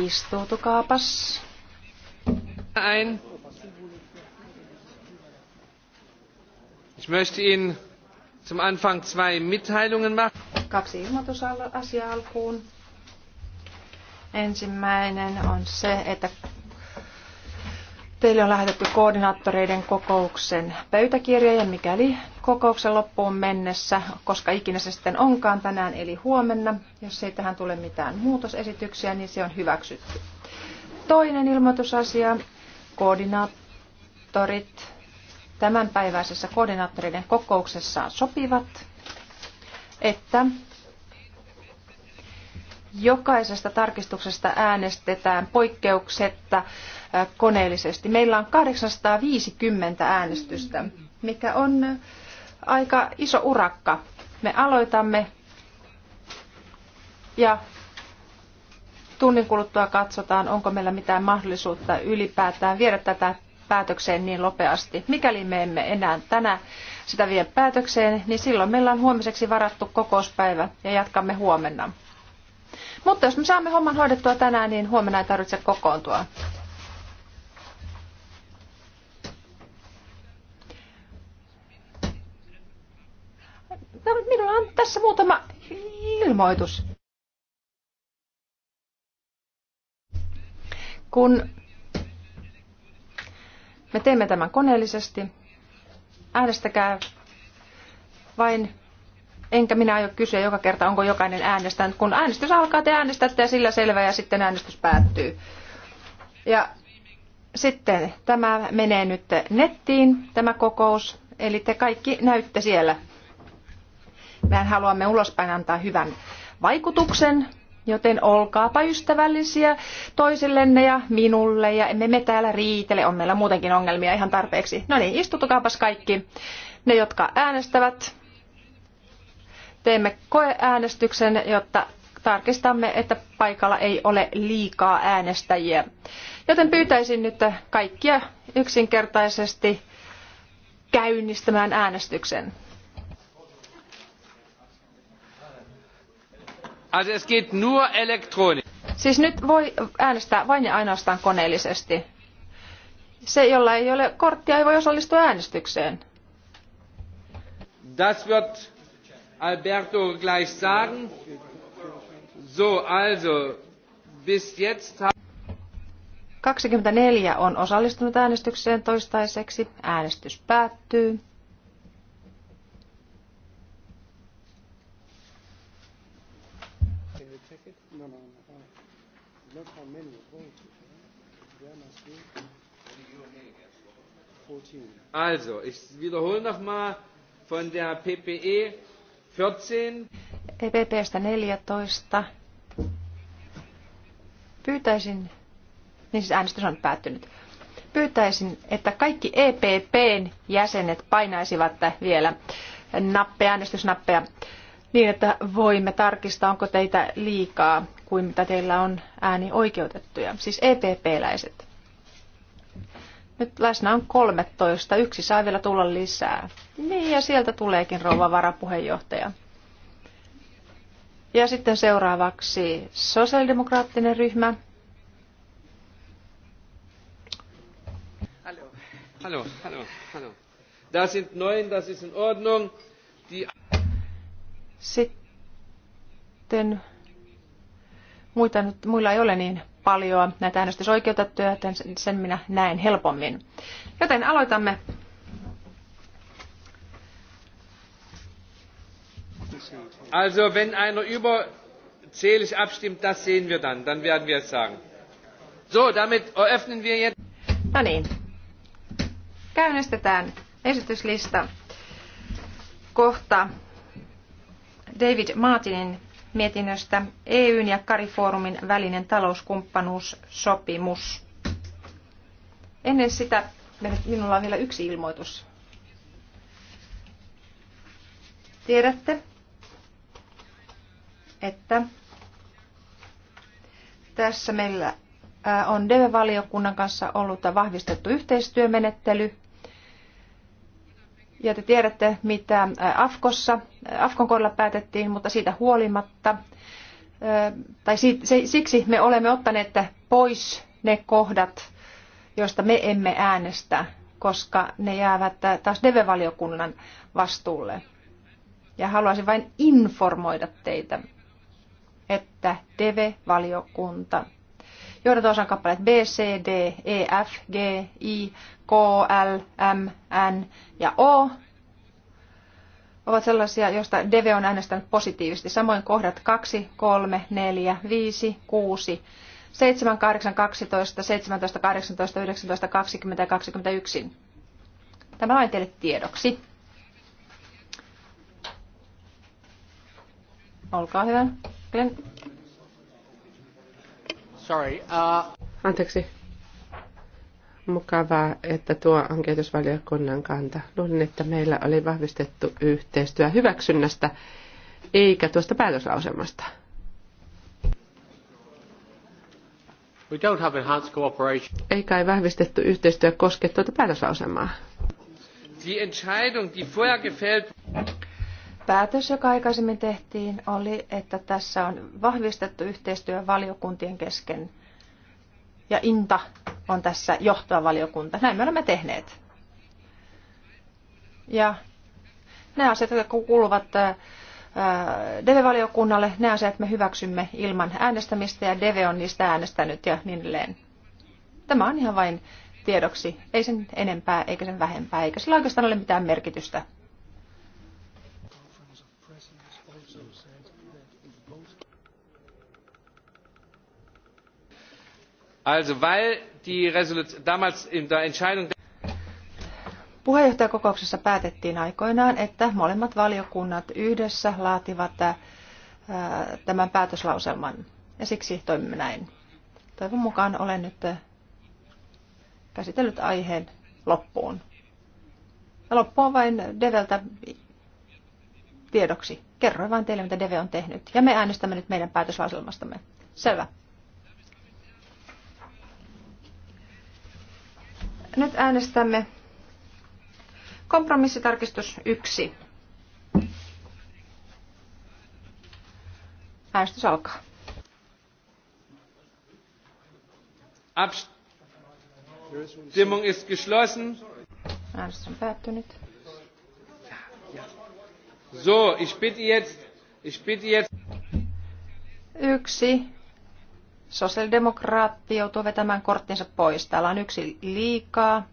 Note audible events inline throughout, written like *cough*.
Istuutukaapas. Ich möchte Ihnen zum Anfang zwei Mitteilungen machen. Kaksi ilmoitusasiaa alkuun. Ensimmäinen on se, että Teille on lähetetty koordinaattoreiden kokouksen pöytäkirja ja mikäli kokouksen loppuun mennessä, koska ikinä se sitten onkaan tänään eli huomenna, jos ei tähän tule mitään muutosesityksiä, niin se on hyväksytty. Toinen ilmoitusasia, koordinaattorit tämänpäiväisessä koordinaattoreiden kokouksessa sopivat, että jokaisesta tarkistuksesta äänestetään poikkeuksetta äh, koneellisesti. Meillä on 850 äänestystä, mikä on äh, aika iso urakka. Me aloitamme ja tunnin kuluttua katsotaan, onko meillä mitään mahdollisuutta ylipäätään viedä tätä päätökseen niin nopeasti. Mikäli me emme enää tänä sitä vie päätökseen, niin silloin meillä on huomiseksi varattu kokouspäivä ja jatkamme huomenna. Mutta jos me saamme homman hoidettua tänään, niin huomenna ei tarvitse kokoontua. No, minulla on tässä muutama ilmoitus. Kun me teemme tämän koneellisesti, äänestäkää vain enkä minä aio kysyä joka kerta, onko jokainen äänestänyt. Kun äänestys alkaa, te äänestätte ja sillä selvä ja sitten äänestys päättyy. Ja sitten tämä menee nyt nettiin, tämä kokous, eli te kaikki näytte siellä. Mehän haluamme ulospäin antaa hyvän vaikutuksen, joten olkaapa ystävällisiä toisillenne ja minulle ja emme me täällä riitele, on meillä muutenkin ongelmia ihan tarpeeksi. No niin, istutukaapas kaikki, ne jotka äänestävät teemme koeäänestyksen, jotta tarkistamme, että paikalla ei ole liikaa äänestäjiä. Joten pyytäisin nyt kaikkia yksinkertaisesti käynnistämään äänestyksen. Also es geht nur Siis nyt voi äänestää vain ja ainoastaan koneellisesti. Se, jolla ei ole korttia, ei voi osallistua äänestykseen. Das wird Alberto gleich sagen. So, also, bis jetzt 24 on osallistunut äänestykseen toistaiseksi. Äänestys päättyy. Also, ich wiederhole nochmal von der PPE 14. EPPstä 14. Pyytäisin, niin siis äänestys on päättynyt. Pyytäisin, että kaikki EPPn jäsenet painaisivat vielä nappeja, äänestysnappeja niin, että voimme tarkistaa, onko teitä liikaa kuin mitä teillä on ääni oikeutettuja, siis EPP-läiset. Nyt läsnä on 13, yksi saa vielä tulla lisää. Niin, ja sieltä tuleekin rouva varapuheenjohtaja. Ja sitten seuraavaksi sosiaalidemokraattinen ryhmä. Hallo, hallo, hallo, hallo. Da sind neun, das ist in Ordnung. Die... Sitten muita, muilla ei ole, niin paljon näitä äänestysoikeutettuja, joten sen minä näen helpommin. Joten aloitamme. Also wenn einer überzählig abstimmt, das sehen wir dann, dann werden wir es sagen. So, damit eröffnen wir jetzt. No niin. Käynnistetään esityslista kohta David Martinin mietinnöstä EUn ja Kariforumin välinen talouskumppanuussopimus. Ennen sitä minulla on vielä yksi ilmoitus. Tiedätte, että tässä meillä äh, on DEVE-valiokunnan kanssa ollut vahvistettu yhteistyömenettely ja te tiedätte, mitä äh, Afkossa, äh, Afkon kohdalla päätettiin, mutta siitä huolimatta, äh, tai siksi me olemme ottaneet pois ne kohdat, joista me emme äänestä, koska ne jäävät taas DEVE-valiokunnan vastuulle. Ja haluaisin vain informoida teitä, että DEVE-valiokunta osan kappaleet B, C, D, E, F, G, I, K, L, M, N ja O ovat sellaisia, joista DV on äänestänyt positiivisesti. Samoin kohdat 2, 3, 4, 5, 6, 7, 8, 12, 17, 18, 19, 20 ja 21. Tämä on teille tiedoksi. Olkaa hyvä. Glenn. Sorry. Uh... Anteeksi. Mukavaa, että tuo on kehitysvaliokunnan kanta. Luulen, että meillä oli vahvistettu yhteistyö hyväksynnästä, eikä tuosta päätöslausemasta. We don't have enhanced cooperation. Ei kai vahvistettu yhteistyö koske tuota päätöslausemaa. Die Entscheidung, die vorher gefällt päätös, joka aikaisemmin tehtiin, oli, että tässä on vahvistettu yhteistyö valiokuntien kesken. Ja INTA on tässä johtava valiokunta. Näin me olemme tehneet. Ja nämä asiat, jotka kuuluvat äh, äh, DEVE-valiokunnalle, nämä asiat me hyväksymme ilman äänestämistä ja DEVE on niistä äänestänyt ja niin edelleen. Tämä on ihan vain tiedoksi, ei sen enempää eikä sen vähempää, eikä sillä oikeastaan ole mitään merkitystä. Also weil die Resolution damals in der Entscheidung Puheenjohtajakokouksessa päätettiin aikoinaan, että molemmat valiokunnat yhdessä laativat äh, tämän päätöslauselman. Ja siksi toimimme näin. Toivon mukaan olen nyt äh, käsitellyt aiheen loppuun. Ja loppu on vain Develtä tiedoksi. Kerroin vain teille, mitä Deve on tehnyt. Ja me äänestämme nyt meidän päätöslauselmastamme. Selvä. Nyt äänestämme kompromissitarkistus 1. Äänestys alkaa. Abstimmung ist geschlossen. Äänestys on päättynyt. So, ich bitte jetzt, ich bitte jetzt. Yksi Sosiaalidemokraatti joutuu vetämään korttinsa pois. Täällä on yksi liikaa.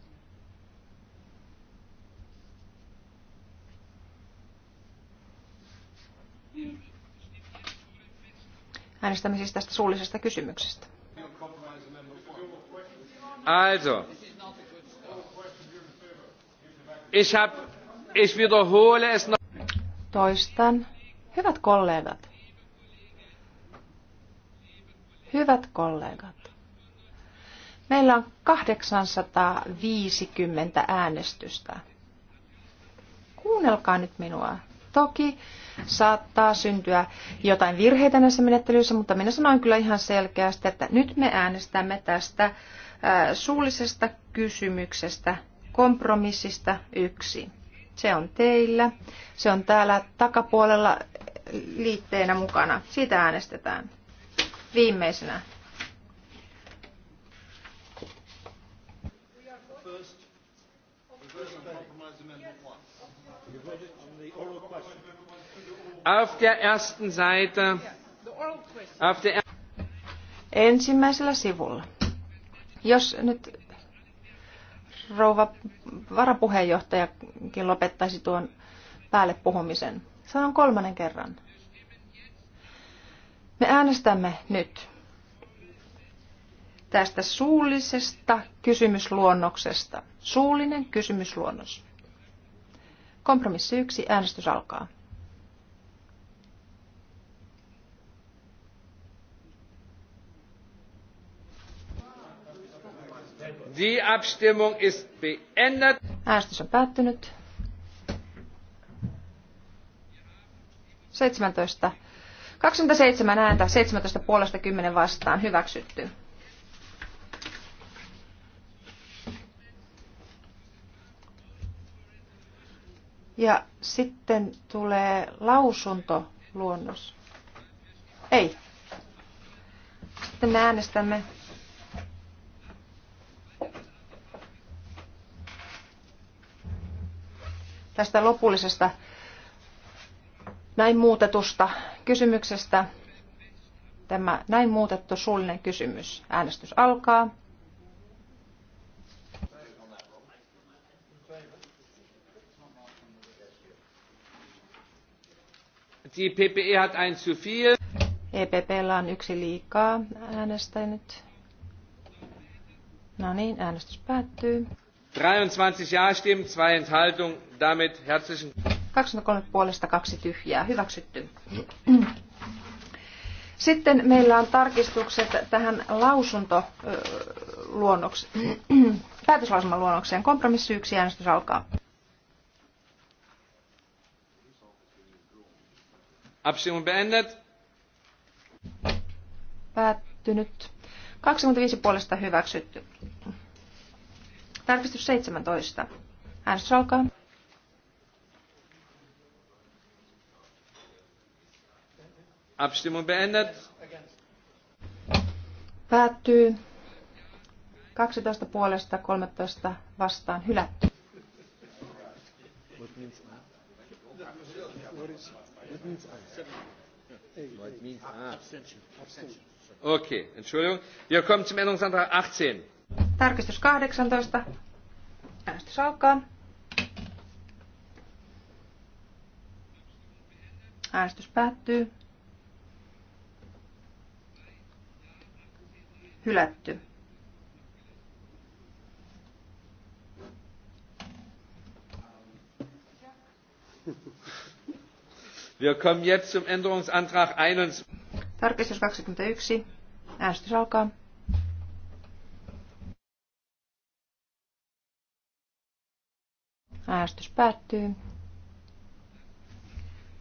Äänestämme siis tästä suullisesta kysymyksestä. Also, ich hab, ich wiederhole es noch. Toistan. Hyvät kollegat, Hyvät kollegat, meillä on 850 äänestystä. Kuunnelkaa nyt minua. Toki saattaa syntyä jotain virheitä näissä menettelyissä, mutta minä sanoin kyllä ihan selkeästi, että nyt me äänestämme tästä äh, suullisesta kysymyksestä, kompromissista yksi. Se on teillä. Se on täällä takapuolella liitteenä mukana. Siitä äänestetään viimeisenä. Auf der ersten Seite. Auf der er- Ensimmäisellä sivulla. Jos nyt rouva varapuheenjohtajakin lopettaisi tuon päälle puhumisen. Sanon kolmannen kerran. Me äänestämme nyt tästä suullisesta kysymysluonnoksesta. Suullinen kysymysluonnos. Kompromissi yksi, äänestys alkaa. Die Abstimmung ist beendet. Äänestys on päättynyt. 17 27 ääntä, seitsemäntoista puolesta kymmenen vastaan. Hyväksytty. Ja sitten tulee lausuntoluonnos. Ei. Sitten me äänestämme tästä lopullisesta näin muutetusta kysymyksestä. Tämä näin muutettu suullinen kysymys. Äänestys alkaa. Die PPE hat ein zu viel. EPPllä on yksi liikaa äänestänyt. No niin, äänestys päättyy. 23 Ja-Stimmen, zwei Enthaltungen. Damit herzlichen 23 puolesta kaksi tyhjää. Hyväksytty. Sitten meillä on tarkistukset tähän lausuntoluonnokseen, päätöslausuman luonnokseen. Kompromissi yksi äänestys alkaa. Abstimmung beendet. Päättynyt. 25 puolesta hyväksytty. Tarkistus 17. Äänestys alkaa. Abstimmung beendet. Päättyy. 12 puolesta, 13 vastaan hylätty. Okay, Entschuldigung. Wir kommen zum Änderungsantrag 18. Tarkistus 18. Äänestys alkaa. Äänestys päättyy. hylätty. Wir kommen jetzt zum Änderungsantrag 21. Tarkistus 21. Äänestys alkaa. Äänestys päättyy.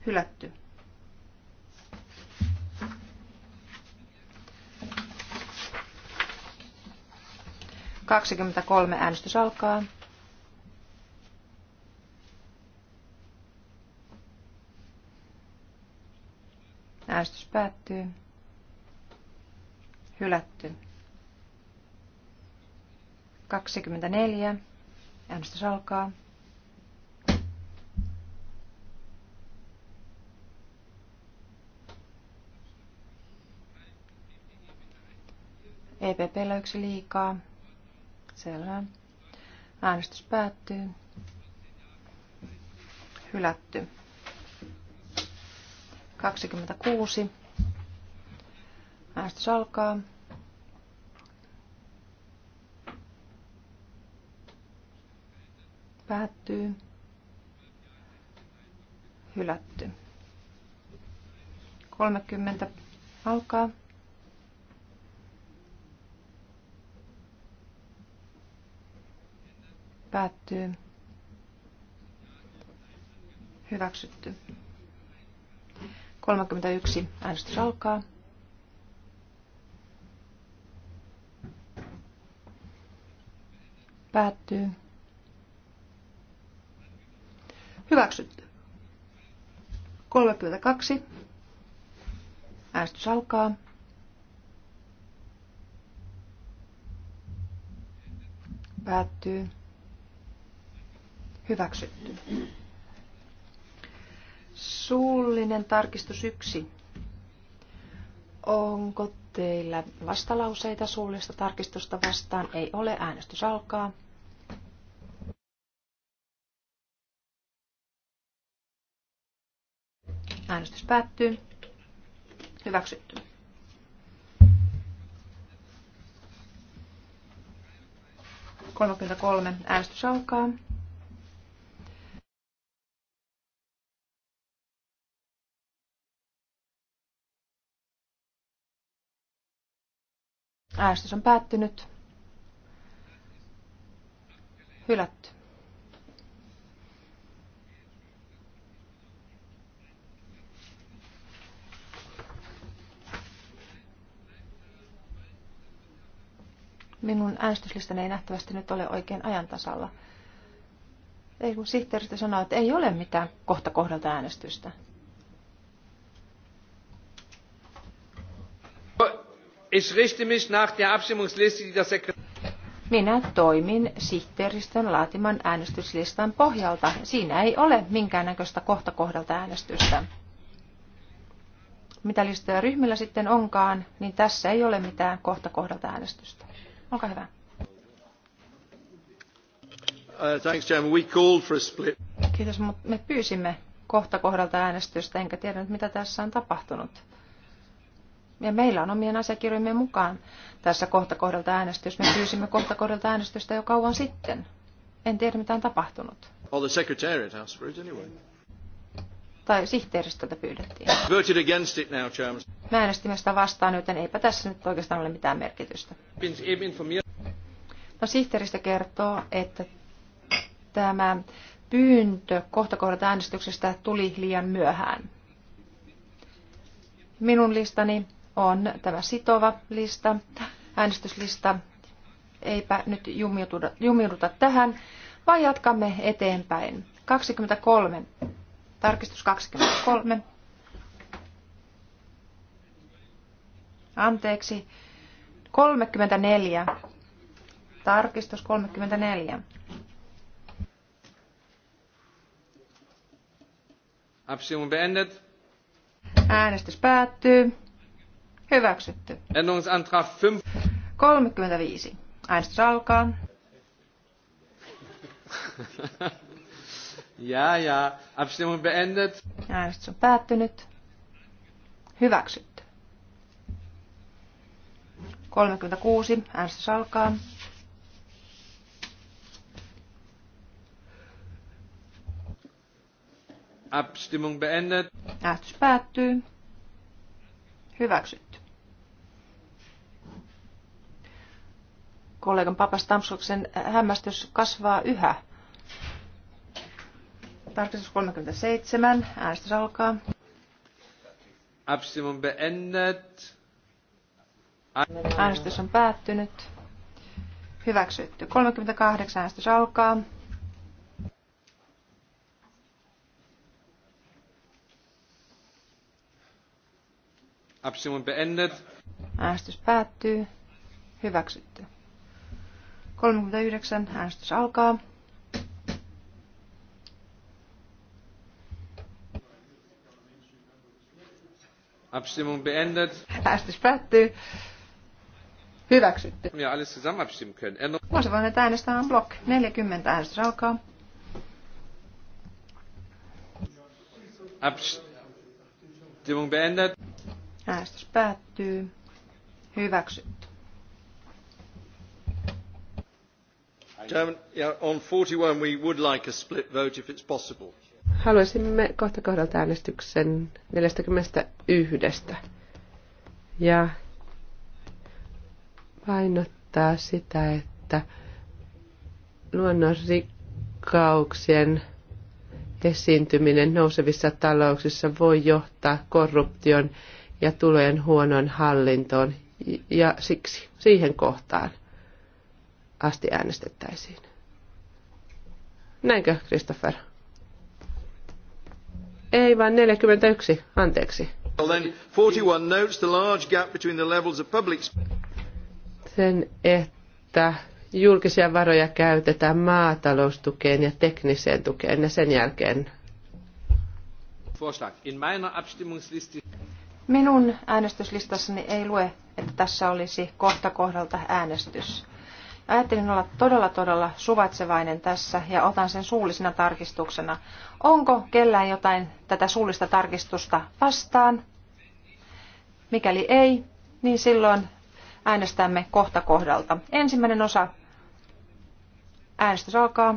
Hylätty. 23 äänestys alkaa. Äänestys päättyy. Hylätty. 24. Äänestys alkaa. EPPllä yksi liikaa. Selvä. Äänestys päättyy. Hylätty. 26. Äänestys alkaa. Päättyy. Hylätty. 30. Alkaa. Päättyy. Hyväksytty. 31. Äänestys alkaa. Päättyy. Hyväksytty. 32. Äänestys alkaa. Päättyy. Hyväksytty. Suullinen tarkistus yksi. Onko teillä vastalauseita suullista tarkistusta vastaan? Ei ole. Äänestys alkaa. Äänestys päättyy. Hyväksytty. Kolmekymmentäkolme. Äänestys alkaa. Äänestys on päättynyt. Hylätty. Minun äänestyslistani ei nähtävästi nyt ole oikein ajan tasalla. Ei kun sihteeristö sanoo, että ei ole mitään kohta kohdalta äänestystä. Ich richte mich nach der Abstimmungsliste, die das minä toimin sihteeristön laatiman äänestyslistan pohjalta. Siinä ei ole minkäännäköistä kohta kohdalta äänestystä. Mitä listoja ryhmillä sitten onkaan, niin tässä ei ole mitään kohta kohdalta äänestystä. Olkaa hyvä. Uh, Kiitos, mutta me pyysimme kohta kohdalta äänestystä, enkä tiedä mitä tässä on tapahtunut. Ja meillä on omien asiakirjojemme mukaan tässä kohtakohdalta äänestys. Me pyysimme kohtakohdalta äänestystä jo kauan sitten. En tiedä, mitä on tapahtunut. Well, the secretariat asked for it anyway. Tai sihteeristöltä pyydettiin. Voted against it now, Chairman. Mä äänestimme sitä vastaan, joten eipä tässä nyt oikeastaan ole mitään merkitystä. No sihteeristö kertoo, että tämä pyyntö kohtakohdalta äänestyksestä tuli liian myöhään. Minun listani on tämä sitova lista, äänestyslista. Eipä nyt jumiuduta tähän, vaan jatkamme eteenpäin. 23. Tarkistus 23. Anteeksi. 34. Tarkistus 34. Abstimmung beendet. Äänestys päättyy. Hyväksytty. Änderungsantrag 35. Äänestys alkaa. *laughs* ja, ja. Abstimmung beendet. Äänestys on päättynyt. Hyväksytty. 36. Äänestys alkaa. Abstimmung beendet. Äänestys päättyy. Hyväksytty. Kollegan Papas Tamsoksen äh, hämmästys kasvaa yhä. Tarkistus 37. Äänestys alkaa. beendet. Äänestys on päättynyt. Hyväksytty. 38 äänestys alkaa. Abstimmung beendet. Äänestys päättyy. Hyväksytty. 39. Äänestys alkaa. Abstimmung beendet. Äänestys päättyy. Hyväksytty. Ja alles zusammen abstimmen können. Ändern... Voisi voinut äänestää on blok. 40 äänestys alkaa. Abstimmung beendet. Äänestys päättyy. Hyväksytty. On 41 Haluaisimme kohta kohdalta äänestyksen 41 ja painottaa sitä, että luonnonrikkauksien esiintyminen nousevissa talouksissa voi johtaa korruption ja tulojen huonon hallintoon ja siksi siihen kohtaan asti äänestettäisiin. Näinkö, Christopher? Ei, vaan 41. Anteeksi. Sen, että julkisia varoja käytetään maataloustukeen ja tekniseen tukeen ja sen jälkeen. Minun äänestyslistassani ei lue, että tässä olisi kohta kohdalta äänestys. Ajattelin olla todella todella suvaitsevainen tässä ja otan sen suullisena tarkistuksena. Onko kellään jotain tätä suullista tarkistusta vastaan? Mikäli ei, niin silloin äänestämme kohta kohdalta. Ensimmäinen osa. Äänestys alkaa.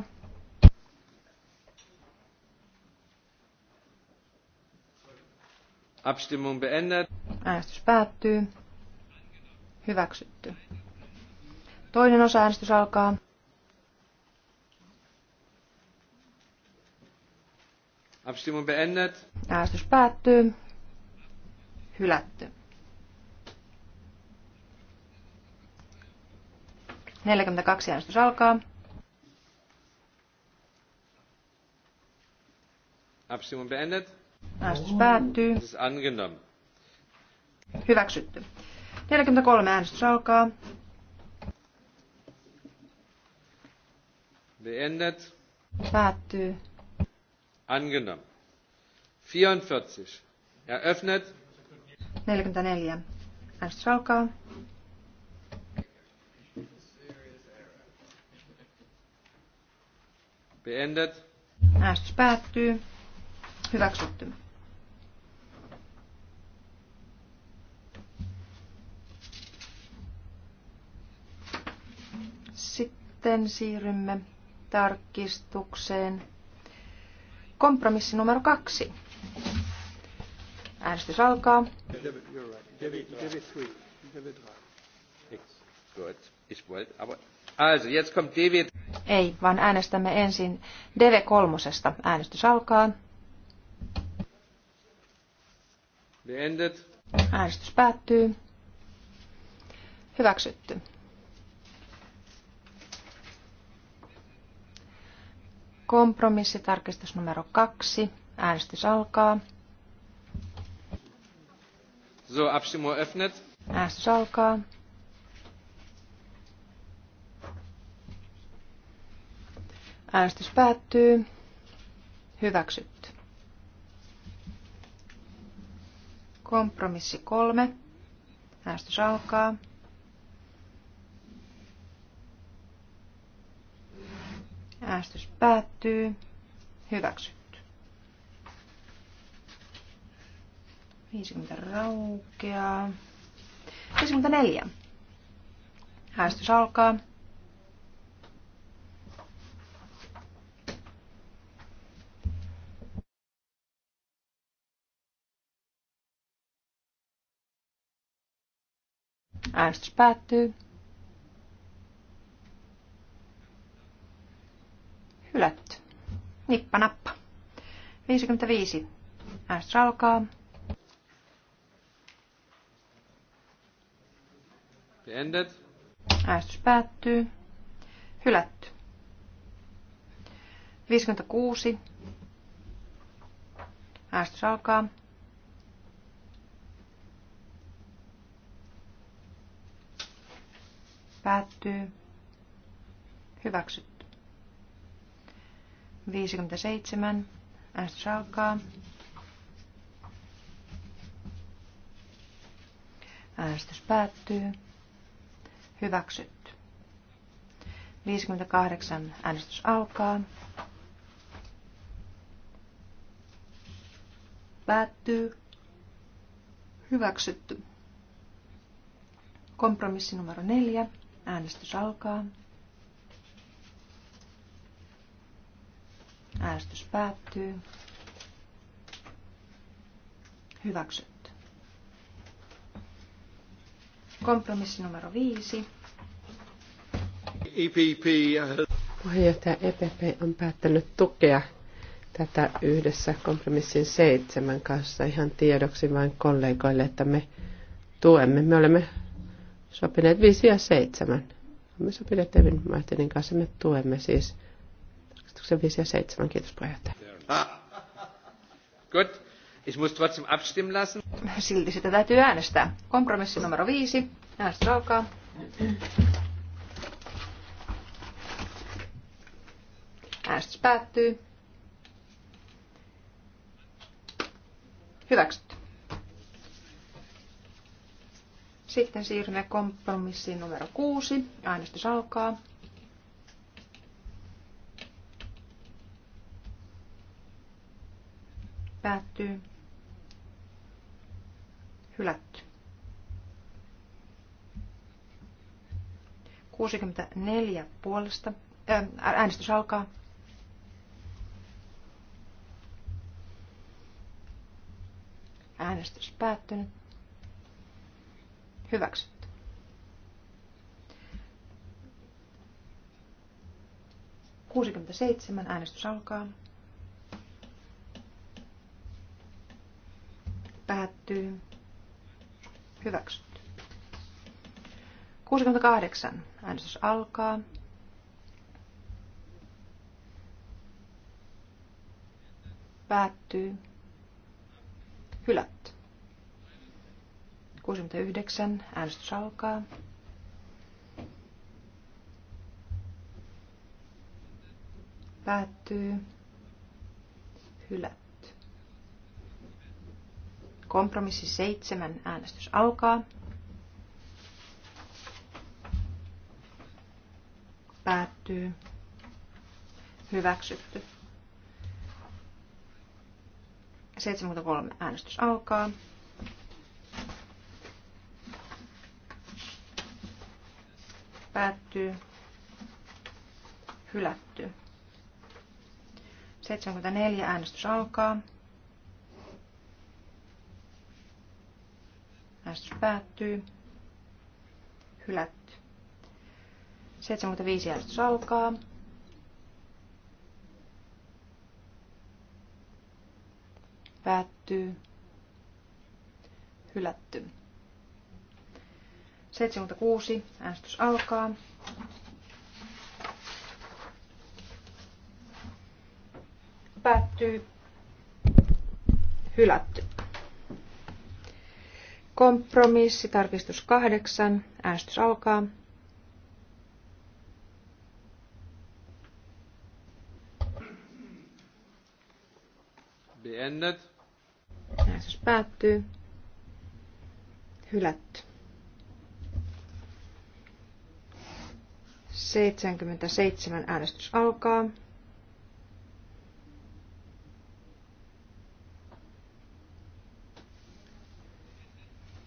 Abstimmung beendet. Äänestys päättyy. Hyväksytty. Toinen osa äänestys alkaa. Abstimmung beendet. Äänestys päättyy. Hylätty. 42 äänestys alkaa. Abstimmung beendet. Äänestys päättyy. Siis Hyväksytty. 43 äänestys alkaa. Beendet. Päättyy. Angenommen. 44. Eröffnet. 44. Äänestys alkaa. Beendet. Äänestys päättyy. Hyväksytty. Sitten siirrymme tarkistukseen. Kompromissi numero kaksi. Äänestys alkaa. Ei, vaan äänestämme ensin DV3. Äänestys alkaa. Äänestys päättyy. Hyväksytty. Kompromissitarkistus numero kaksi. Äänestys alkaa. So, Abstimmung öffnet. Äänestys alkaa. Äänestys päättyy. Hyväksytty. Kompromissi kolme. Äänestys alkaa. Äänestys päättyy. Hyväksytty. 50 raukeaa. 54. Äänestys alkaa. Äänestys päättyy. Hylätty. Nippa nappa. 55. Äänestys alkaa. Ended. Äänestys päättyy. Hylätty. 56. Äänestys alkaa. Päättyy. Hyväksytty. 57. Äänestys alkaa. Äänestys päättyy. Hyväksytty. 58. Äänestys alkaa. Päättyy. Hyväksytty. Kompromissi numero 4. Äänestys alkaa. Äänestys päättyy. Hyväksytty. Kompromissi numero viisi. EPP. Puheenjohtaja EPP on päättänyt tukea tätä yhdessä kompromissin seitsemän kanssa ihan tiedoksi vain kollegoille, että me tuemme. Me olemme sopineet viisi ja seitsemän. Me sopineet Evin Martinin kanssa, me tuemme siis tarkistuksen 5 Kiitos puheenjohtaja. Ah, good. Ich muss trotzdem abstimmen lassen. Silti sitä täytyy äänestää. Kompromissi numero viisi. Äänestä alkaa. Äänestys päättyy. Hyväksytty. Sitten siirrymme kompromissiin numero kuusi. Äänestys alkaa. Päättyy. Hylätty. 64 puolesta. Äänestys alkaa. Äänestys päättynyt. Hyväksytty. Kuusikymmentäseitsemän äänestys alkaa. Päättyy. Hyväksytty. 68. Äänestys alkaa. Päättyy. Hylätty. 69. Äänestys alkaa. Päättyy. Hylätty. Kompromissi seitsemän äänestys alkaa. Päättyy. Hyväksytty. 73 äänestys alkaa. Päättyy. Hylätty. 74 äänestys alkaa. Äänestys päättyy. Hylätty. 75 äänestys alkaa. Päättyy. Hylätty. 76 äänestys alkaa. Päättyy. Hylätty. Kompromissi, tarkistus kahdeksan. Äänestys alkaa. Beendet. Äänestys päättyy. Hylätty. 77 äänestys alkaa.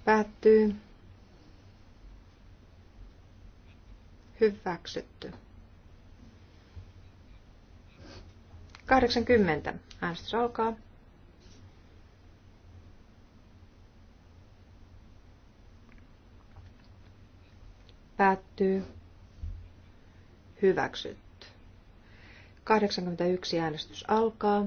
Päättyy. Hyväksytty. 80. Äänestys alkaa. Päättyy. Hyväksytty. 81 äänestys alkaa.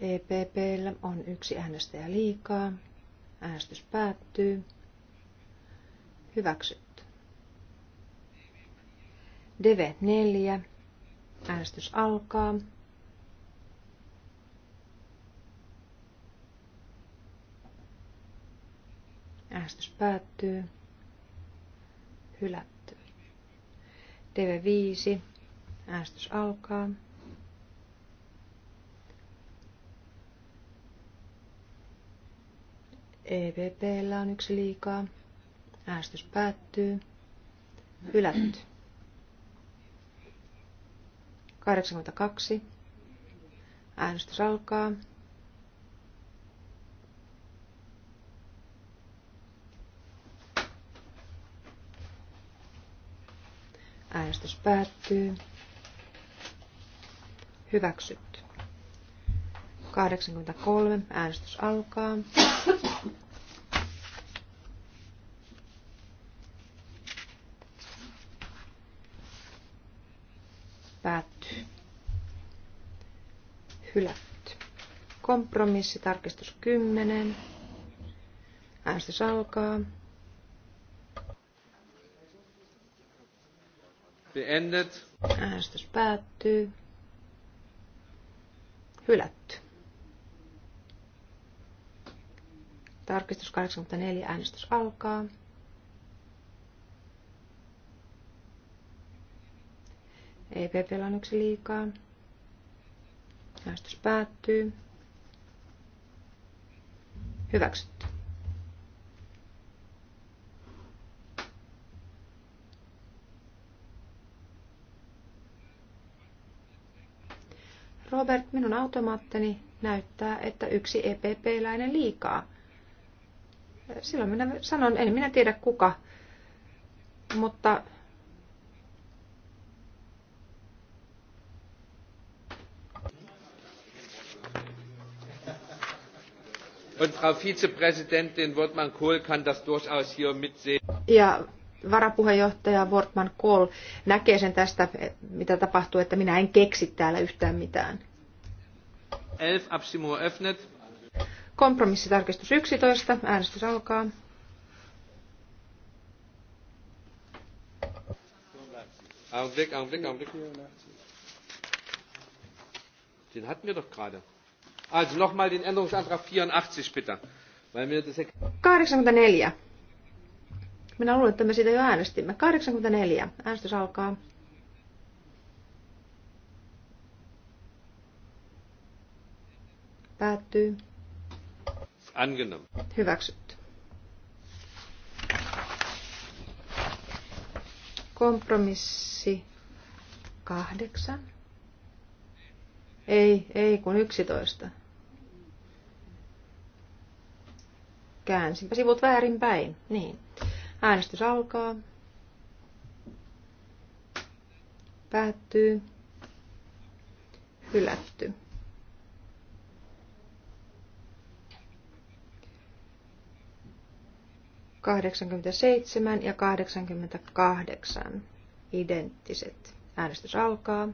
EPPllä on yksi äänestäjä liikaa. Äänestys päättyy. Hyväksytty. DV4. Äänestys alkaa. Äänestys päättyy. Hylätty. DV5. Äänestys alkaa. EPPllä on yksi liikaa. Äänestys päättyy. Hylätty. 82. Äänestys alkaa. Äänestys päättyy. Hyväksytty. 83. Äänestys alkaa. Päättyy. Hylätty. Kompromissi, tarkistus 10. Äänestys alkaa. Beendet. Äänestys päättyy. Hylätty. Tarkistus 84, äänestys alkaa. EPP on yksi liikaa. Äänestys päättyy. Hyväksytty. Robert, minun automaatteni näyttää, että yksi EPP-läinen liikaa silloin minä sanon, en minä tiedä kuka, mutta Und Frau Vizepräsidentin Wortmann Kohl kann das durchaus hier mitsehen. Ja varapuheenjohtaja Wortmann Kohl näkee sen tästä, mitä tapahtuu, että minä en keksi täällä yhtään mitään. Elf Abstimmung eröffnet. Kompromissitarkistus 11. Äänestys alkaa. Augenblick, Augenblick, Augenblick. Den hatten wir doch gerade. Also nochmal den Änderungsantrag 84 bitte. Weil das 84. Minä luulen, että me siitä jo äänestimme. 84. Äänestys alkaa. Päättyy. Angenommen. Hyväksytty. Kompromissi kahdeksan. Ei, ei kun yksitoista. Käänsinpä sivut väärinpäin. Niin. Äänestys alkaa. Päättyy. Hylätty. 87 ja 88 identtiset. Äänestys alkaa.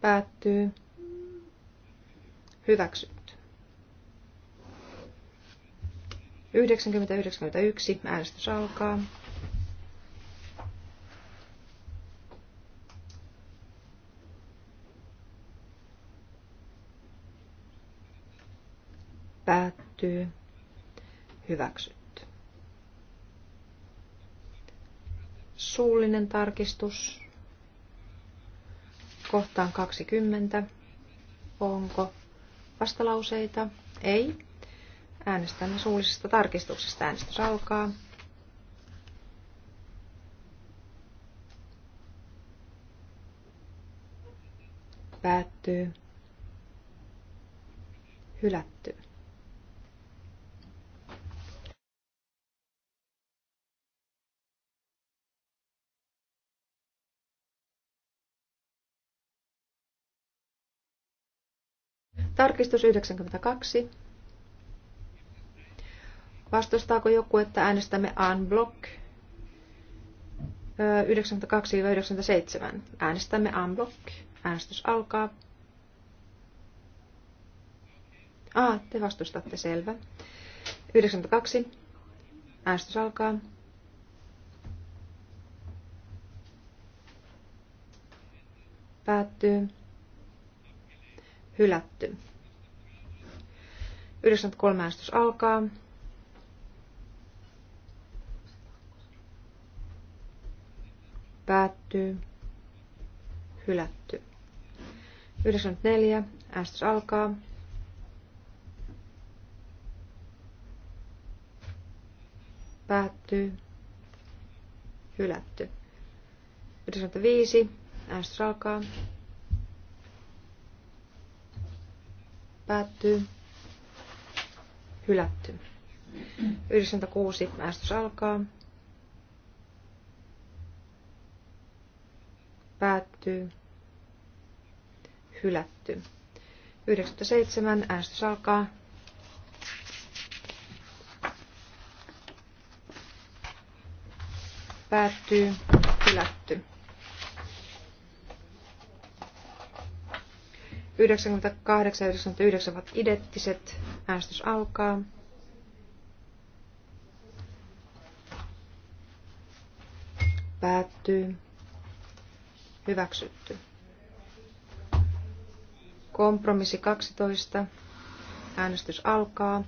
Päättyy. Hyväksytty. 90-91 äänestys alkaa. Päättyy. Hyväksytty. Suullinen tarkistus. Kohtaan 20. Onko vastalauseita? Ei. Äänestämme suullisesta tarkistuksesta. Äänestys alkaa. Päättyy. hylättyy Tarkistus 92. Vastustaako joku, että äänestämme unblock 92-97? Äänestämme unblock. Äänestys alkaa. Ah, te vastustatte, selvä. 92. Äänestys alkaa. Päättyy hylätty. 93 äänestys alkaa. Päättyy. Hylätty. 94 äänestys alkaa. Päättyy. Hylätty. 95 äänestys alkaa. Päättyy. Hylätty. 96. Äänestys alkaa. Päättyy. Hylätty. 97. Äänestys alkaa. Päättyy. Hylätty. 98 ja 99 ovat identtiset. Äänestys alkaa. Päättyy. Hyväksytty. Kompromissi 12. Äänestys alkaa.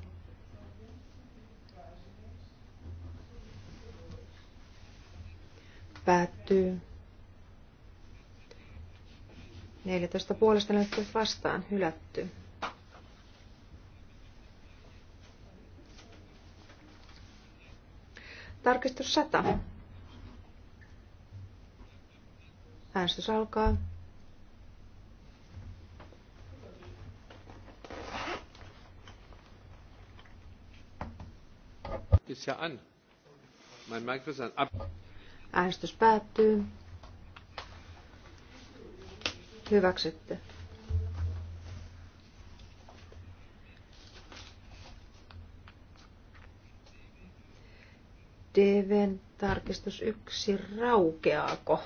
Päättyy 14 puolesta näyttö vastaan hylätty. Tarkistus 100. Äänestys alkaa. Äänestys päättyy. Hyväksytty. DVn tarkistus 1 raukeaako?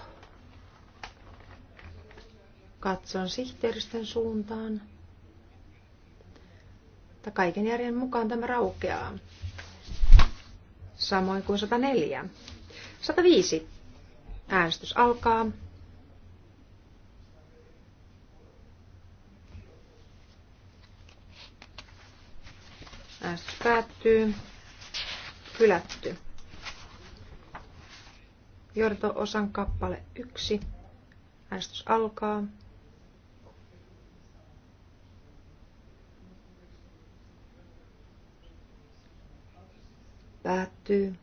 Katson sihteeristön suuntaan. kaiken järjen mukaan tämä raukeaa. Samoin kuin 104. 105. Äänestys alkaa. Äänestys päättyy. Hylätty. Jorto-osan kappale 1. Äänestys alkaa. Päättyy.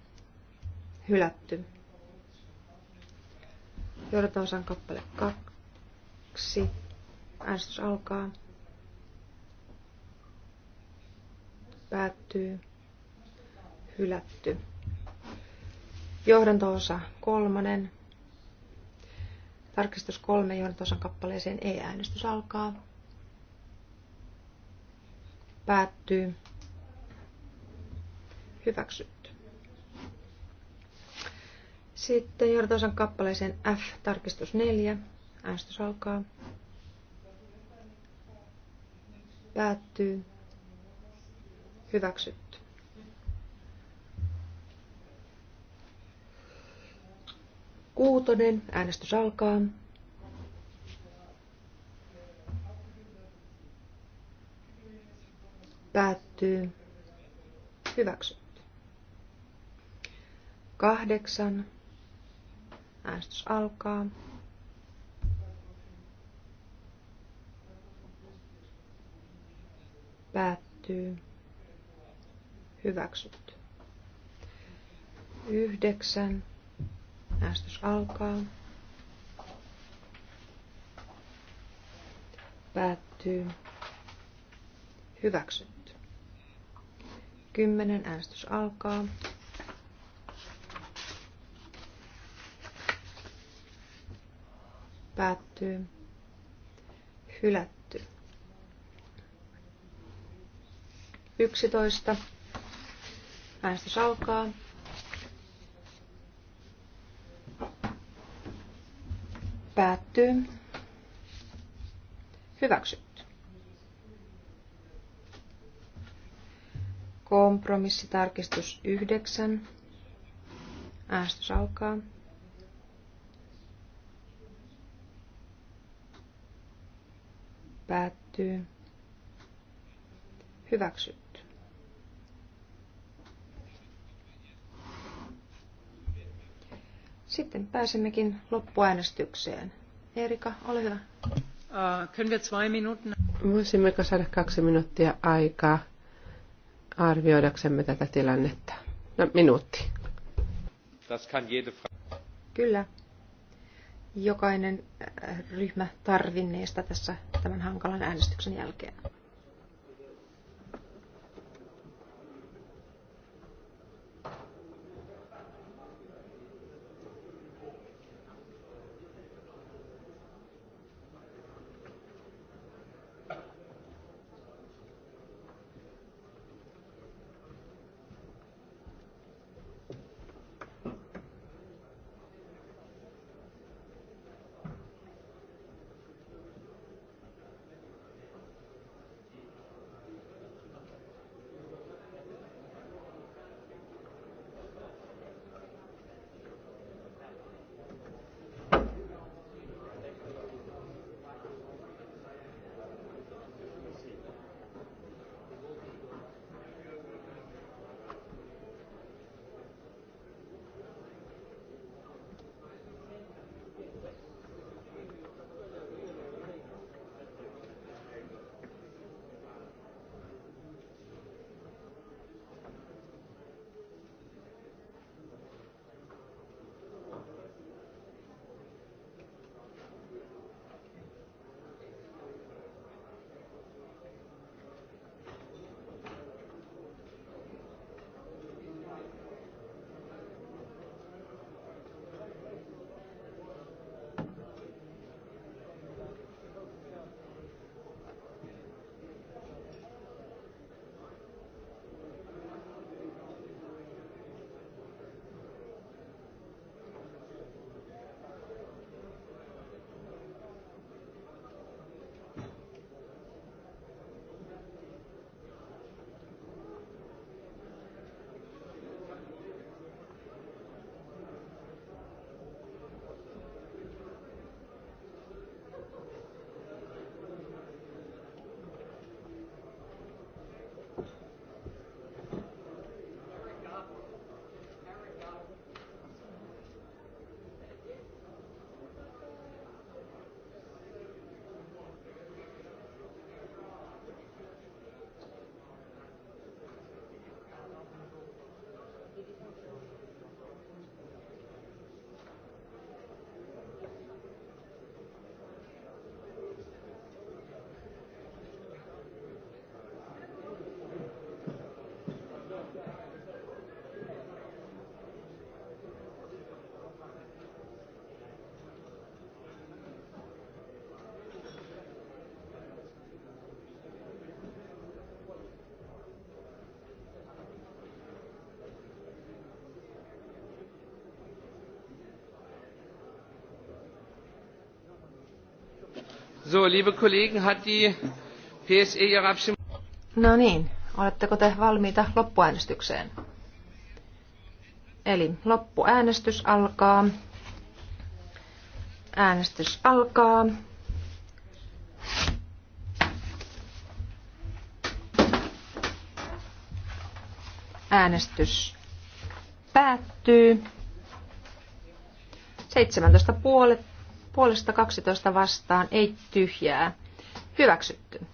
Hylätty. Jorto-osan kappale 2. Äänestys alkaa. Päättyy. Hylätty. Johdantoosa kolmonen. Tarkistus kolme johdantoosan kappaleeseen E-äänestys alkaa. Päättyy. Hyväksytty. Sitten johdantoosan kappaleeseen F, tarkistus 4. Äänestys alkaa. Päättyy. Hyväksytty. Kuutonen. Äänestys alkaa. Päättyy. Hyväksytty. Kahdeksan. Äänestys alkaa. Päättyy. Hyväksytty. Yhdeksän. Äänestys alkaa. Päättyy. Hyväksytty. Kymmenen. Äänestys alkaa. Päättyy. Hylätty. Yksitoista. Äänestys alkaa. Päättyy. Hyväksytty. Kompromissitarkistus 9. Äänestys alkaa. Päättyy. Hyväksytty. Sitten pääsemmekin loppuäänestykseen. Erika, ole hyvä. Äh, Voisimmeko saada kaksi minuuttia aikaa arvioidaksemme tätä tilannetta? No, minuutti. Kyllä. Jokainen äh, ryhmä tarvinneesta tässä tämän hankalan äänestyksen jälkeen. So, liebe Kollegen, hat die PSE ihre Abstimmung... No niin, oletteko te valmiita loppuäänestykseen? Eli loppuäänestys alkaa. Äänestys alkaa. Äänestys päättyy. 17 puolet, puolesta 12 vastaan, ei tyhjää. Hyväksytty.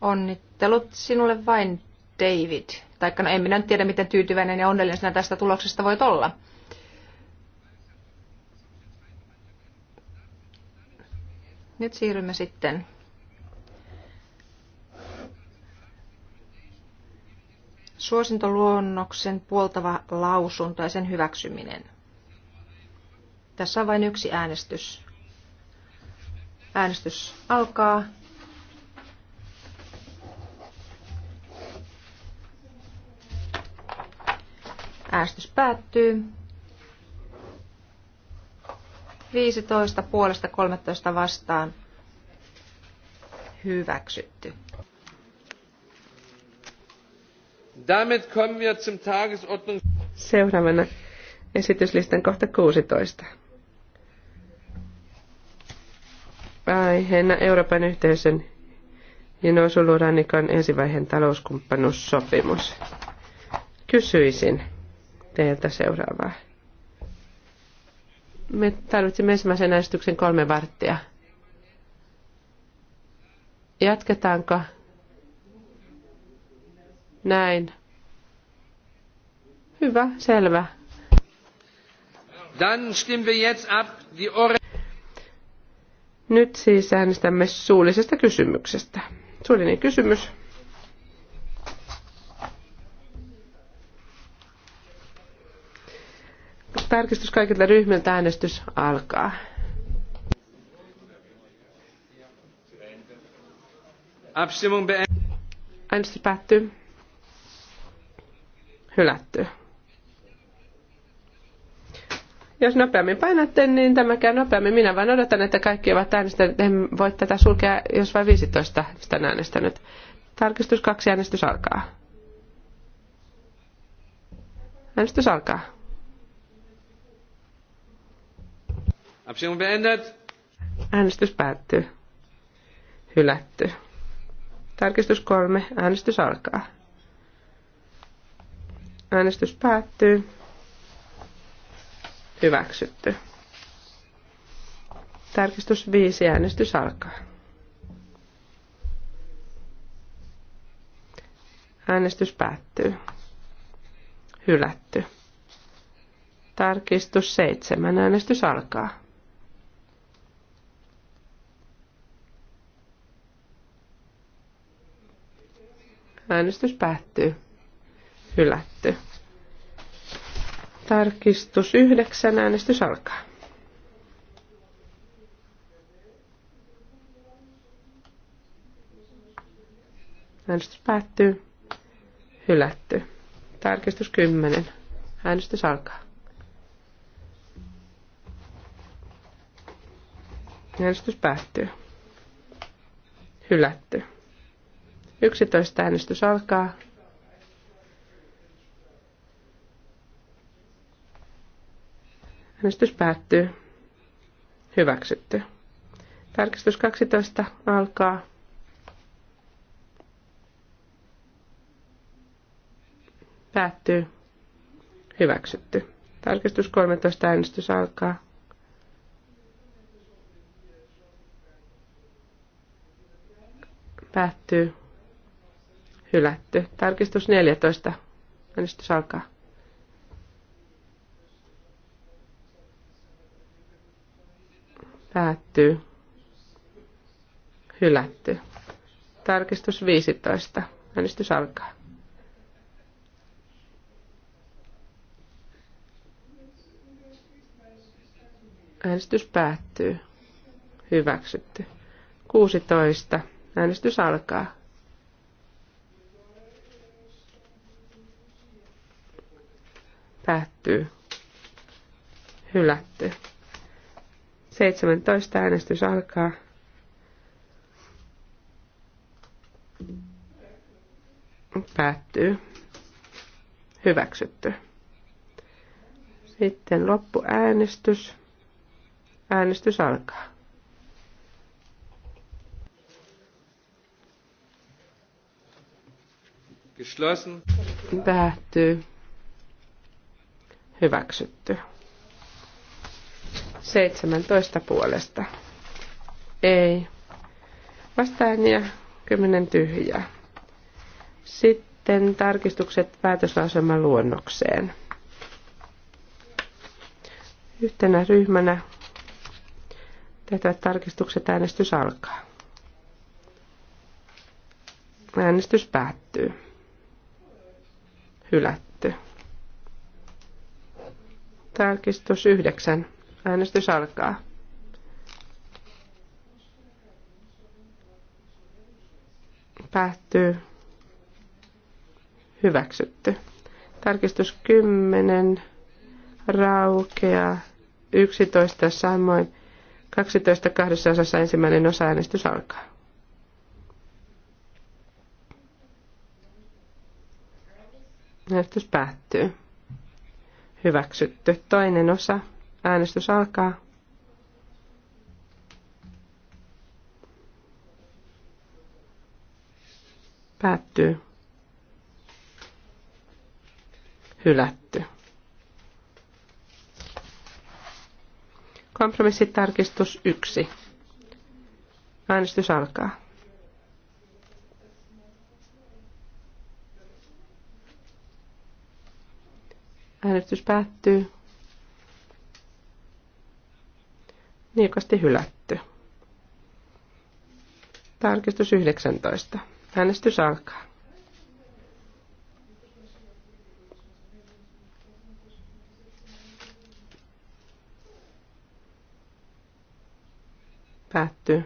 Onnittelut sinulle vain, David. Taikka no en minä nyt tiedä, miten tyytyväinen ja onnellinen sinä tästä tuloksesta voit olla. Nyt siirrymme sitten Suosintoluonnoksen puoltava lausunto ja sen hyväksyminen. Tässä on vain yksi äänestys. Äänestys alkaa. Äänestys päättyy. 15 puolesta 13 vastaan hyväksytty. Damit kommen wir zum Tagesordnung. Seuraavana esityslistan kohta 16. Aiheena Euroopan yhteisön ja nousulurannikon ensivaiheen talouskumppanuussopimus. Kysyisin teiltä seuraavaa. Me tarvitsemme ensimmäisen äänestyksen kolme varttia. Jatketaanko? Näin. Hyvä, selvä. Dann stimmen wir jetzt ab die Ore- Nyt siis äänestämme suullisesta kysymyksestä. Suullinen kysymys. Tarkistus kaikilta ryhmiltä äänestys alkaa. Äänestys päättyy. Hylätty. Jos nopeammin painatte, niin tämä käy nopeammin. Minä vain odotan, että kaikki ovat äänestäneet. En voi tätä sulkea, jos vain 15 sitä on äänestänyt. Tarkistus kaksi, äänestys alkaa. Äänestys alkaa. Äänestys päättyy. Hylätty. Tarkistus kolme. Äänestys alkaa. Äänestys päättyy. Hyväksytty. Tarkistus 5. Äänestys alkaa. Äänestys päättyy. Hylätty. Tarkistus 7. Äänestys alkaa. Äänestys päättyy. Hylätty. Tarkistus yhdeksän. Äänestys alkaa. Äänestys päättyy. Hylätty. Tarkistus 10. Äänestys alkaa. Äänestys päättyy. Hylätty. 11. Äänestys alkaa. Äänestys päättyy. Hyväksytty. Tarkistus 12 alkaa. Päättyy. Hyväksytty. Tarkistus 13 äänestys alkaa. Päättyy. Hylätty. Tarkistus 14. Äänestys alkaa. Päättyy. Hylätty. Tarkistus 15. Äänestys alkaa. Äänestys päättyy. Hyväksytty. 16. Äänestys alkaa. Päättyy. Hylätty. 17 äänestys alkaa. Päättyy. Hyväksytty. Sitten loppuäänestys. Äänestys alkaa. Geschlossen. Päättyy. Hyväksytty. 17 puolesta. Ei. Vastaan ja 10 tyhjää. Sitten tarkistukset päätöslauselman luonnokseen. Yhtenä ryhmänä tehtävät tarkistukset äänestys alkaa. Äänestys päättyy. Hylätty. Tarkistus 9 Äänestys alkaa. Päättyy. Hyväksytty. Tarkistus 10. Raukea. 11 samoin. 12 kahdessa osassa ensimmäinen osa äänestys alkaa. Äänestys päättyy. Hyväksytty. Toinen osa. Äänestys alkaa. Päättyy. Hylätty. Kompromissitarkistus 1. Äänestys alkaa. Äänestys päättyy. niukasti hylätty. Tarkistus 19. Äänestys alkaa. Päättyy.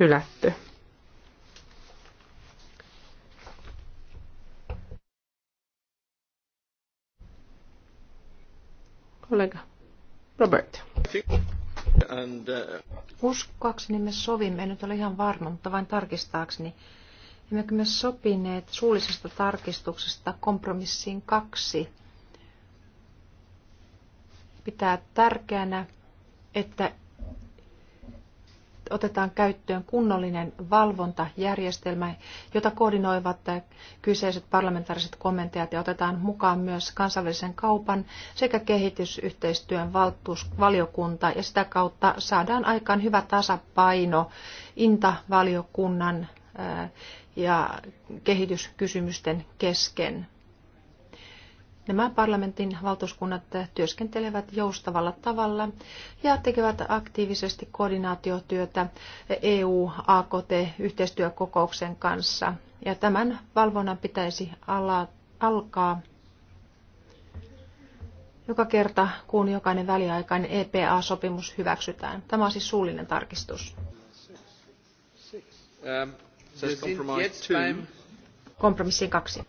Hylätty. Kollega. Robert. Uh, Uskoakseni me sovimme, en nyt ole ihan varma, mutta vain tarkistaakseni. Emmekö me sopineet suullisesta tarkistuksesta kompromissiin kaksi? Pitää tärkeänä, että otetaan käyttöön kunnollinen valvontajärjestelmä, jota koordinoivat kyseiset parlamentaariset kommentajat ja otetaan mukaan myös kansainvälisen kaupan sekä kehitysyhteistyön valtuusvaliokunta ja sitä kautta saadaan aikaan hyvä tasapaino intavaliokunnan ja kehityskysymysten kesken. Nämä parlamentin valtuuskunnat työskentelevät joustavalla tavalla ja tekevät aktiivisesti koordinaatiotyötä EU-AKT-yhteistyökokouksen kanssa. Ja tämän valvonnan pitäisi ala, alkaa joka kerta, kun jokainen väliaikainen EPA-sopimus hyväksytään. Tämä on siis suullinen tarkistus. Um, Kompromissiin kaksi.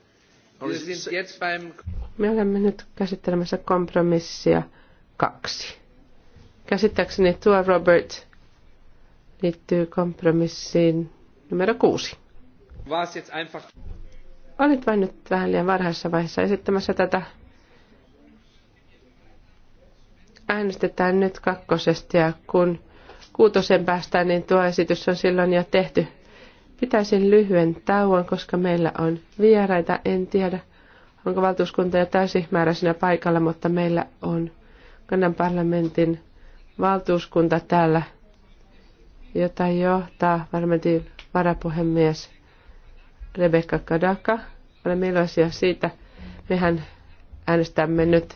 Me olemme nyt käsittelemässä kompromissia kaksi. Käsittääkseni tuo Robert liittyy kompromissiin numero kuusi. Olit vain nyt vähän liian varhaisessa vaiheessa esittämässä tätä. Äänestetään nyt kakkosesta ja kun kuutosen päästään, niin tuo esitys on silloin jo tehty. Pitäisin lyhyen tauon, koska meillä on vieraita, en tiedä onko valtuuskunta jo täysimääräisenä paikalla, mutta meillä on Kannan parlamentin valtuuskunta täällä, jota johtaa parlamentin varapuhemies Rebecca Kadaka. Olemme iloisia siitä. Mehän äänestämme nyt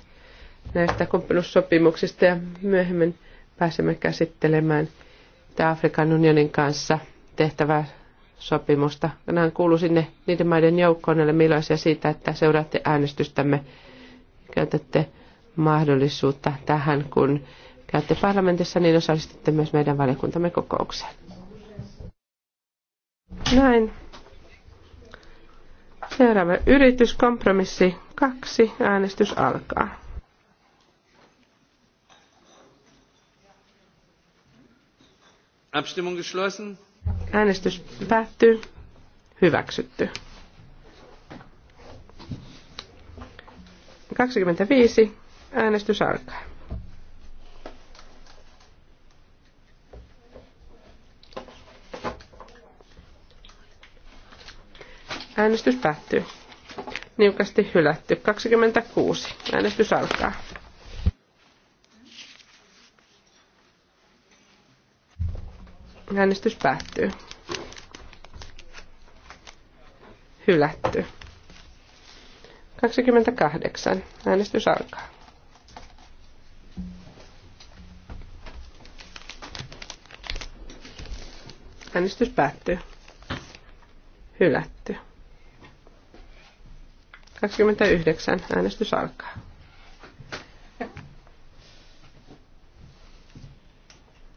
näistä kumppanuussopimuksista ja myöhemmin pääsemme käsittelemään Afrikan unionin kanssa tehtävää sopimusta. Tänään kuuluu sinne niiden maiden joukkoon, olemme iloisia siitä, että seuraatte äänestystämme, käytätte mahdollisuutta tähän, kun käytte parlamentissa, niin osallistutte myös meidän valiokuntamme kokoukseen. Näin. Seuraava yritys, kompromissi kaksi, äänestys alkaa. Abstimmung geschlossen. Äänestys päättyy. Hyväksytty. 25. Äänestys alkaa. Äänestys päättyy. Niukasti hylätty. 26. Äänestys alkaa. Äänestys päättyy. Hylätty. 28. Äänestys alkaa. Äänestys päättyy. Hylätty. 29. Äänestys alkaa.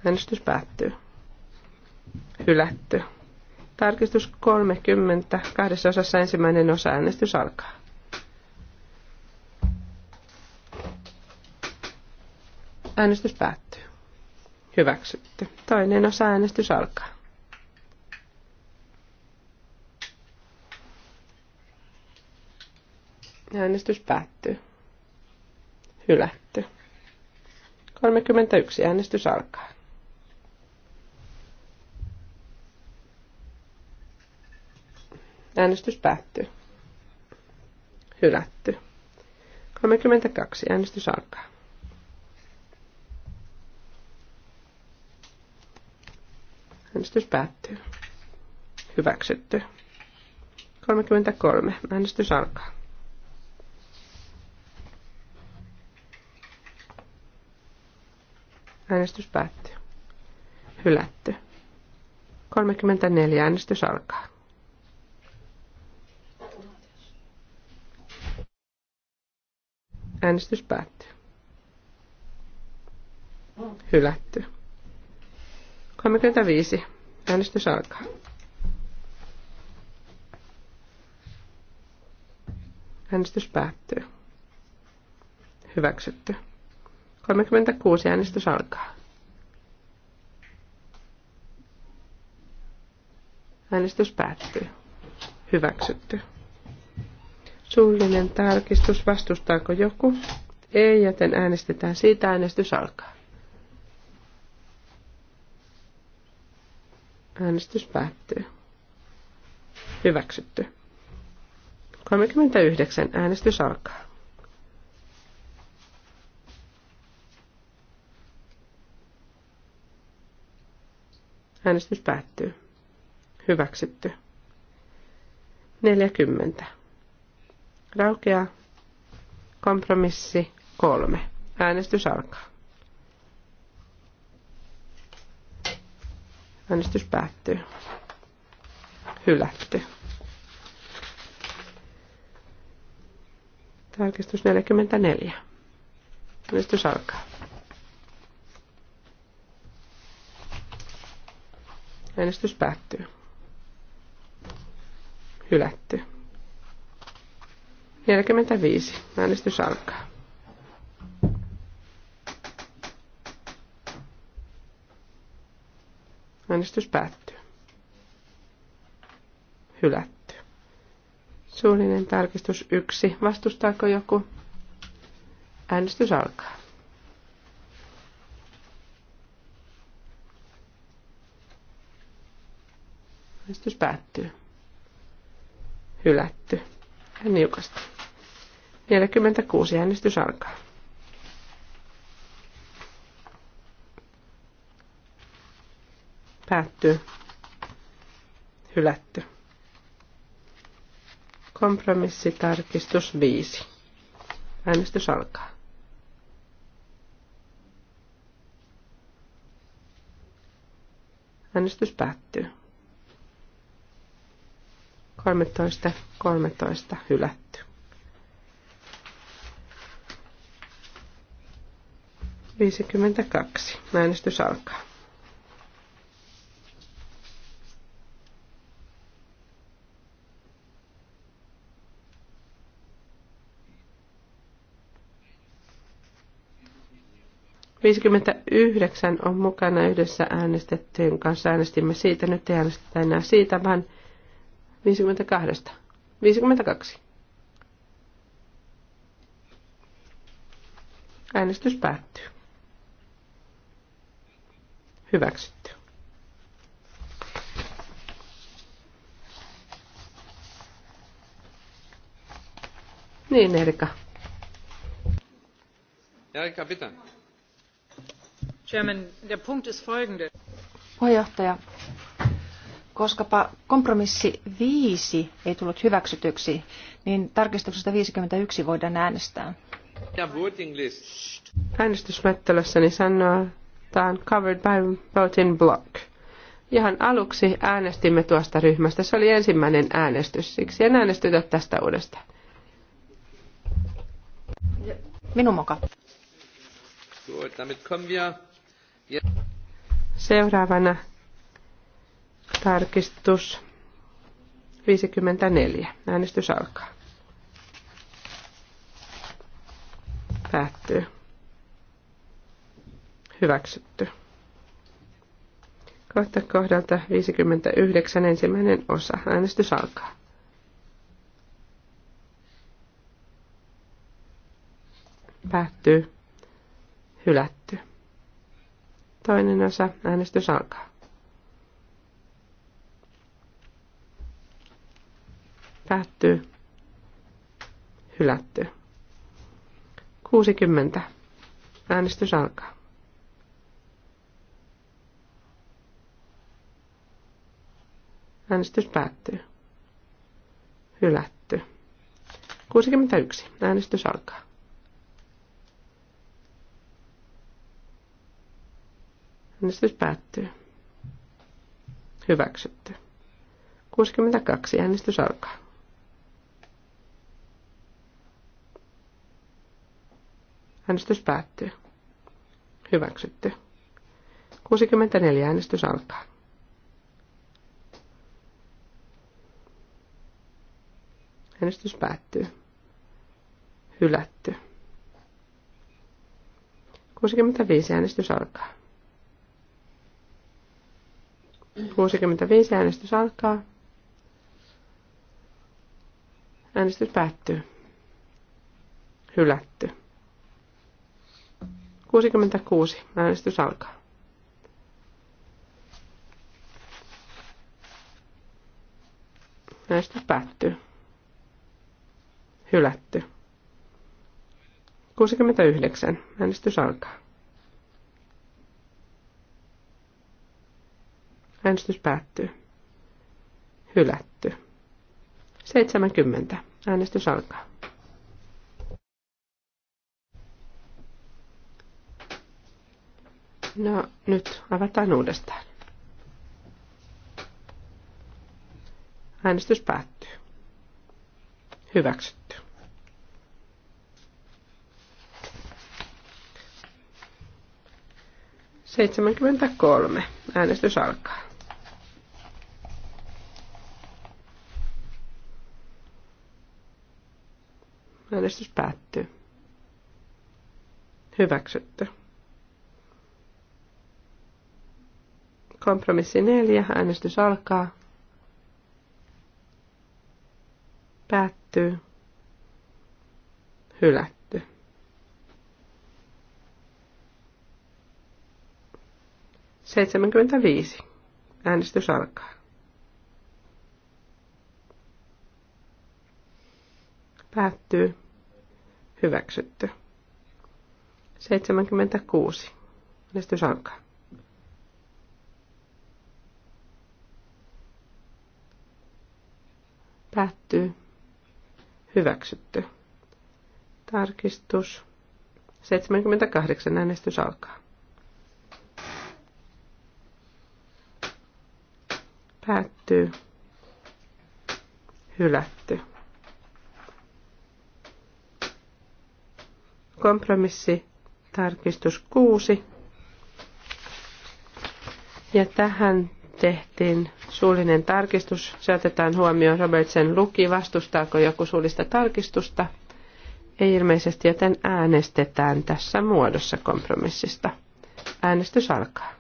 Äänestys päättyy hylätty. Tarkistus 30, kahdessa osassa ensimmäinen osa äänestys alkaa. Äänestys päättyy. Hyväksytty. Toinen osa äänestys alkaa. Äänestys päättyy. Hylätty. 31. Äänestys alkaa. Äänestys päättyy. Hylätty. 32. Äänestys alkaa. Äänestys päättyy. Hyväksytty. 33. Äänestys alkaa. Äänestys päättyy. Hylätty. 34. Äänestys alkaa. Äänestys päättyy. Hylätty. 35. Äänestys alkaa. Äänestys päättyy. Hyväksytty. 36. Äänestys alkaa. Äänestys päättyy. Hyväksytty. Suullinen tarkistus, vastustaako joku? Ei, joten äänestetään siitä. Äänestys alkaa. Äänestys päättyy. Hyväksytty. 39. Äänestys alkaa. Äänestys päättyy. Hyväksytty. 40 raukeaa. Kompromissi kolme. Äänestys alkaa. Äänestys päättyy. Hylätty. Tarkistus 44. Äänestys alkaa. Äänestys päättyy. Hylätty. 45. Äänestys alkaa. Äänestys päättyy. Hylätty. Suullinen tarkistus 1. Vastustaako joku? Äänestys alkaa. Äänestys päättyy. Hylätty. Ja niukasti. 46 äänestys alkaa. Päättyy. Hylätty. Kompromissitarkistus 5. Äänestys alkaa. Äänestys päättyy. 13, 13 hylätty. 52. Äänestys alkaa. Viisikymmentäyhdeksän on mukana yhdessä äänestettyyn kanssa. Äänestimme siitä, nyt ei äänestetä enää siitä, vaan 52. 52. Äänestys päättyy. Hyväksytty. Niin, Erika. Erika, bitte. Chairman, der Punkt ist folgende. Puheenjohtaja, koskapa kompromissi 5 ei tullut hyväksytyksi, niin tarkistuksesta 51 voidaan äänestää. Äänestysmättelössäni niin sanoo vastaan Covered by Voting Block. Ihan aluksi äänestimme tuosta ryhmästä. Se oli ensimmäinen äänestys, siksi en äänestytä tästä uudestaan. Minun moka. Seuraavana tarkistus 54. Äänestys alkaa. Päättyy. Hyväksytty. Kohta kohdalta 59 ensimmäinen osa. Äänestys alkaa. Päättyy. Hylätty. Toinen osa. Äänestys alkaa. Päättyy. Hylätty. 60. Äänestys alkaa. Äänestys päättyy. Hylätty. 61. Äänestys alkaa. Äänestys päättyy. Hyväksytty. 62. Äänestys alkaa. Äänestys päättyy. Hyväksytty. 64. Äänestys alkaa. Äänestys päättyy. Hylätty. 65 äänestys alkaa. 65 äänestys alkaa. Äänestys päättyy. Hylätty. 66. Äänestys alkaa. Äänestys päättyy. Hylätty. 69. Äänestys alkaa. Äänestys päättyy. Hylätty. 70. Äänestys alkaa. No nyt avataan uudestaan. Äänestys päättyy. Hyväksytty. 73. Äänestys alkaa. Äänestys päättyy. Hyväksytty. Kompromissi 4. Äänestys alkaa. Päättyy. Hylätty. 75. Äänestys alkaa. Päättyy. Hyväksytty. 76. Äänestys alkaa. Päättyy. Hyväksytty. Tarkistus. 78. Äänestys alkaa. Päättyy. Hylätty. Kompromissi tarkistus 6. Ja tähän tehtiin suullinen tarkistus. Se otetaan huomioon Robertsen luki, vastustaako joku suullista tarkistusta. Ei ilmeisesti, joten äänestetään tässä muodossa kompromissista. Äänestys alkaa.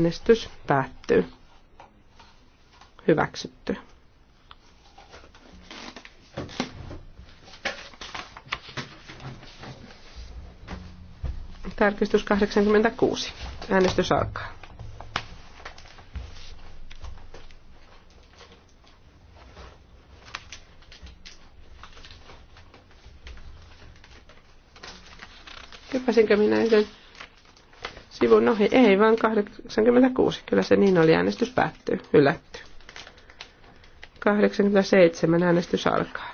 Äänestys päättyy. Hyväksytty. Tarkistus 86. Äänestys alkaa. Hyppäsinkö minä sen? sivun ohi. Ei, vaan 86. Kyllä se niin oli. Äänestys päättyy. Ylätty. 87. Äänestys alkaa.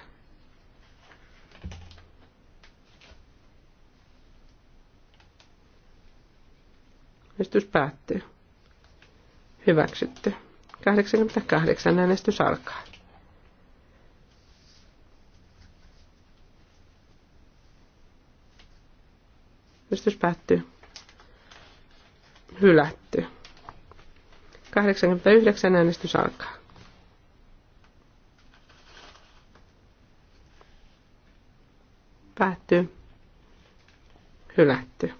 Äänestys päättyy. Hyväksytty. 88. Äänestys alkaa. Äänestys päättyy hylätty. 89 äänestys alkaa. Päättyy. Hylätty.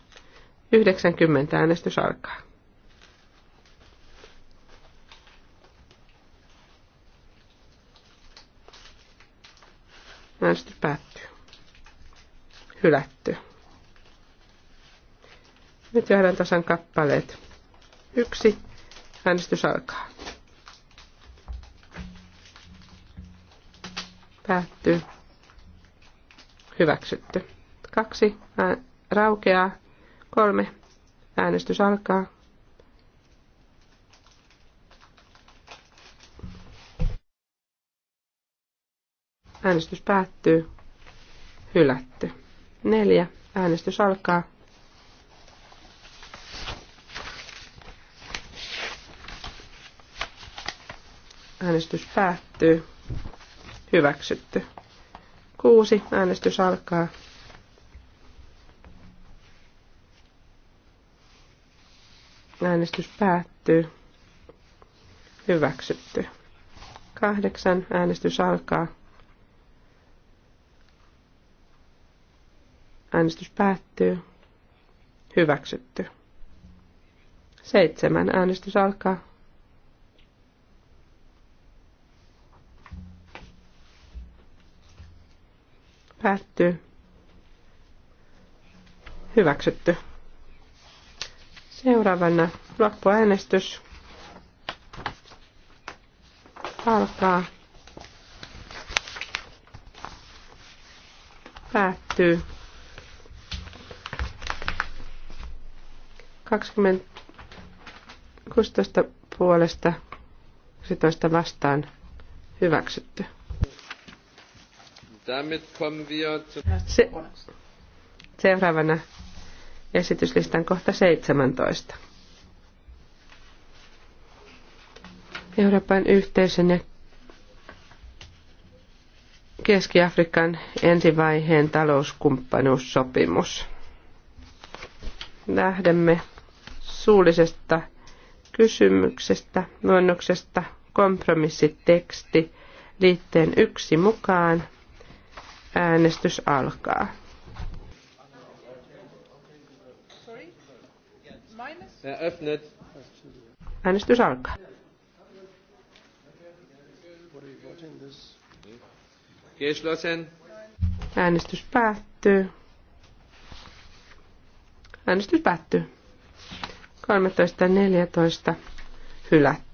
90 äänestys alkaa. Äänestys päättyy. Hylätty. Nyt johdan tasan kappaleet. Yksi. Äänestys alkaa. Päättyy. Hyväksytty. Kaksi. Ää, raukeaa. Kolme. Äänestys alkaa. Äänestys päättyy. Hylätty. Neljä. Äänestys alkaa. Äänestys päättyy. Hyväksytty. Kuusi. Äänestys alkaa. Äänestys päättyy. Hyväksytty. Kahdeksan. Äänestys alkaa. Äänestys päättyy. Hyväksytty. Seitsemän. Äänestys alkaa. Päättyy. Hyväksytty. Seuraavana loppuäänestys alkaa. Päättyy. 20, puolesta 16 vastaan hyväksytty. Damit kommen wir zu... Se, seuraavana esityslistan kohta 17. Euroopan yhteisön ja Keski-Afrikan ensivaiheen talouskumppanuussopimus. Lähdemme suullisesta kysymyksestä, luonnoksesta, kompromissiteksti liitteen yksi mukaan Äänestys alkaa. Äänestys alkaa. Äänestys päättyy. Äänestys päättyy. 13.14. Hylät.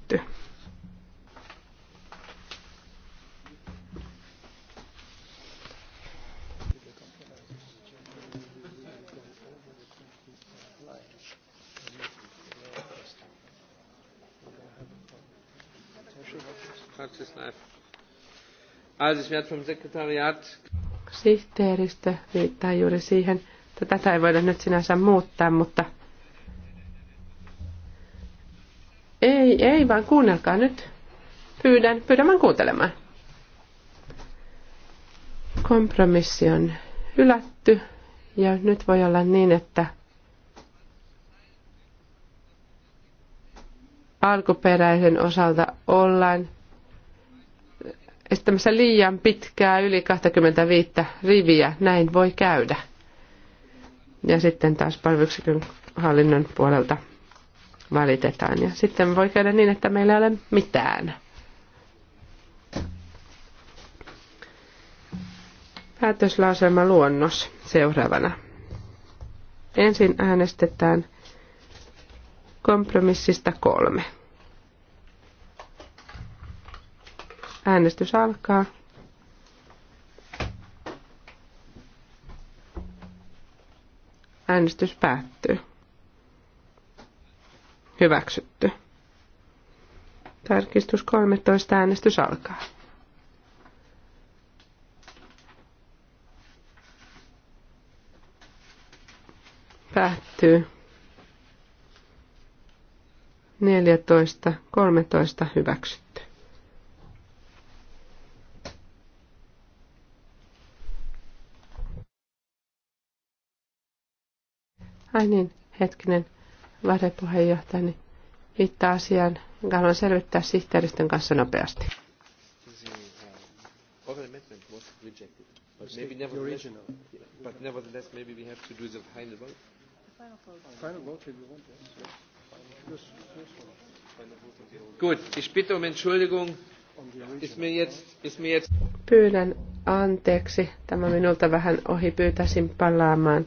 Sihteeristö viittaa juuri siihen, että tätä ei voida nyt sinänsä muuttaa, mutta ei, ei, vaan kuunnelkaa nyt. Pyydän, pyydämään kuuntelemaan. Kompromissi on hylätty ja nyt voi olla niin, että alkuperäisen osalta ollaan esittämässä liian pitkää yli 25 riviä. Näin voi käydä. Ja sitten taas palveluyksikön hallinnon puolelta valitetaan. Ja sitten voi käydä niin, että meillä ei ole mitään. Päätöslauselma luonnos seuraavana. Ensin äänestetään kompromissista kolme. Äänestys alkaa. Äänestys päättyy. Hyväksytty. Tarkistus 13. Äänestys alkaa. Päättyy. 14. 13. Hyväksytty. Ai niin, hetkinen, niin viittaa asiaan, jonka haluan selvittää sihteeristön kanssa nopeasti. Maybe Gut, ich bitte um Entschuldigung. Ist mir jetzt, ist mir jetzt... Pyydän anteeksi. Tämä minulta vähän ohi. Pyytäisin palaamaan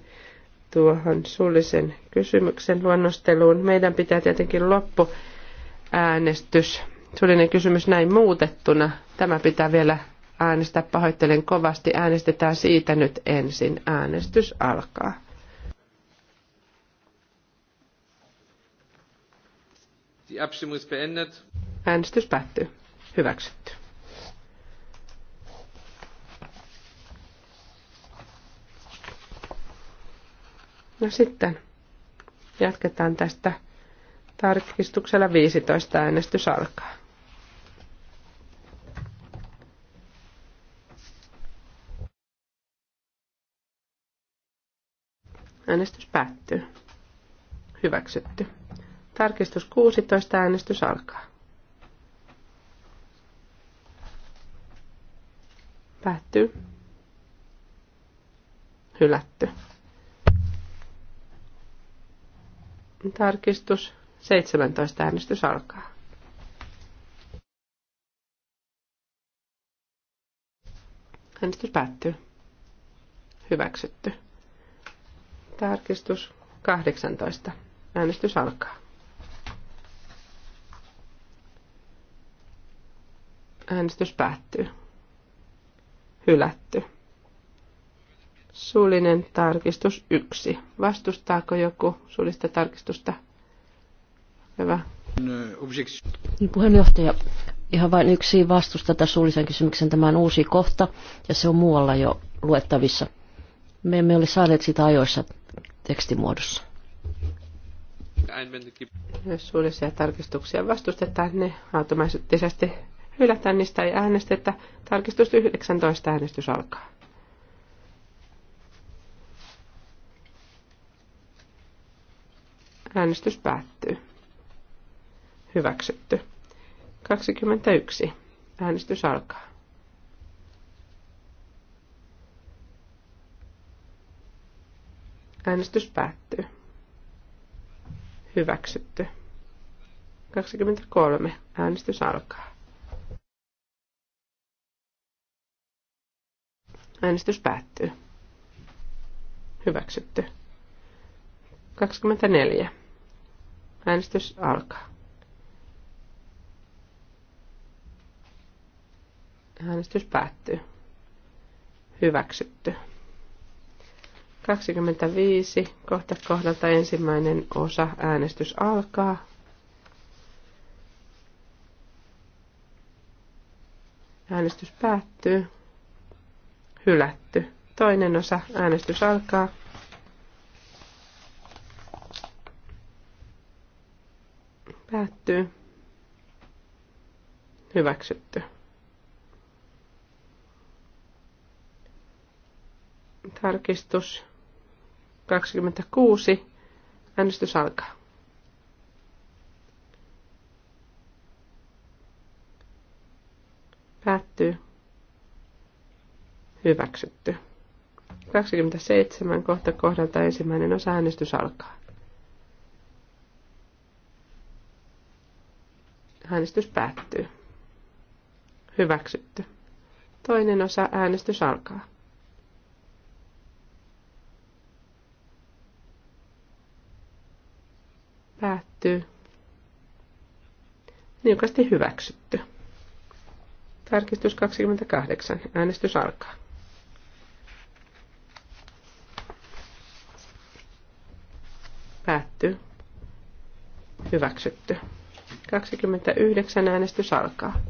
tuohon suullisen kysymyksen luonnosteluun. Meidän pitää tietenkin loppuäänestys, Suullinen kysymys näin muutettuna. Tämä pitää vielä äänestää. Pahoittelen kovasti. Äänestetään siitä nyt ensin. Äänestys alkaa. Äänestys päättyy. Hyväksytty. No sitten jatketaan tästä tarkistuksella 15 äänestys alkaa. Äänestys päättyy. Hyväksytty. Tarkistus 16. Äänestys alkaa. Päättyy. Hylätty. Tarkistus 17. Äänestys alkaa. Äänestys päättyy. Hyväksytty. Tarkistus 18. Äänestys alkaa. Äänestys päättyy. Hylätty. Suullinen tarkistus 1. Vastustaako joku suullista tarkistusta? Hyvä. Niin, puheenjohtaja, ihan vain yksi vastus tätä suullisen kysymyksen. Tämä on uusi kohta ja se on muualla jo luettavissa. Me emme ole saaneet sitä ajoissa tekstimuodossa. Jos suullisia tarkistuksia vastustetaan, ne automaattisesti hylätään, niistä ei äänestetä. Tarkistus 19 äänestys alkaa. Äänestys päättyy. Hyväksytty. 21. Äänestys alkaa. Äänestys päättyy. Hyväksytty. 23. Äänestys alkaa. Äänestys päättyy. Hyväksytty. 24. Äänestys alkaa. Äänestys päättyy. Hyväksytty. 25. Kohta kohdalta ensimmäinen osa. Äänestys alkaa. Äänestys päättyy. Hylätty. Toinen osa. Äänestys alkaa. Päättyy. Hyväksytty. Tarkistus 26. Äänestys alkaa. Päättyy. Hyväksytty. 27. Kohta kohdalta ensimmäinen osa äänestys alkaa. Äänestys päättyy. Hyväksytty. Toinen osa äänestys alkaa. Päättyy. Niukasti hyväksytty. Tarkistus 28. Äänestys alkaa. Päättyy. Hyväksytty. 29 äänestys alkaa.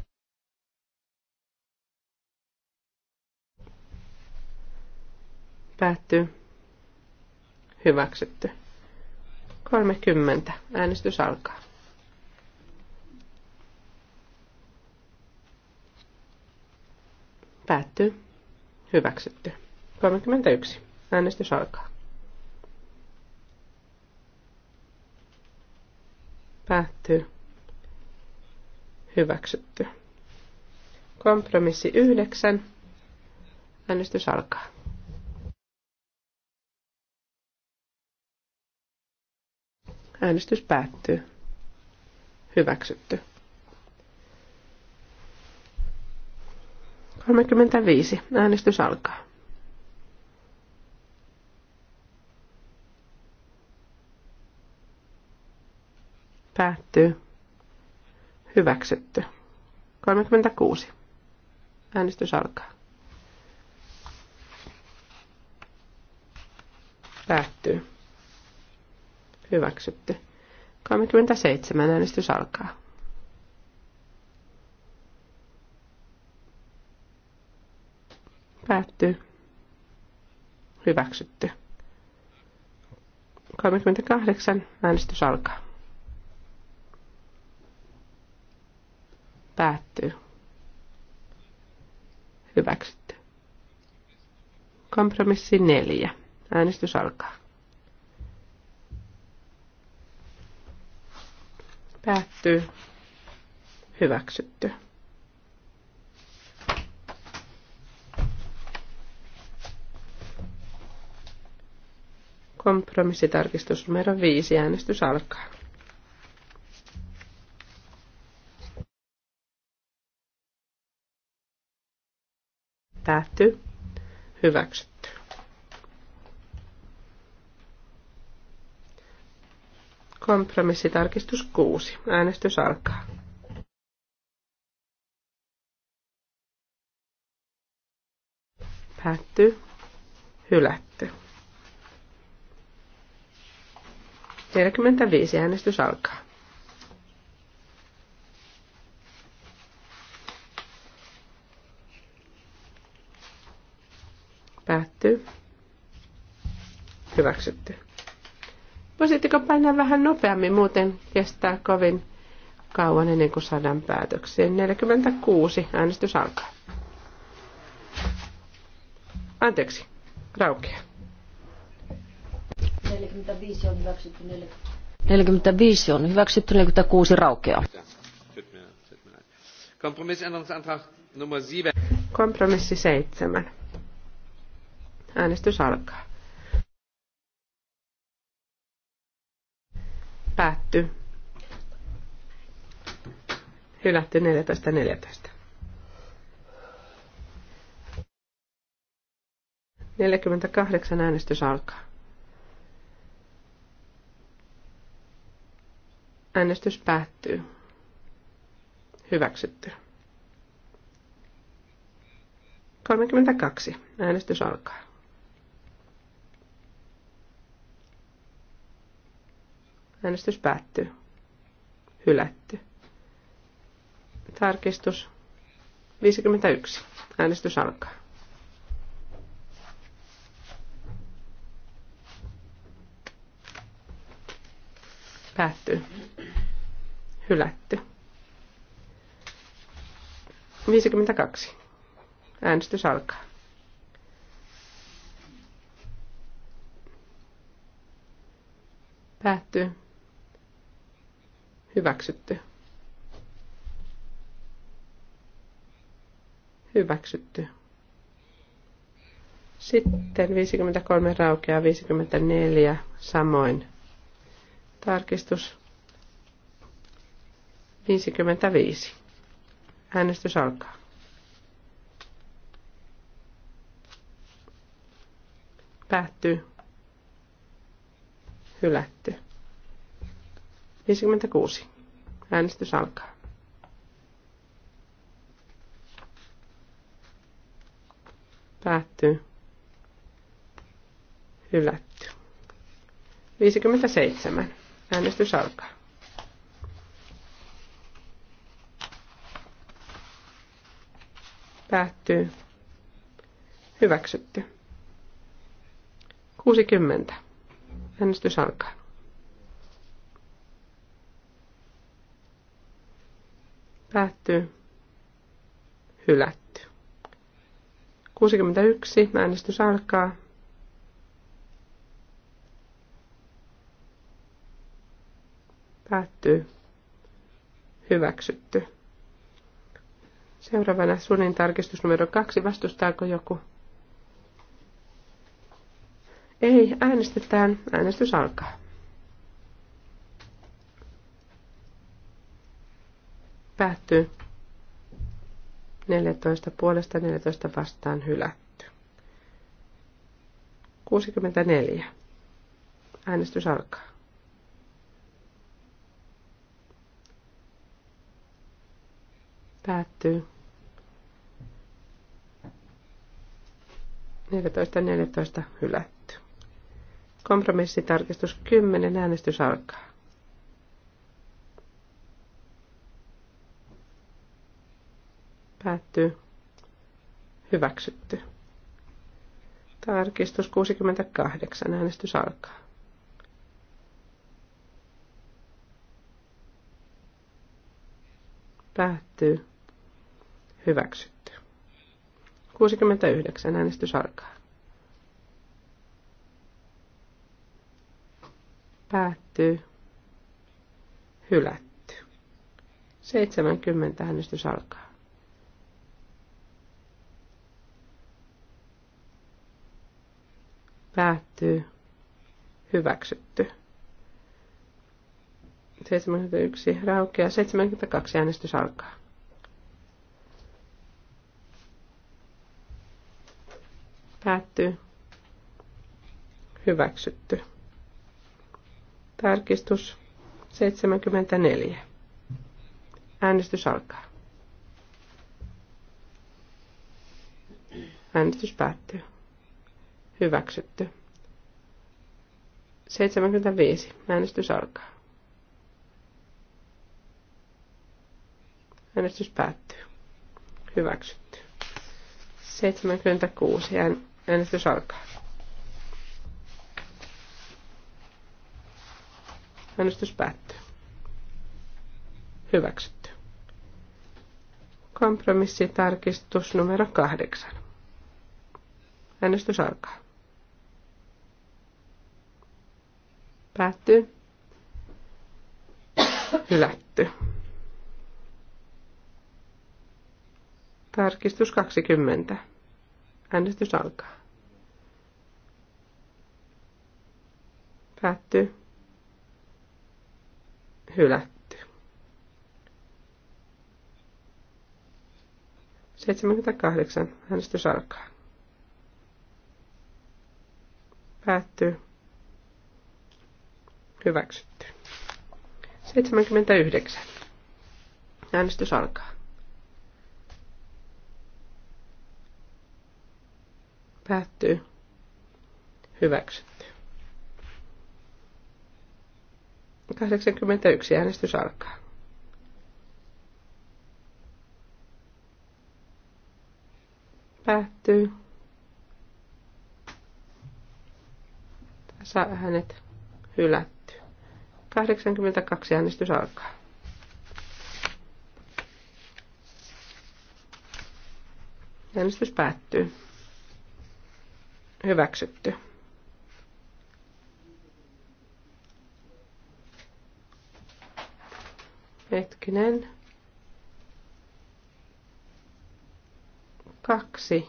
Päättyy. Hyväksytty. 30. Äänestys alkaa. Päättyy. Hyväksytty. 31. Äänestys alkaa. Päättyy Hyväksytty. Kompromissi 9. Äänestys alkaa. Äänestys päättyy. Hyväksytty. 35. Äänestys alkaa. Päättyy. Hyväksytty. 36. Äänestys alkaa. Päättyy. Hyväksytty. 37. Äänestys alkaa. Päättyy. Hyväksytty. 38. Äänestys alkaa. Päättyy. Hyväksytty. Kompromissi neljä. Äänestys alkaa. Päättyy. Hyväksytty. Kompromissitarkistus numero 5. Äänestys alkaa. Päättyy. Hyväksytty. Kompromissitarkistus 6. Äänestys alkaa. Päättyy. Hylätty. 45. Äänestys alkaa. Päättyy. Hyväksytty. Voisitteko painaa vähän nopeammin, muuten kestää kovin kauan ennen kuin saadaan päätökseen. 46. Äänestys alkaa. Anteeksi. Raukea. 45 on hyväksytty. 45 on hyväksytty. 46 raukeaa. Kompromissi Kompromissi 7. Äänestys alkaa. Päättyy. Hylätty 14.14. 14. 48 äänestys alkaa. Äänestys päättyy. Hyväksytty. 32. Äänestys alkaa. Äänestys päättyy. Hylätty. Tarkistus 51. Äänestys alkaa. Päättyy. Hylätty. 52. Äänestys alkaa. Päättyy. Hyväksytty. Hyväksytty. Sitten 53 raukeaa, 54 samoin. Tarkistus 55. Äänestys alkaa. Päättyy. Hylätty. 56. Äänestys alkaa. Päättyy. Hylätty. 57. Äänestys alkaa. Päättyy. Hyväksytty. 60. Äänestys alkaa. Päättyy. Hylätty. 61. Äänestys alkaa. Päättyy. Hyväksytty. Seuraavana sunin tarkistus numero kaksi. Vastustaako joku? Ei, äänestetään. Äänestys alkaa. Päättyy. 14 puolesta 14 vastaan hylätty. 64. Äänestys alkaa. Päättyy. 14, 14 hylätty. Kompromissitarkistus 10. Äänestys alkaa. Päättyy. Hyväksytty. Tarkistus 68. Äänestys alkaa. Päättyy. Hyväksytty. 69. Äänestys alkaa. Päättyy. Hylätty. 70. Äänestys alkaa. päättyy, hyväksytty. 71 raukeaa, 72 äänestys alkaa. Päättyy, hyväksytty. Tarkistus 74. Äänestys alkaa. Äänestys päättyy. Hyväksytty. 75. Äänestys alkaa. Äänestys päättyy. Hyväksytty. 76. Äänestys alkaa. Äänestys päättyy. Hyväksytty. Kompromissitarkistus numero kahdeksan. Äänestys alkaa. Päättyy. Hylätty. Tarkistus 20. Äänestys alkaa. Päättyy. Hylätty. 78. Äänestys alkaa. Päättyy. Hyväksytty. 79. Äänestys alkaa. Päättyy. Hyväksytty. 81. Äänestys alkaa. Päättyy. Tässä hänet hylät. 82 äänestys alkaa. Äänestys päättyy. Hyväksytty. Hetkinen. Kaksi.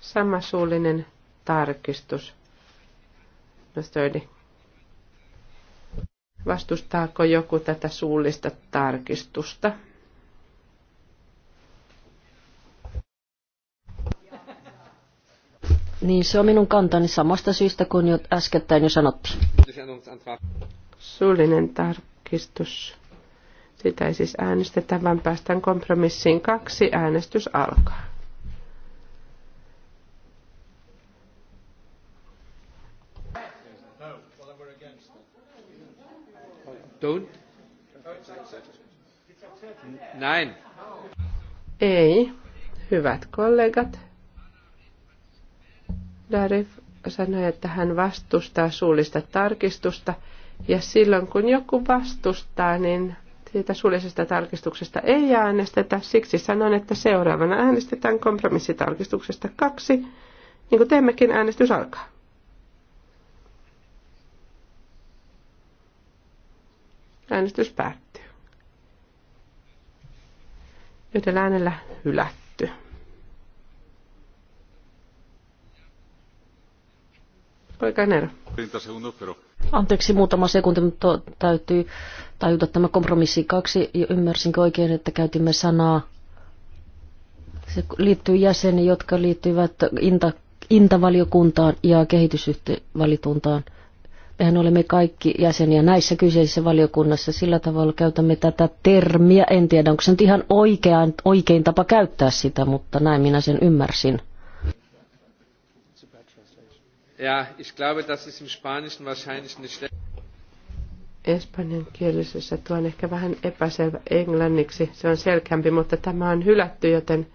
Sama suullinen tarkistus. No oli. Vastustaako joku tätä suullista tarkistusta? Niin se on minun kantani samasta syystä kuin jo äskettäin jo sanottiin. Suullinen tarkistus. Sitä ei siis äänestetä, vaan päästään kompromissiin kaksi. Äänestys alkaa. Don't. Näin. Ei. Hyvät kollegat. Darif sanoi, että hän vastustaa suullista tarkistusta. Ja silloin kun joku vastustaa, niin siitä suullisesta tarkistuksesta ei äänestetä. Siksi sanon, että seuraavana äänestetään kompromissitarkistuksesta kaksi, niin kuin teemmekin äänestys alkaa. Äänestys päättyy. Yhdellä äänellä hylätty. Nero. Anteeksi, muutama sekunti, mutta täytyy tajuta tämä kompromissi kaksi. Ymmärsinkö oikein, että käytimme sanaa? Se liittyy jäseniin, jotka liittyvät inta, intavaliokuntaan ja kehitysyhtiövalituntaan. Mehän olemme kaikki jäseniä näissä kyseisissä valiokunnassa. Sillä tavalla käytämme tätä termiä. En tiedä, onko se nyt ihan oikea, oikein tapa käyttää sitä, mutta näin minä sen ymmärsin. Ja, ich glaube, das ist im Spanischen wahrscheinlich nicht Espanjankielisessä tuo on ehkä vähän epäselvä englanniksi. Se on selkeämpi, mutta tämä on hylätty, joten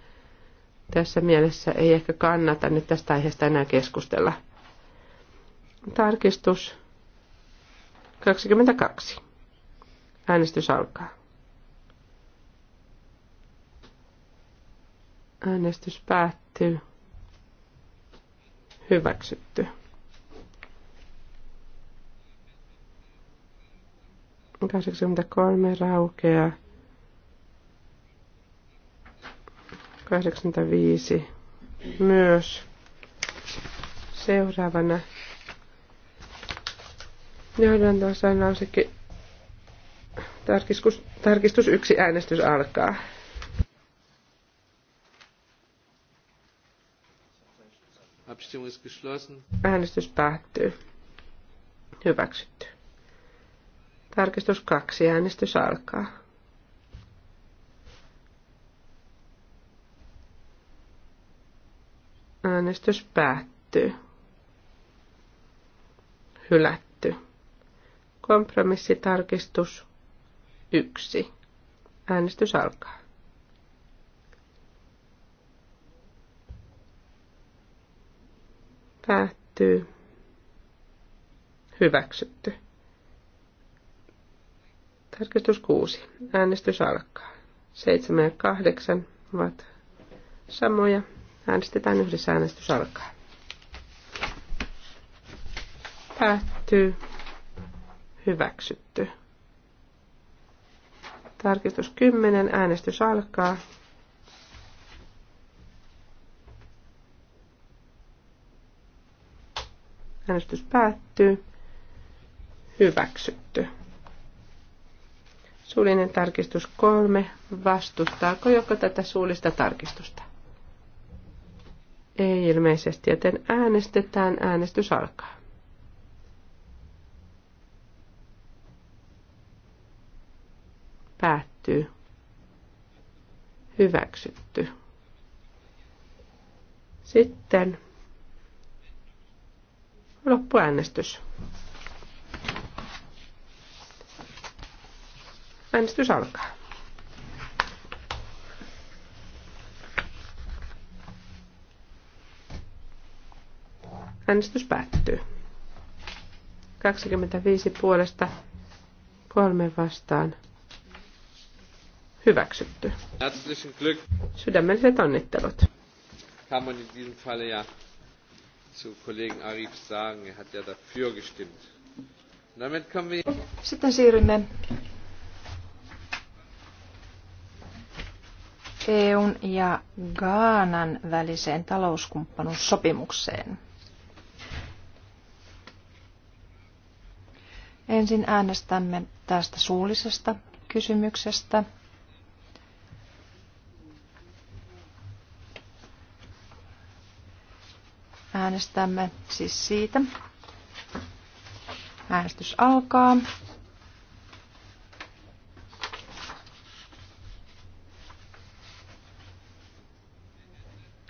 tässä mielessä ei ehkä kannata nyt tästä aiheesta enää keskustella. Tarkistus 22. Äänestys alkaa. Äänestys päättyy. Hyväksytty. Kahdeksankymmentäkolme raukeaa. viisi myös. Seuraavana Johdantosan lauseke. Tarkistus, tarkistus yksi äänestys alkaa. Äänestys päättyy. Hyväksytty. Tarkistus kaksi. Äänestys alkaa. Äänestys päättyy. Hylätty. Kompromissitarkistus 1. Äänestys alkaa. Päättyy. Hyväksytty. Tarkistus 6. Äänestys alkaa. 7 ja 8 ovat samoja. Äänestetään yhdessä. Äänestys alkaa. Päättyy. Hyväksytty. Tarkistus 10. Äänestys alkaa. Äänestys päättyy. Hyväksytty. Suullinen tarkistus 3. Vastustaako joko tätä suullista tarkistusta? Ei ilmeisesti, joten äänestetään. Äänestys alkaa. Päättyy. Hyväksytty. Sitten loppuäänestys. Äänestys alkaa. Äänestys päättyy. 25 puolesta, kolme vastaan, Hyväksytty. Herzlichen Glück. Sydämelliset onnittelut. Kann man in diesem Falle ja zu Kollegen Arif sagen, er hat ja dafür gestimmt. Damit kommen wir... Sitten siirrymme EUn ja Gaanan väliseen talouskumppanuussopimukseen. Ensin äänestämme tästä suullisesta kysymyksestä. Äänestämme siis siitä. Äänestys alkaa.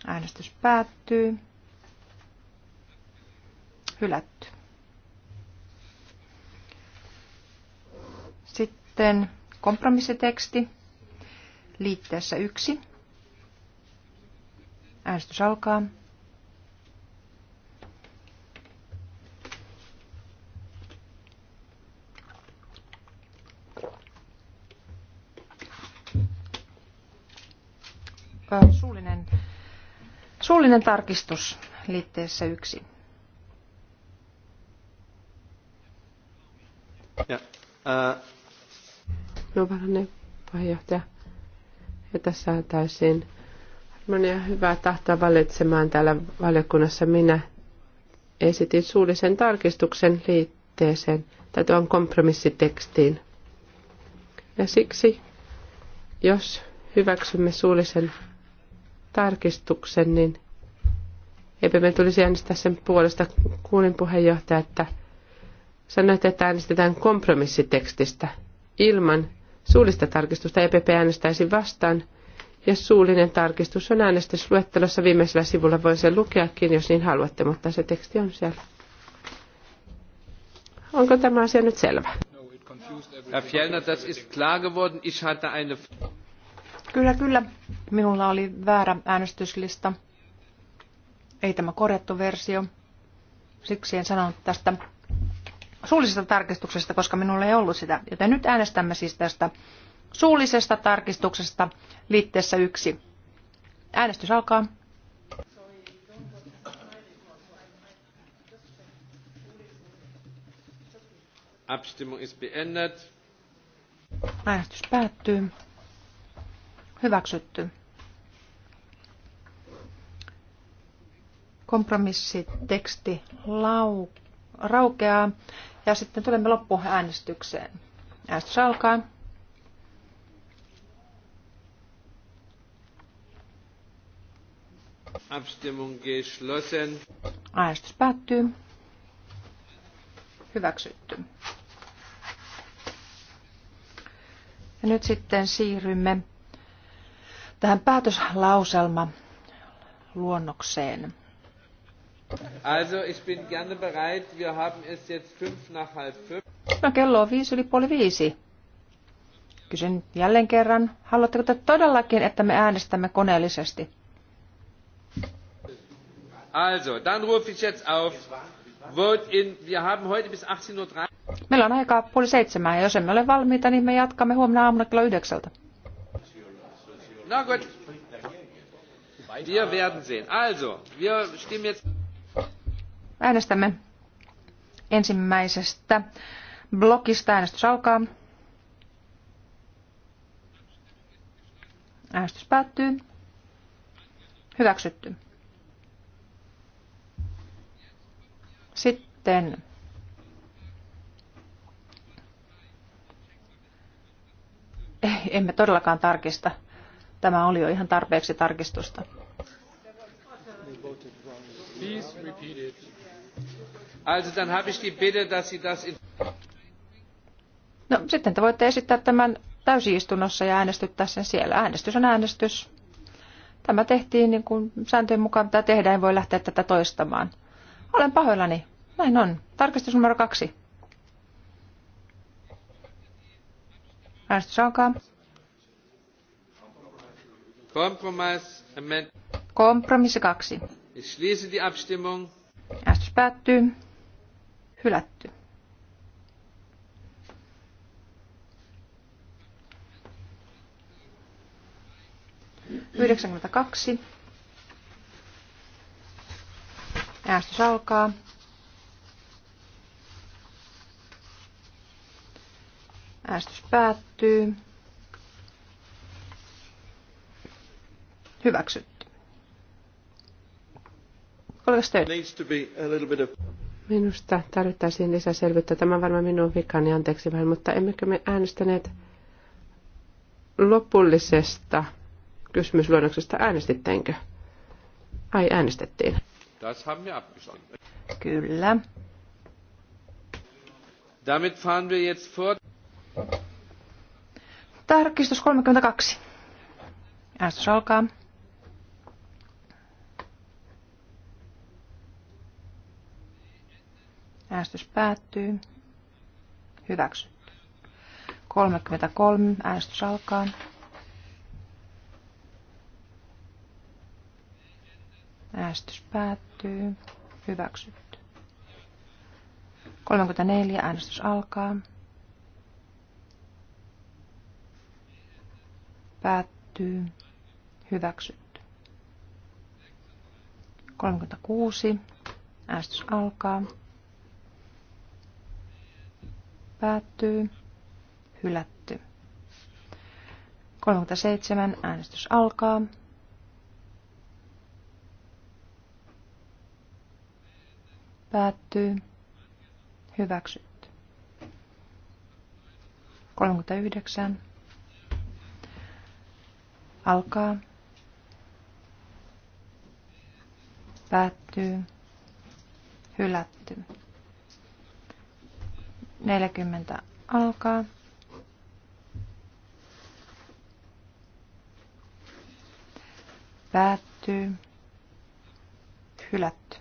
Äänestys päättyy. Hylätty. Sitten kompromissiteksti liitteessä yksi. Äänestys alkaa. Suullinen tarkistus liitteessä yksi. Ja, ää... No varhainen puheenjohtaja. Ja tässä saataisiin monia hyvää tahtoa valitsemaan täällä valiokunnassa. Minä esitin suullisen tarkistuksen liitteeseen tai tuon kompromissitekstiin. Ja siksi, jos hyväksymme suullisen tarkistuksen, niin me tulisi äänestää sen puolesta. Kuulin puheenjohtaja, että sanoit, että äänestetään kompromissitekstistä ilman suullista tarkistusta. EPP äänestäisi vastaan ja suullinen tarkistus on äänestysluettelossa viimeisellä sivulla. Voin sen lukeakin, jos niin haluatte, mutta se teksti on siellä. Onko tämä asia nyt selvä? Herr Fjellner, das ist klar geworden. Ich hatte eine... Kyllä, kyllä. Minulla oli väärä äänestyslista ei tämä korjattu versio. Siksi en sanonut tästä suullisesta tarkistuksesta, koska minulla ei ollut sitä. Joten nyt äänestämme siis tästä suullisesta tarkistuksesta liitteessä yksi. Äänestys alkaa. Abstimmung ist beendet. Äänestys päättyy. Hyväksytty. Kompromissiteksti lau, raukeaa ja sitten tulemme loppuäänestykseen. Äänestys alkaa. Abstimmung geschlossen. Äänestys päättyy. Hyväksytty. Ja nyt sitten siirrymme tähän päätöslauselma luonnokseen. Also ich bin gerne bereit. Wir haben es jetzt fünf nach halb fünf. No kello on viisi yli puoli viisi. Kysyn jälleen kerran, haluatteko te todellakin, että me äänestämme koneellisesti? Also, dann ruf ich jetzt auf. Vote in, wir haben heute bis 18.30 Uhr. Meillä on aikaa puoli seitsemää, ja jos emme ole valmiita, niin me jatkamme huomenna aamuna kello yhdeksältä. No gut. Wir werden sehen. Also, wir stimmen jetzt... Äänestämme ensimmäisestä blokista. Äänestys alkaa. Äänestys päättyy. Hyväksytty. Sitten eh, emme todellakaan tarkista. Tämä oli jo ihan tarpeeksi tarkistusta. Please repeat it. Also dann habe ich die Bitte, dass Sie das in... No, sitten te voitte esittää tämän täysistunnossa ja äänestyttää sen siellä. Äänestys on äänestys. Tämä tehtiin niin kuin sääntöjen mukaan mitä tehdään, en voi lähteä tätä toistamaan. Olen pahoillani. Näin on. Tarkistus numero kaksi. Äänestys alkaa. Kompromissi kaksi. Äänestys päättyy hylätty. Yhdeksänkymmentäkaksi. Äänestys alkaa. Äänestys päättyy. Hyväksytty. Kollega Stöön. Minusta tarvittaisiin lisäselvyyttä. Tämä on varmaan minun vikani, anteeksi vähän, mutta emmekö me äänestäneet lopullisesta kysymysluonnoksesta Äänestittekö? Ai, äänestettiin. Kyllä. Damit fahren wir jetzt vor. Tarkistus 32. Äänestys alkaa. Äänestys päättyy. Hyväksytty. 33. Äänestys alkaa. Äänestys päättyy. Hyväksytty. 34. Äänestys alkaa. Päättyy. Hyväksytty. 36. Äänestys alkaa. Päättyy. Hylätty. 37. Äänestys alkaa. Päättyy. Hyväksytty. 39. Alkaa. Päättyy. Hylätty. 40 alkaa. Päättyy. Hylätty.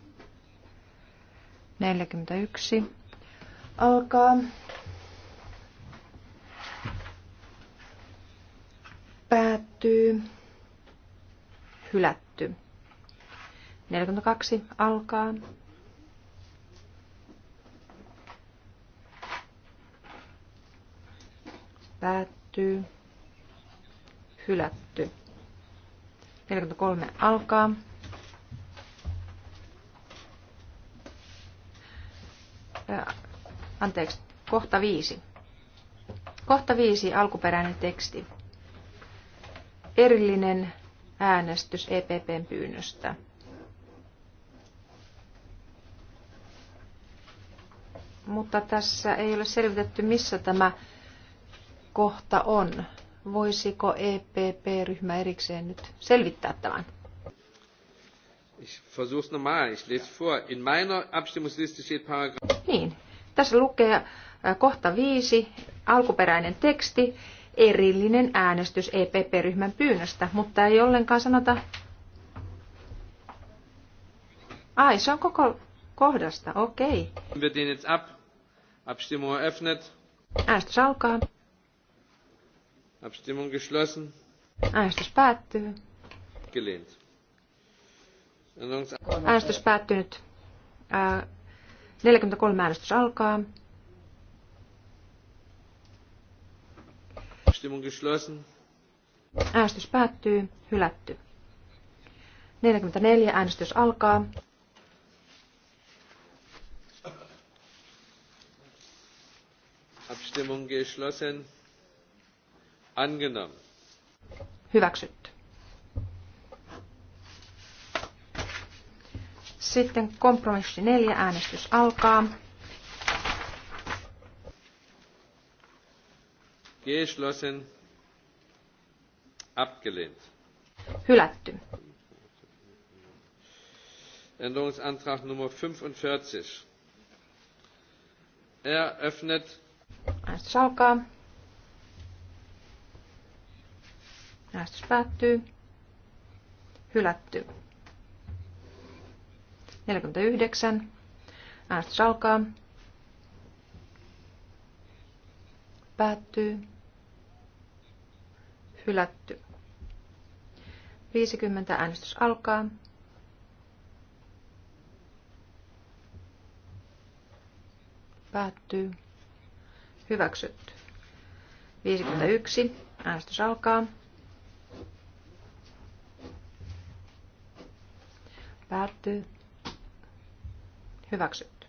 41 alkaa. Päättyy. Hylätty. 42 alkaa. Päättyy. Hylätty. 43 alkaa. Anteeksi, kohta viisi. Kohta viisi alkuperäinen teksti. Erillinen äänestys EPPn pyynnöstä. Mutta tässä ei ole selvitetty, missä tämä kohta on. Voisiko EPP-ryhmä erikseen nyt selvittää tämän? Ich versuch's nochmal. Ich lese vor. In meiner Abstimmungsliste steht Niin. Tässä lukee äh, kohta viisi, alkuperäinen teksti, erillinen äänestys EPP-ryhmän pyynnöstä, mutta ei ollenkaan sanota... Ai, se on koko kohdasta, okei. Okay. Äänestys alkaa. Abstimmung geschlossen. Äänestys päättyy. Gelehnt. Äänestys päättynyt. Ää, 43 äänestys alkaa. Abstimmung geschlossen. Äänestys päättyy. Hylätty. 44 äänestys alkaa. Abstimmung geschlossen. Angenommen. Hyväksytty. Sitten kompromissi neljä, äänestys alkaa. Geschlossen. Abgelehnt. Hylätty. Änderungsantrag Nummer 45. Eröffnet. Äänestys alkaa. Äänestys päättyy. Hylätty. 49. Äänestys alkaa. Päättyy. Hylätty. 50. Äänestys alkaa. Päättyy. Hyväksytty. 51. Äänestys alkaa. Päättyy. Hyväksytty.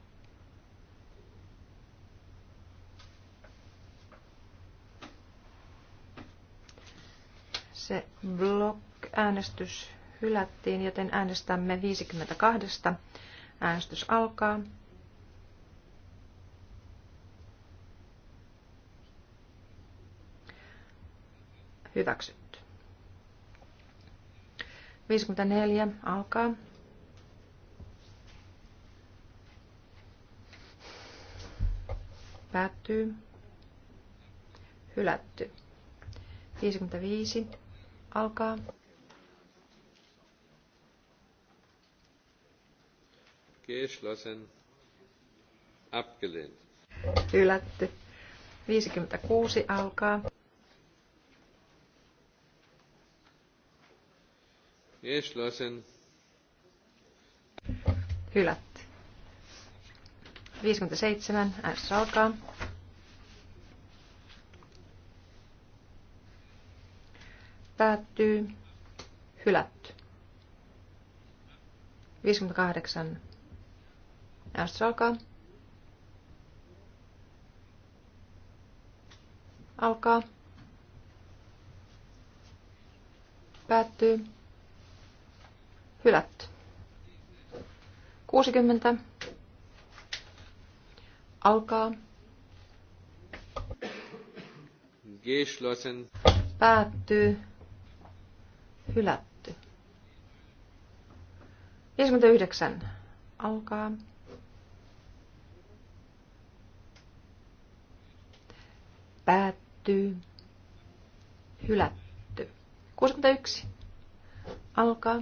Se blog äänestys hylättiin, joten äänestämme 52. Äänestys alkaa. Hyväksytty. 54 alkaa. Päättyy. Hylätty. 55. Alkaa. Geschlossen. Abgelehnt. Hylätty. 56 alkaa. Geschlossen. Hylätty. 57. Äänestys alkaa. Päättyy. Hylätty. 58. Äänestys alkaa. Alkaa. Päättyy. Hylätty. 60. Alkaa. Geschlossen. Päättyy. Hylätty. 59. Alkaa. Päättyy. Hylätty. 61. Alkaa.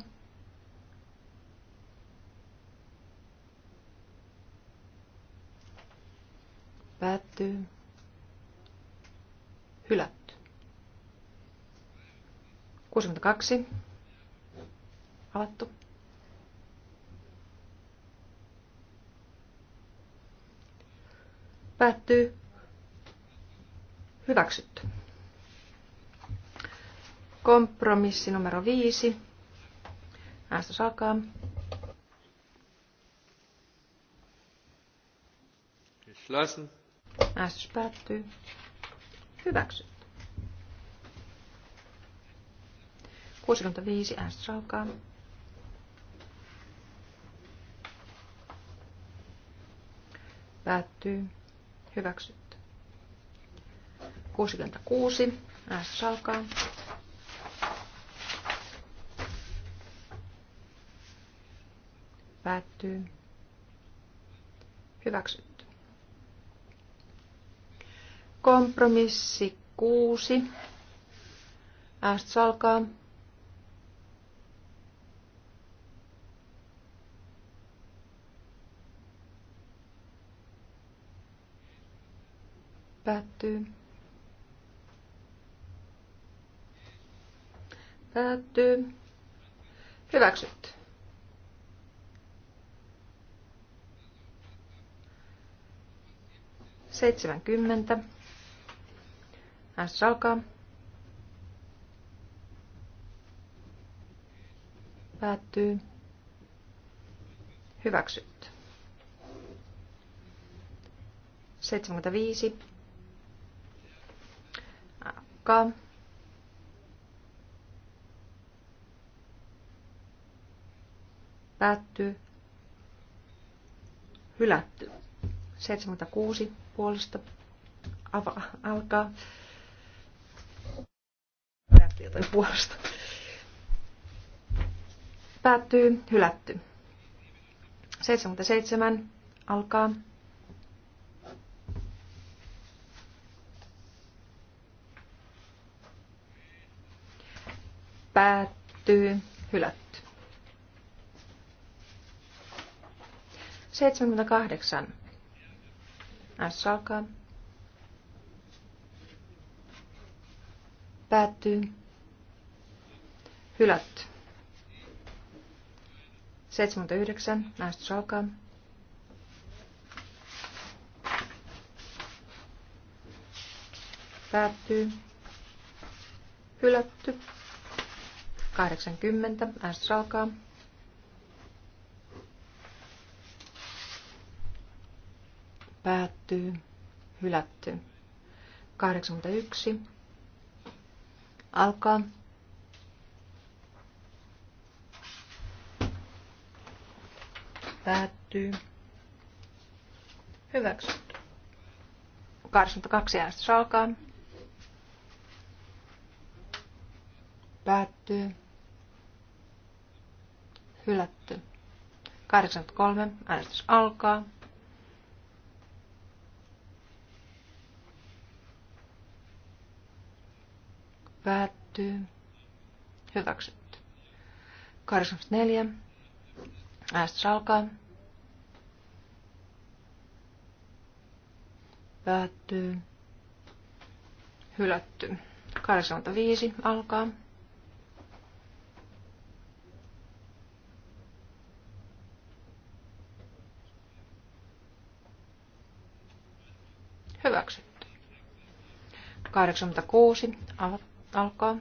Päättyy. Hylätty. 62. Avattu. Päättyy. Hyväksytty. Kompromissi numero 5. Äänestys alkaa. Geschlossen. Äänestys päättyy. Hyväksytty. 65. Äänestys alkaa. Päättyy. Hyväksytty. 66. Äänestys alkaa. Päättyy. Hyväksytty. Kompromissi kuusi. Äänestys alkaa. Päättyy. Päättyy. Hyväksytty. Seitsemänkymmentä. Äänestys alkaa. Päättyy. Hyväksytty. 75. Alkaa. Päättyy. Hylätty. 76 puolesta. Ava, alkaa tietoni puolesta. Päättyy, hylätty. 77 alkaa. Päättyy, hylätty. 78. S alkaa. Päättyy. Hylätty. 79. Äänestys alkaa. Päättyy. Hylätty. 80. Äänestys alkaa. Päättyy. Hylätty. 81. Alkaa. Päättyy. Hyväksytty. 82 äänestys alkaa. Päättyy. Hylätty. 83 äänestys alkaa. Päättyy. Hyväksytty. 84 Äänestys alkaa. Päättyy. Hylätty. 85 alkaa. Hyväksytty. 86 alkaa.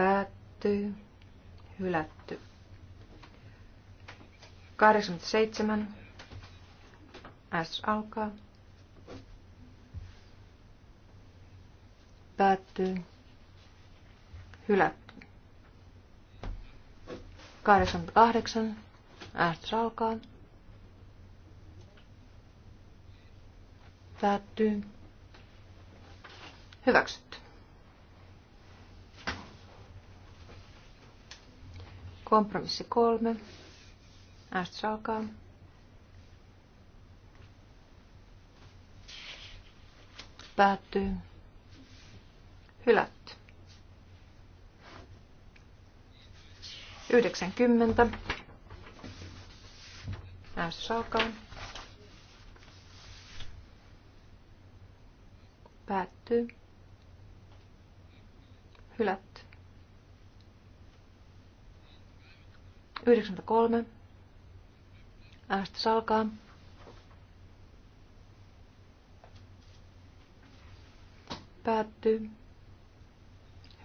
Päättyy. Hylätty. 87. S alkaa. Päättyy. Hylätty. 88. S alkaa. Päättyy. Hyväksy. Kompromissi kolme. Äänestys alkaa. Päättyy. Hylätty. 90. Äänestys alkaa. Päättyy. Hylätty. 93. Äänestys alkaa. Päättyy.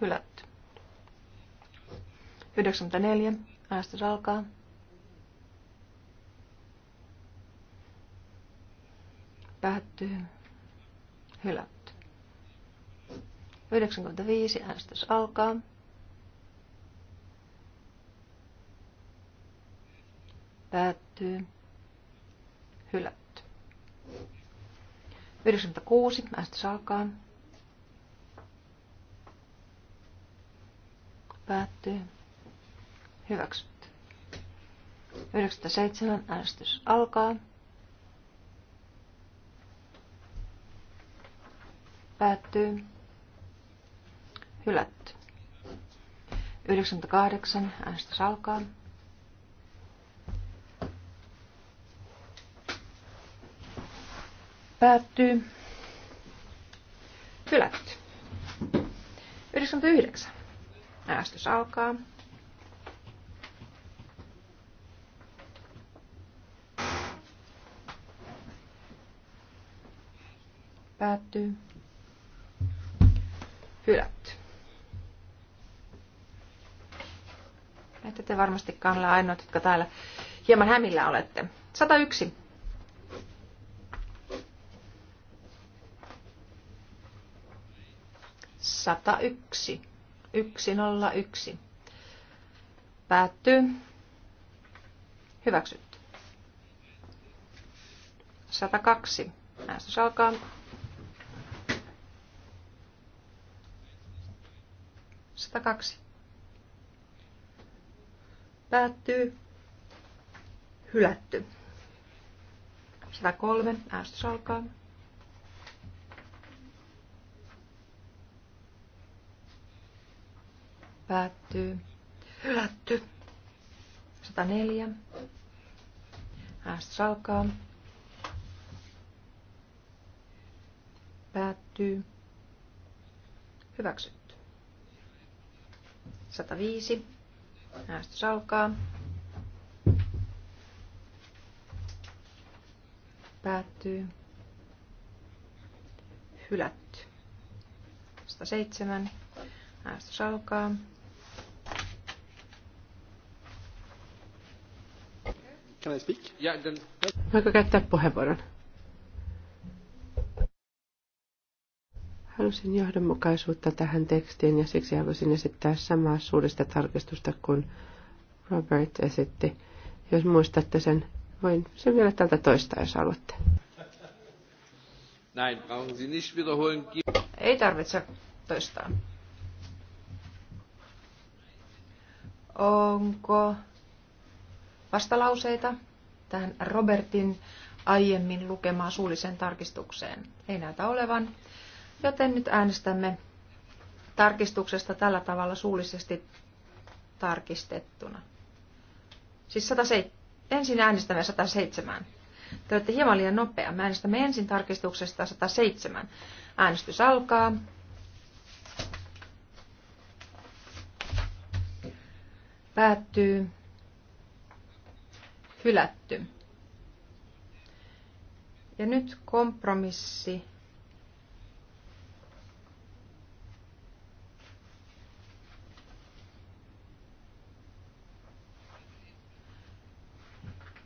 Hylätty. 94. Äänestys alkaa. Päättyy. Hylätty. 95. Äänestys alkaa. Päättyy. Hylätty. 96. Äänestys alkaa. Päättyy. Hyväksytty. 97. Äänestys alkaa. Päättyy. Hylätty. 98. Äänestys alkaa. Päättyy. Hylätty. 99. Äästys alkaa. Päättyy. Hylätty. Ette te varmastikaan ole ainoat, jotka täällä hieman hämillä olette. 101 101. 101. Päättyy. Hyväksytty. 102. Äänestys alkaa. kaksi Päättyy. Hylätty. 103. Äänestys alkaa. Päättyy. Hylätty. 104. Äästys alkaa. Päättyy. Hyväksytty. 105. Äästys alkaa. Päättyy. Hylätty. 107. Äästys alkaa. Can I speak? Yeah, then... Voiko käyttää puheenvuoron? Halusin johdonmukaisuutta tähän tekstiin ja siksi halusin esittää samaa suurista tarkistusta kuin Robert esitti. Jos muistatte sen, voin sen vielä tältä toistaa, jos haluatte. Näin, brauchen Sie Ei tarvitse toistaa. Onko vastalauseita tähän Robertin aiemmin lukemaan suulliseen tarkistukseen. Ei näytä olevan, joten nyt äänestämme tarkistuksesta tällä tavalla suullisesti tarkistettuna. Siis 107, ensin äänestämme 107. Te olette hieman liian nopea. Mä äänestämme ensin tarkistuksesta 107. Äänestys alkaa. Päättyy hylätty. Ja nyt kompromissi.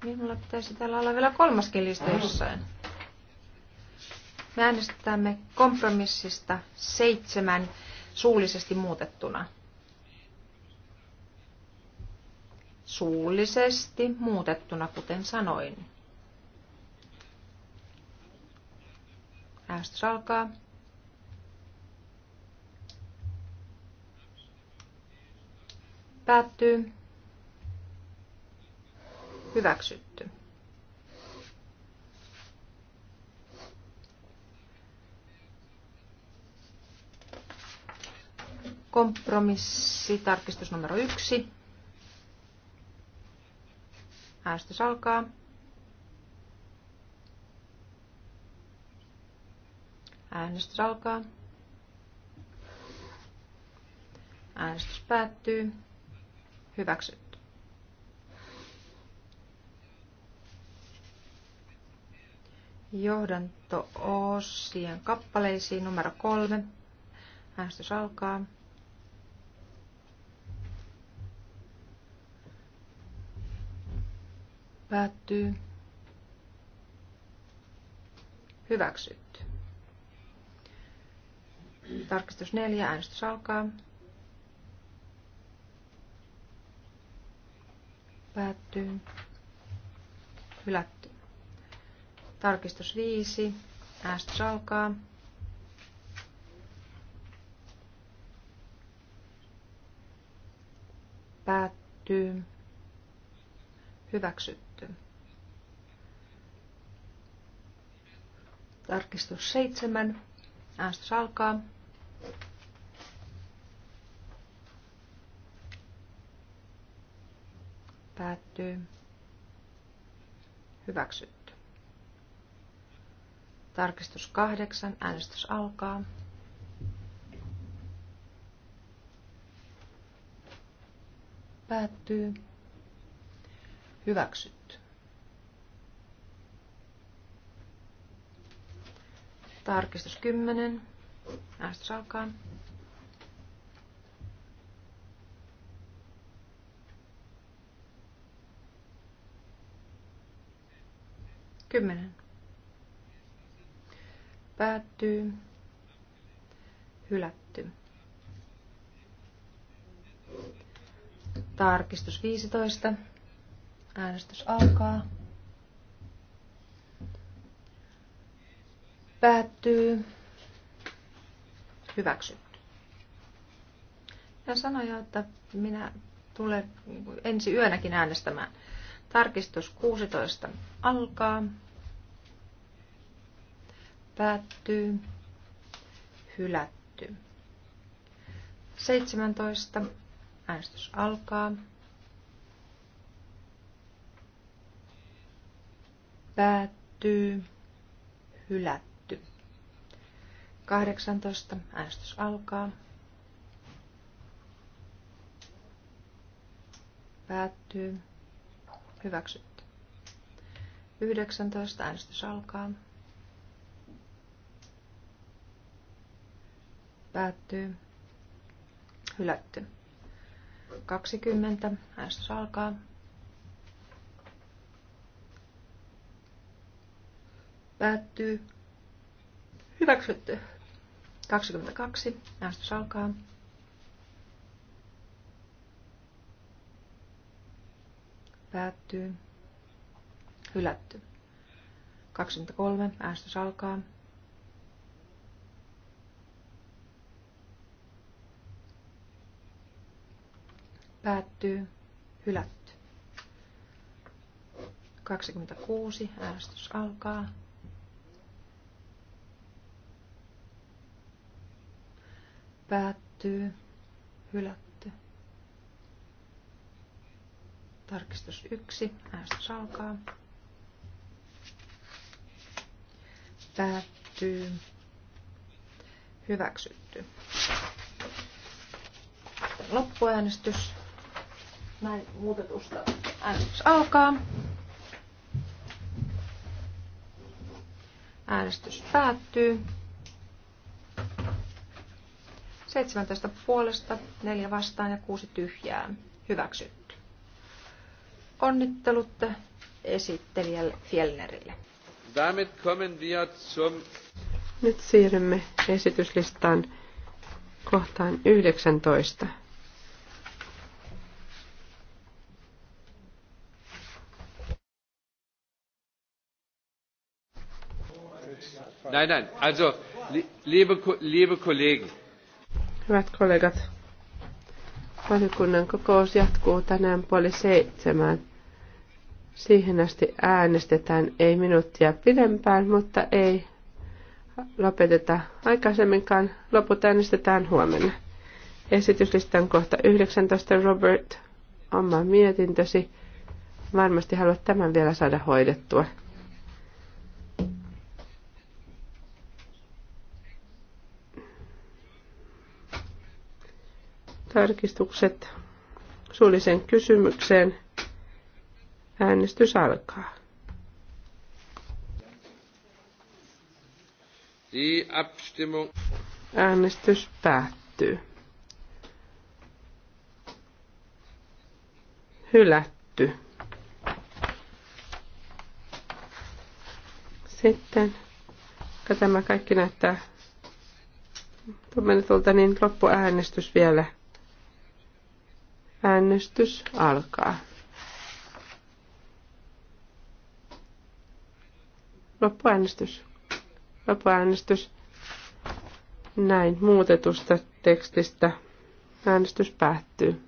Minulla pitäisi täällä olla vielä kolmaskin lista jossain. Me äänestämme kompromissista seitsemän suullisesti muutettuna. suullisesti muutettuna, kuten sanoin. Äänestys alkaa. Päättyy. Hyväksytty. Kompromissi, tarkistus numero yksi äästys alkaa. Äänestys alkaa. Äänestys päättyy. Hyväksytty. Johdanto-osien kappaleisiin numero kolme. Äänestys alkaa. Päättyy. Hyväksytty. Tarkistus 4. Äänestys alkaa. Päättyy. Hylätty. Tarkistus 5. Äänestys alkaa. Päättyy. Hyväksytty. Tarkistus seitsemän. Äänestys alkaa. Päättyy. Hyväksytty. Tarkistus kahdeksan. Äänestys alkaa. Päättyy. Hyväksytty. Tarkistus 10. Äänestys alkaa. Kymmenen. Päättyy. Hylätty. Tarkistus 15. Äänestys alkaa. Päättyy. Hyväksytty. Ja jo, että minä tulen ensi yönäkin äänestämään. Tarkistus 16 alkaa. Päättyy. Hylätty. 17. Äänestys alkaa. Päättyy. Hylätty. 18. Äänestys alkaa. Päättyy. Hyväksytty. 19. Äänestys alkaa. Päättyy. Hylätty. 20. Äänestys alkaa. Päättyy. Hyväksytty. 22. Äänestys alkaa. Päättyy. Hylätty. 23. Äänestys alkaa. Päättyy. Hylätty. 26. Äänestys alkaa. Päättyy. Hylätty. Tarkistus yksi Äänestys alkaa. Päättyy. Hyväksytty. Loppuäänestys. Näin muutetusta äänestys alkaa. Äänestys päättyy. 17 puolesta, 4 vastaan ja 6 tyhjää. Hyväksytty. Onnittelut esittelijälle Fjellnerille. Damit kommen wir zum... Nyt siirrymme esityslistaan kohtaan 19. Nein, nein, also liebe, liebe Kollegen, Hyvät kollegat, valiokunnan kokous jatkuu tänään puoli seitsemän. Siihen asti äänestetään ei minuuttia pidempään, mutta ei lopeteta aikaisemminkaan. Loput äänestetään huomenna. Esityslistan kohta 19. Robert, oma mietintösi. Varmasti haluat tämän vielä saada hoidettua. tarkistukset suullisen kysymykseen. Äänestys alkaa. Äänestys päättyy. Hylätty. Sitten, kun tämä kaikki näyttää tuolta, niin loppuäänestys vielä. Äänestys alkaa. Loppuäänestys. Loppuäänestys. Näin muutetusta tekstistä äänestys päättyy.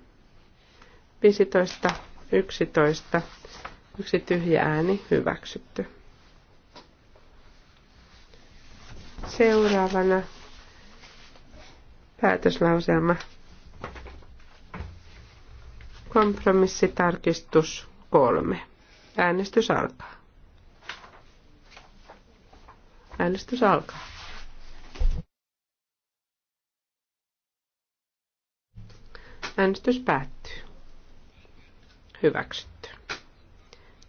15, 11, yksi tyhjä ääni hyväksytty. Seuraavana päätöslauselma Kompromissitarkistus kolme. Äänestys alkaa. Äänestys alkaa. Äänestys päättyy. Hyväksytty.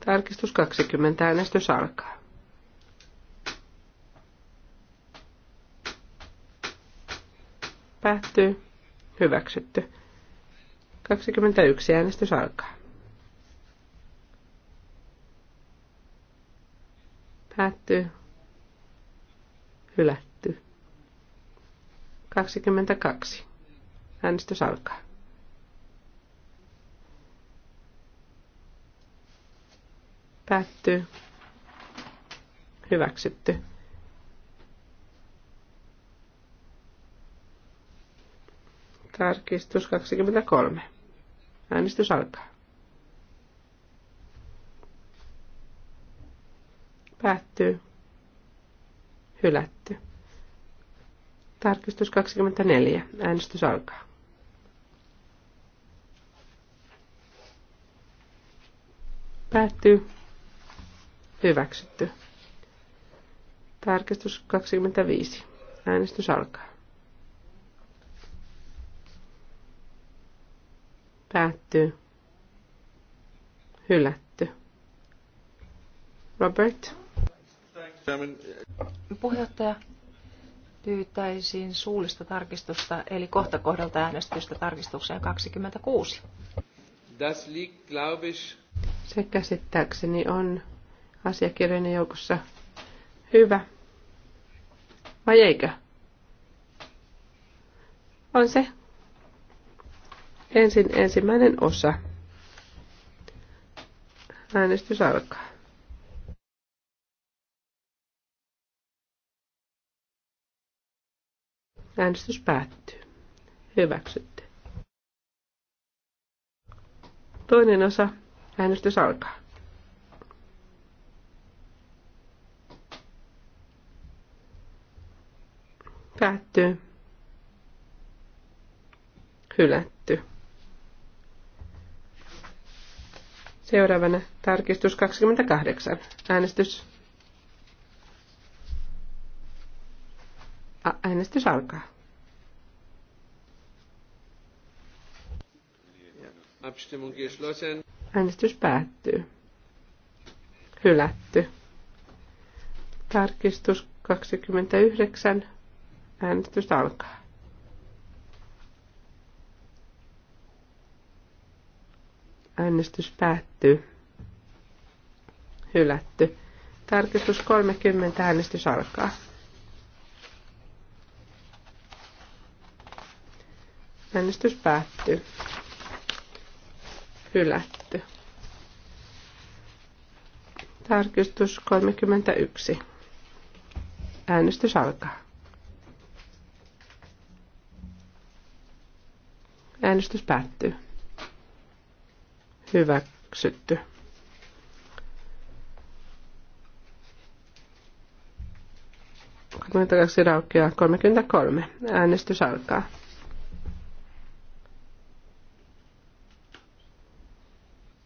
Tarkistus 20. Äänestys alkaa. Päättyy. Hyväksytty. 21. Äänestys alkaa. Päättyy. Hylätty. 22. Äänestys alkaa. Päättyy. Hyväksytty. Tarkistus 23. Äänestys alkaa. Päättyy. Hylätty. Tarkistus 24. Äänestys alkaa. Päättyy. Hyväksytty. Tarkistus 25. Äänestys alkaa. Päättyy. Hylätty. Robert. Puheenjohtaja, pyytäisin suullista tarkistusta, eli kohta kohdalta äänestystä tarkistukseen 26. Das liegt, glaube ich... Se käsittääkseni on asiakirjojen joukossa hyvä. Vai eikö? On se Ensin ensimmäinen osa. Äänestys alkaa. Äänestys päättyy. Hyväksytty. Toinen osa. Äänestys alkaa. Päättyy. Hylätty. Seuraavana tarkistus 28. Äänestys. Äänestys alkaa. Äänestys päättyy. Hylätty. Tarkistus 29. Äänestys alkaa. Äänestys päättyy. Hylätty. Tarkistus 30. Äänestys alkaa. Äänestys päättyy. Hylätty. Tarkistus 31. Äänestys alkaa. Äänestys päättyy. Hyväksytty. kaksi raukkia 33. Äänestys alkaa.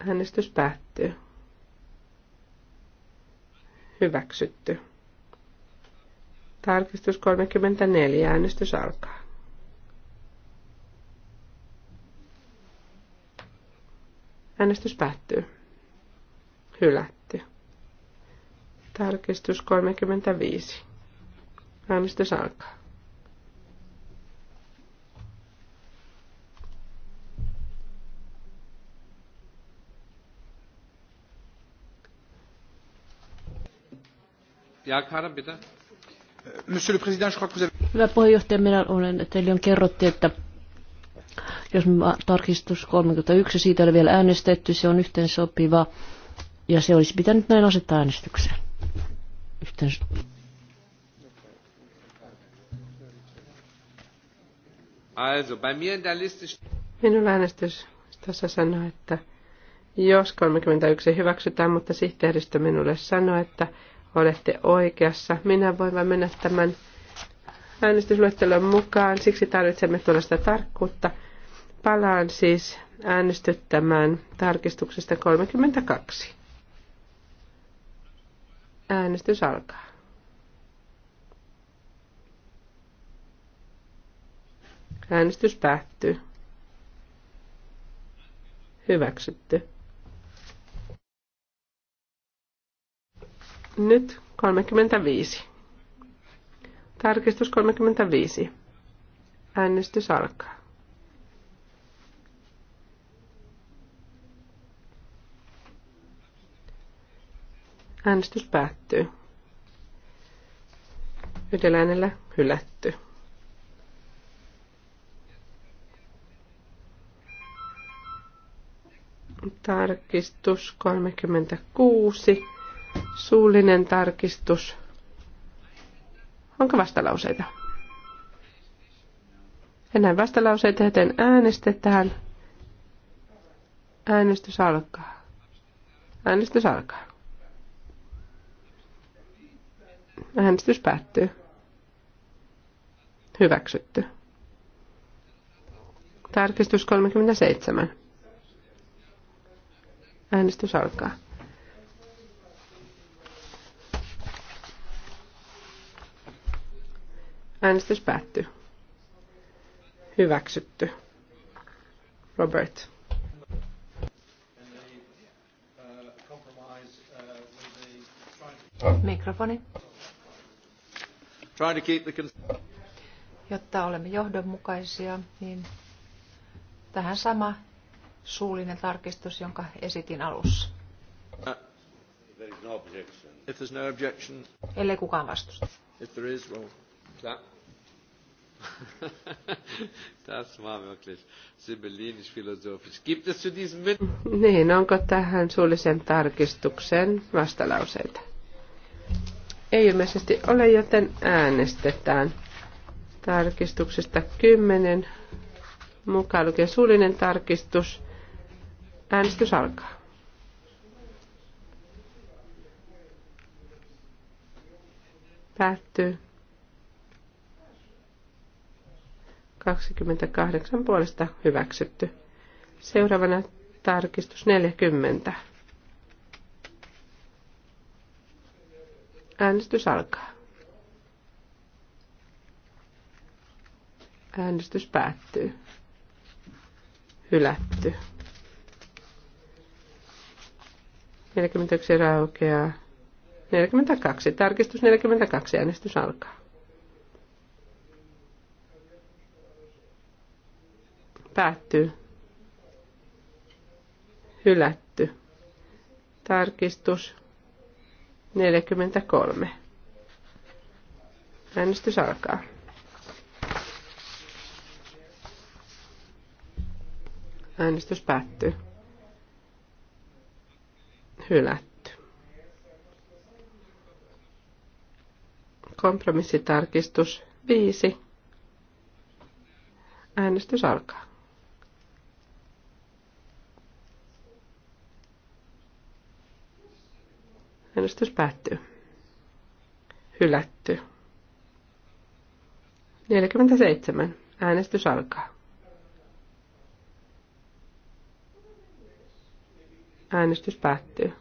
Äänestys päättyy. Hyväksytty. Tarkistus 34. Äänestys alkaa. Äänestys päättyy. Hylätty. Tarkistus 35. Äänestys alkaa. Hyvä puheenjohtaja, minä olen, teille on kerrottu, että jos tarkistus 31, siitä ei vielä äänestetty, se on yhteen sopiva ja se olisi pitänyt näin asettaa äänestykseen. Yhteen... Minun äänestys tässä sanoi, että jos 31 hyväksytään, mutta sihteeristö minulle sanoi, että olette oikeassa. Minä voin vain mennä tämän äänestysluettelon mukaan, siksi tarvitsemme tuollaista tarkkuutta. Palaan siis äänestyttämään tarkistuksesta 32. Äänestys alkaa. Äänestys päättyy. Hyväksytty. Nyt 35. Tarkistus 35. Äänestys alkaa. Äänestys päättyy. Yhdellä äänellä hylätty. Tarkistus 36. Suullinen tarkistus. Onko vastalauseita? Enää vastalauseita, joten äänestetään. Äänestys alkaa. Äänestys alkaa. Äänestys päättyy. Hyväksytty. Tarkistus 37. Äänestys alkaa. Äänestys päättyy. Hyväksytty. Robert. Mikrofoni. Jotta olemme johdonmukaisia, niin tähän sama suullinen tarkistus, jonka esitin alussa. Uh, if there's no objection. Ellei kukaan vastusta. If there is, well, clap. *laughs* das war wirklich sibyllinisch-philosophisch. Gibt es zu diesem Niin, onko tähän suullisen tarkistuksen vastalauseita? Ei ilmeisesti ole, joten äänestetään tarkistuksesta 10. Mukaan lukien suullinen tarkistus. Äänestys alkaa. Päättyy. 28 puolesta hyväksytty. Seuraavana tarkistus 40. Äänestys alkaa. Äänestys päättyy. Hylätty. 41 raukeaa. 42. Tarkistus 42. Äänestys alkaa. Päättyy. Hylätty. Tarkistus 43. Äänestys alkaa. Äänestys päättyy. Hylätty. Kompromissitarkistus 5. Äänestys alkaa. Äänestys päättyy. Hylätty. 47. Äänestys alkaa. Äänestys päättyy.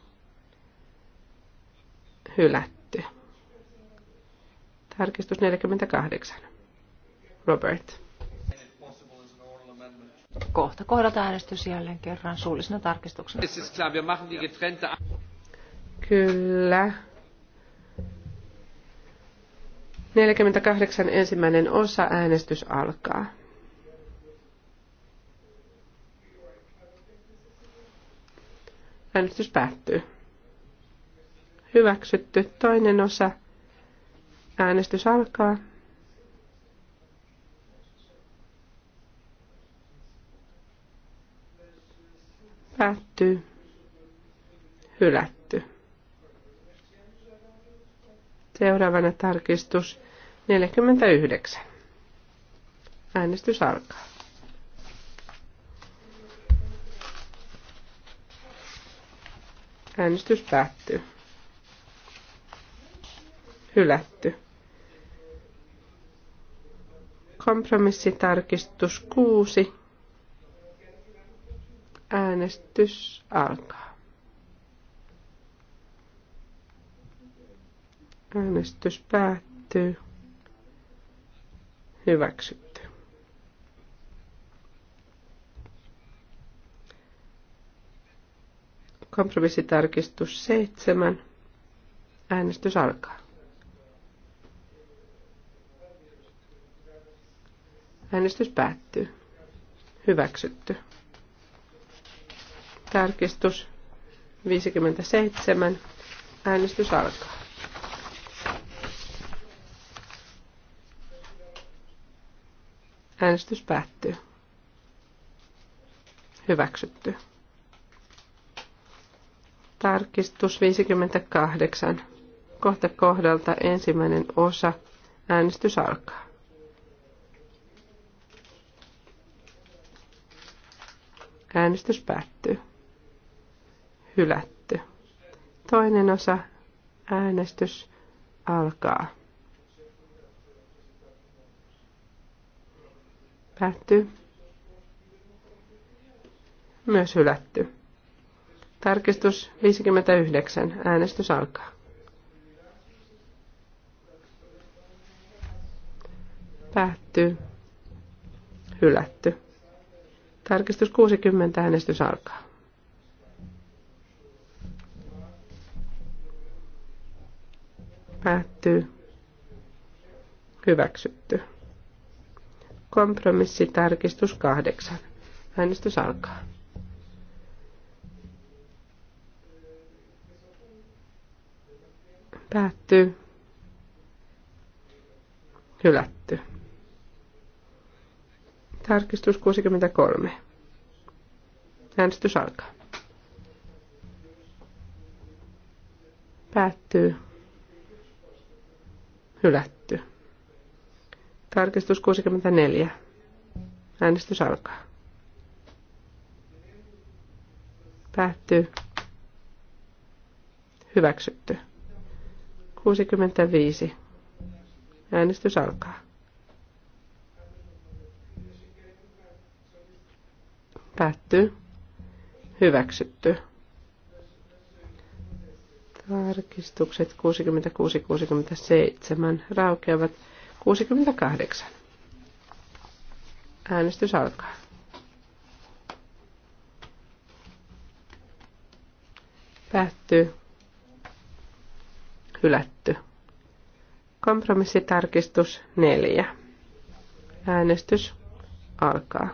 Hylätty. Tarkistus 48. Robert. Kohta kohdata äänestys jälleen kerran suullisena tarkistuksena. Kyllä. 48 ensimmäinen osa äänestys alkaa. Äänestys päättyy. Hyväksytty toinen osa. Äänestys alkaa. Päättyy. Hylätty. Seuraavana tarkistus 49. Äänestys alkaa. Äänestys päättyy. Hylätty. Kompromissitarkistus 6. Äänestys alkaa. Äänestys päättyy. Hyväksytty. Kompromissitarkistus 7. Äänestys alkaa. Äänestys päättyy. Hyväksytty. Tarkistus 57. Äänestys alkaa. Äänestys päättyy. Hyväksytty. Tarkistus 58. Kohta kohdalta ensimmäinen osa. Äänestys alkaa. Äänestys päättyy. Hylätty. Toinen osa. Äänestys alkaa. Päättyy. Myös hylätty. Tarkistus 59. Äänestys alkaa. Päättyy. Hylätty. Tarkistus 60. Äänestys alkaa. Päättyy. Hyväksytty. Kompromissitarkistus kahdeksan. Äänestys alkaa. Päättyy. Hylätty. Tarkistus 63. Äänestys alkaa. Päättyy. Hylätty. Tarkistus 64. Äänestys alkaa. Päättyy. Hyväksytty. 65. Äänestys alkaa. Päättyy. Hyväksytty. Tarkistukset 66-67 raukeavat. 68. Äänestys alkaa. Päättyy. Hylätty. Kompromissitarkistus 4. Äänestys alkaa.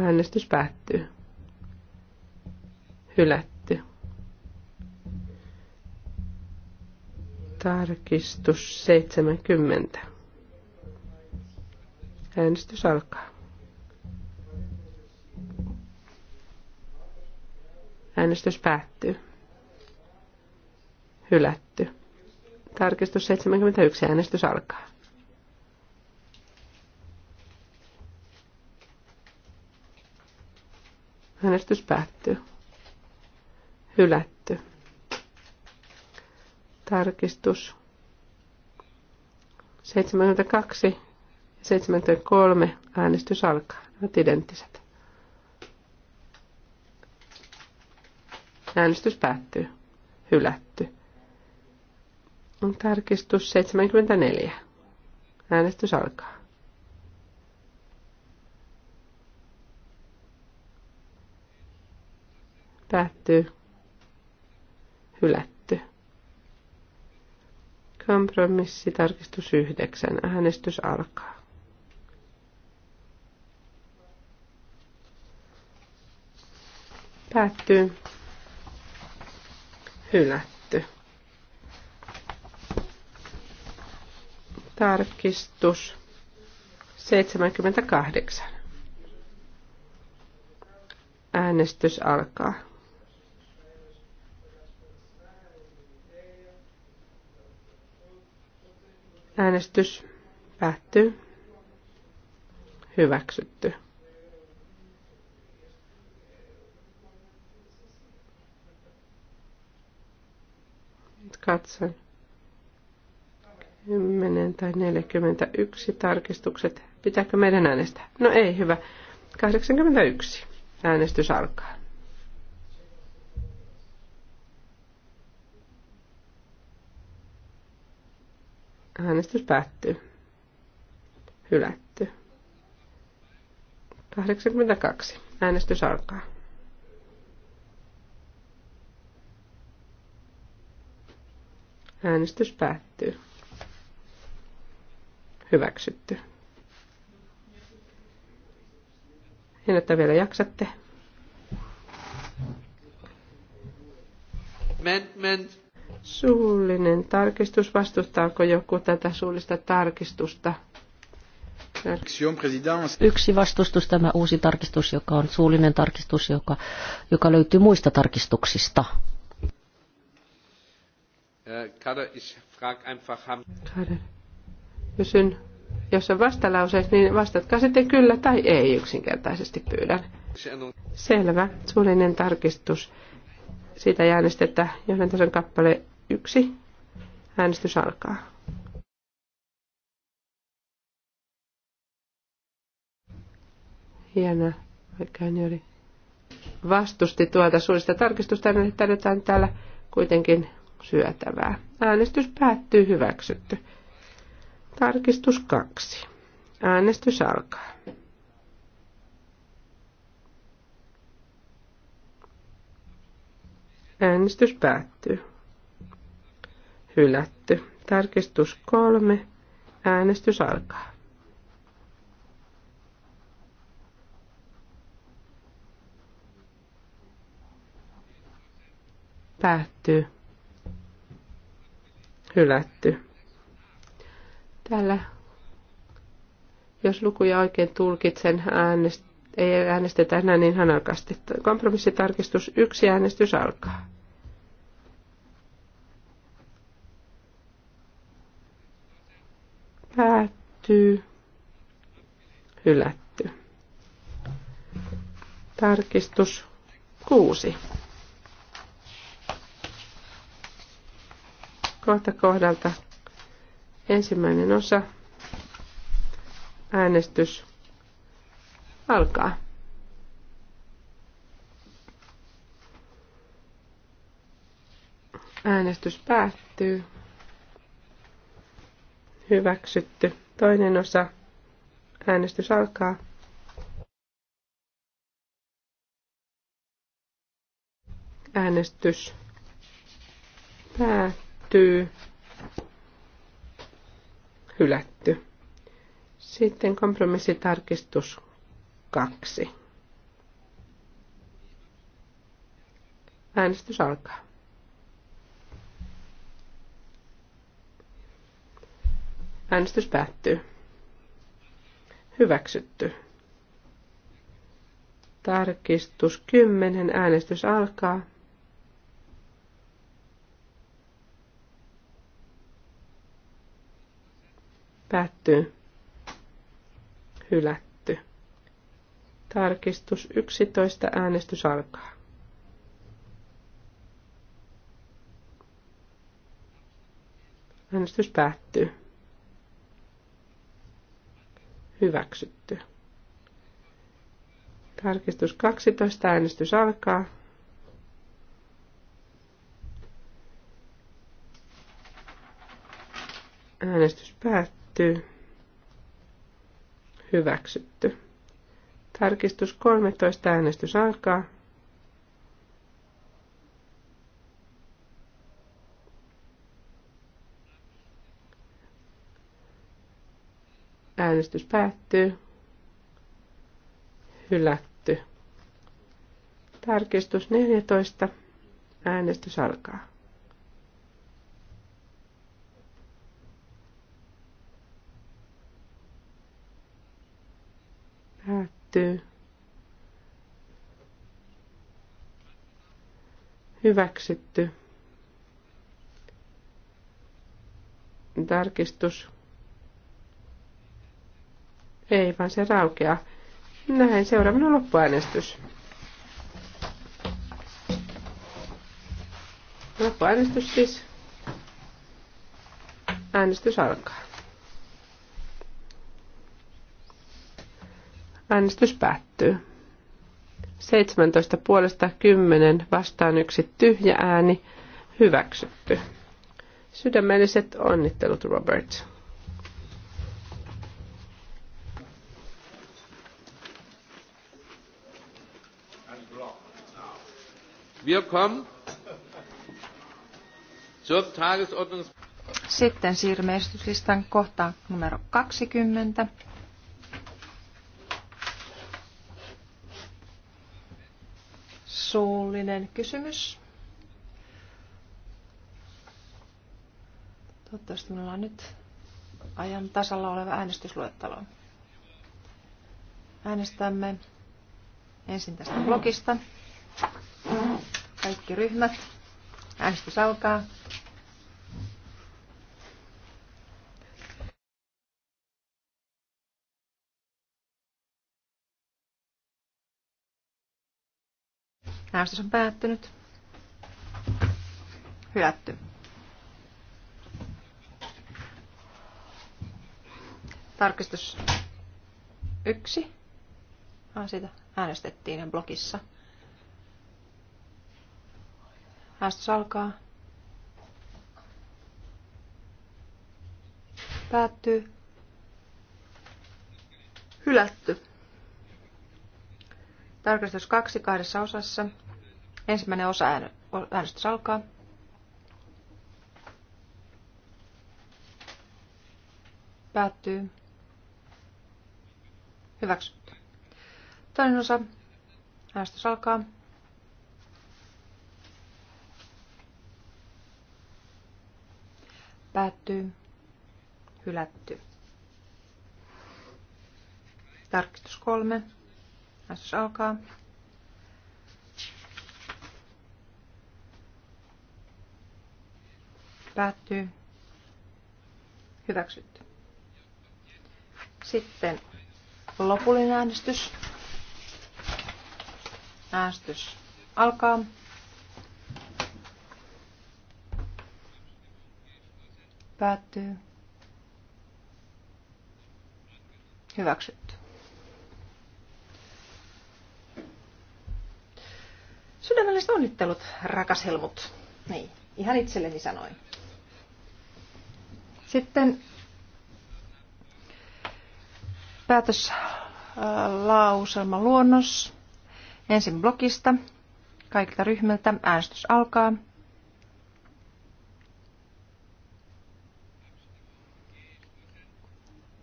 Äänestys päättyy. Hylätty Tarkistus 70. Äänestys alkaa. Äänestys päättyy. Hylätty. Tarkistus 71. Äänestys alkaa. Äänestys päättyy. Hylätty. Tarkistus 72 ja 73 äänestys alkaa. Ne ovat identtiset. Äänestys päättyy. Hylätty. Tarkistus 74. Äänestys alkaa. Päättyy. Hylätty tarkistus yhdeksän. Äänestys alkaa. Päättyy. Hylätty. Tarkistus 78. Äänestys alkaa. Äänestys päättyy. Hyväksytty. Nyt katson. 10 tai 41 tarkistukset. Pitääkö meidän äänestää? No ei, hyvä. 81. Äänestys alkaa. Äänestys päättyy. Hylätty. 82. Äänestys alkaa. Äänestys päättyy. Hyväksytty. En, että vielä jaksatte. Amendment Suullinen tarkistus. Vastustaako joku tätä suullista tarkistusta? Yksi vastustus tämä uusi tarkistus, joka on suullinen tarkistus, joka, joka löytyy muista tarkistuksista. Äh, Kader, kysyn, jos on vastalause, niin vastatkaa sitten kyllä tai ei yksinkertaisesti pyydän. Selvä, suullinen tarkistus. Siitä jäänestettä on kappale yksi. Äänestys alkaa. Hienoa. oli vastusti tuota suurista tarkistusta, niin tarjotaan täällä kuitenkin syötävää. Äänestys päättyy hyväksytty. Tarkistus kaksi. Äänestys alkaa. Äänestys päättyy hylätty. Tarkistus kolme. Äänestys alkaa. Päättyy. Hylätty. Täällä, jos lukuja oikein tulkitsen, äänest, ei äänestetä enää niin hanakasti. Kompromissitarkistus yksi äänestys alkaa. Päättyy. Hylätty. Tarkistus kuusi. Kohta kohdalta ensimmäinen osa. Äänestys alkaa. Äänestys päättyy. Hyväksytty. Toinen osa. Äänestys alkaa. Äänestys päättyy. Hylätty. Sitten kompromissitarkistus kaksi. Äänestys alkaa. Äänestys päättyy. Hyväksytty. Tarkistus 10. Äänestys alkaa. Päättyy. Hylätty. Tarkistus 11. Äänestys alkaa. Äänestys päättyy. Hyväksytty. Tarkistus 12. Äänestys alkaa. Äänestys päättyy. Hyväksytty. Tarkistus 13. Äänestys alkaa. Äänestys päättyy. Hylätty. Tarkistus 14. Äänestys alkaa. Päättyy. Hyväksytty. Tarkistus ei, vaan se raukeaa. Näin, seuraavana loppuäänestys. Loppuäänestys siis. Äänestys alkaa. Äänestys päättyy. 17 puolesta 10 vastaan yksi tyhjä ääni hyväksytty. Sydämelliset onnittelut Robert. Wir kommen zur Tagesordnung. Sitten siirrymme esityslistan kohtaan numero 20. Suullinen kysymys. Toivottavasti minulla on nyt ajan tasalla oleva äänestysluettelo. Äänestämme ensin tästä blogista. Kaikki ryhmät. Äänestys alkaa. Äänestys on päättynyt. Hylätty. Tarkistus yksi. Ah, siitä äänestettiin ja blogissa. Astus alkaa. Päättyy. Hylätty. Tarkastus kaksi kahdessa osassa. Ensimmäinen osa äänestys alkaa. Päättyy. Hyväksytty. Toinen osa. Äänestys alkaa. Päättyy. Hylätty. Tarkistus kolme. tässä alkaa. Päättyy. Hyväksytty. Sitten lopullinen äänestys. Äänestys alkaa. Päättyy. Hyväksytty. Sydämelliset onnittelut, rakas Helmut. Niin, ihan itselleni sanoin. Sitten päätöslauselma luonnos. Ensin blogista, kaikilta ryhmiltä. Äänestys alkaa.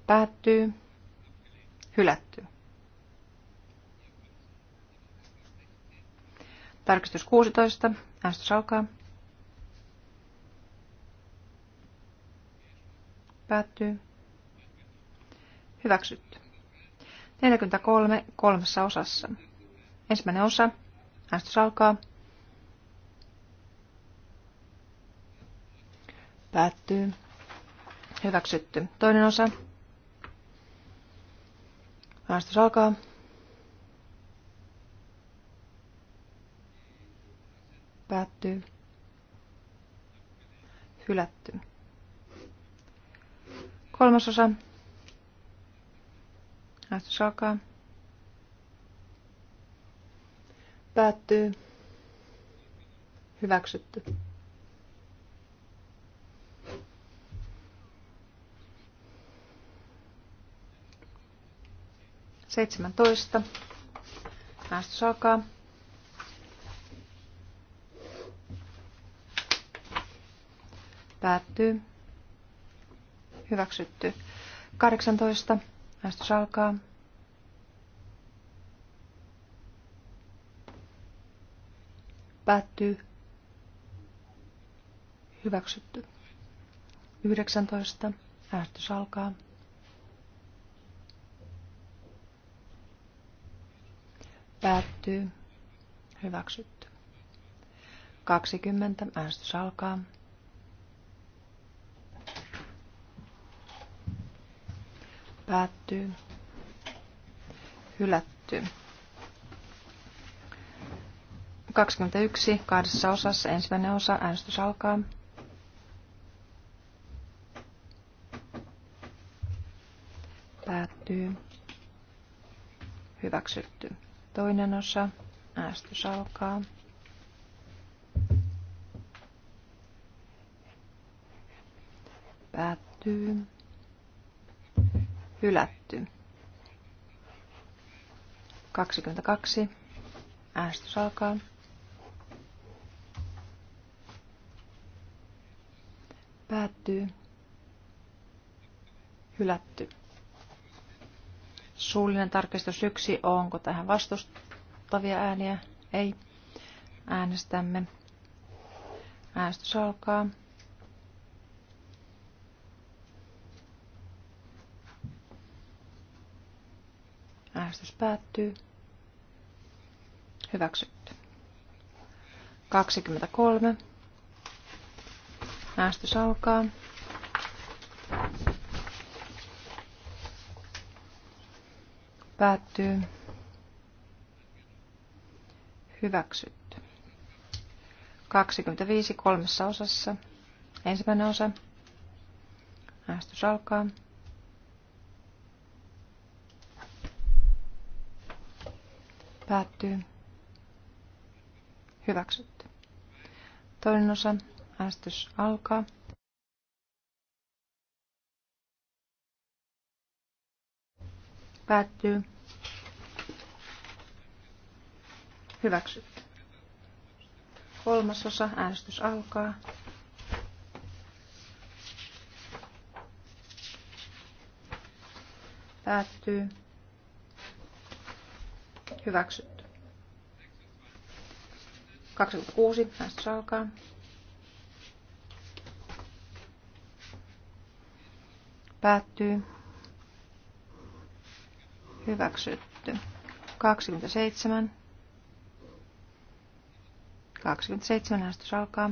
Päättyy. Hylätty. Tarkistus 16. Äänestys alkaa. Päättyy. Hyväksytty. 43 kolmessa osassa. Ensimmäinen osa. Äänestys alkaa. Päättyy. Hyväksytty. Toinen osa. Äänestys alkaa. Päättyy. Hylätty. Kolmasosa. Äänestys alkaa. Päättyy. Hyväksytty. 17. Äänestys alkaa. Päättyy. Hyväksytty. 18. Äänestys alkaa. Päättyy. Hyväksytty. 19. Äänestys alkaa. Päättyy. Hyväksytty. 20. Äänestys alkaa. Päättyy. Hylätty. 21. Kahdessa osassa. Ensimmäinen osa. Äänestys alkaa. Päättyy. Hyväksytty. Toinen osa. Äästys alkaa. Päättyy. Hylätty. 22. Äänestys alkaa. Päättyy. Hylätty. Suullinen tarkistus yksi. Onko tähän vastustavia ääniä? Ei. Äänestämme. Äänestys alkaa. Äänestys päättyy. Hyväksytty. 23. Äänestys alkaa. Päättyy. Hyväksytty. 25 kolmessa osassa. Ensimmäinen osa. Äänestys alkaa. Päättyy. Hyväksytty. Toinen osa. Äänestys alkaa. Päättyy. Hyväksytty. Kolmasosa. Äänestys alkaa. Päättyy. Hyväksytty. 26. Äänestys alkaa. Päättyy. Hyväksytty. 27. 27 äänestys alkaa.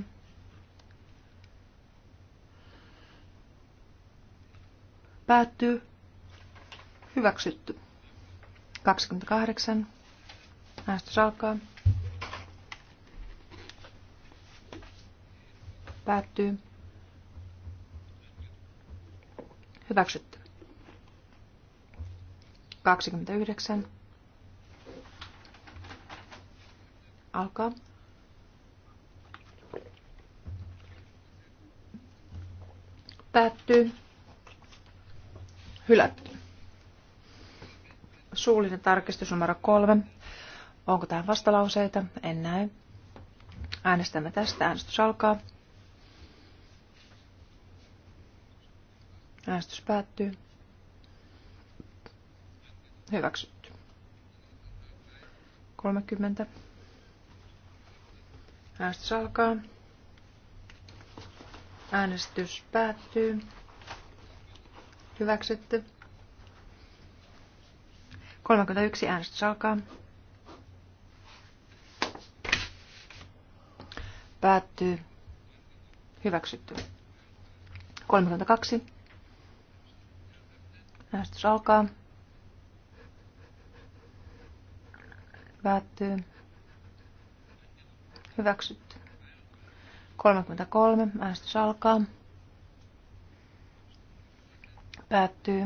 Päättyy. Hyväksytty. 28. Äänestys alkaa. Päättyy. Hyväksytty. 29. Alkaa. Päättyy. Hylätty. Suullinen tarkistus numero kolme. Onko tähän vastalauseita? En näe. Äänestämme tästä. Äänestys alkaa. Äänestys päättyy. Hyväksytty. 30. Äänestys alkaa. Äänestys päättyy. Hyväksytty. 31. Äänestys alkaa. Päättyy. Hyväksytty. 32. Äänestys alkaa. Päättyy. Hyväksytty. 33. Äänestys alkaa. Päättyy.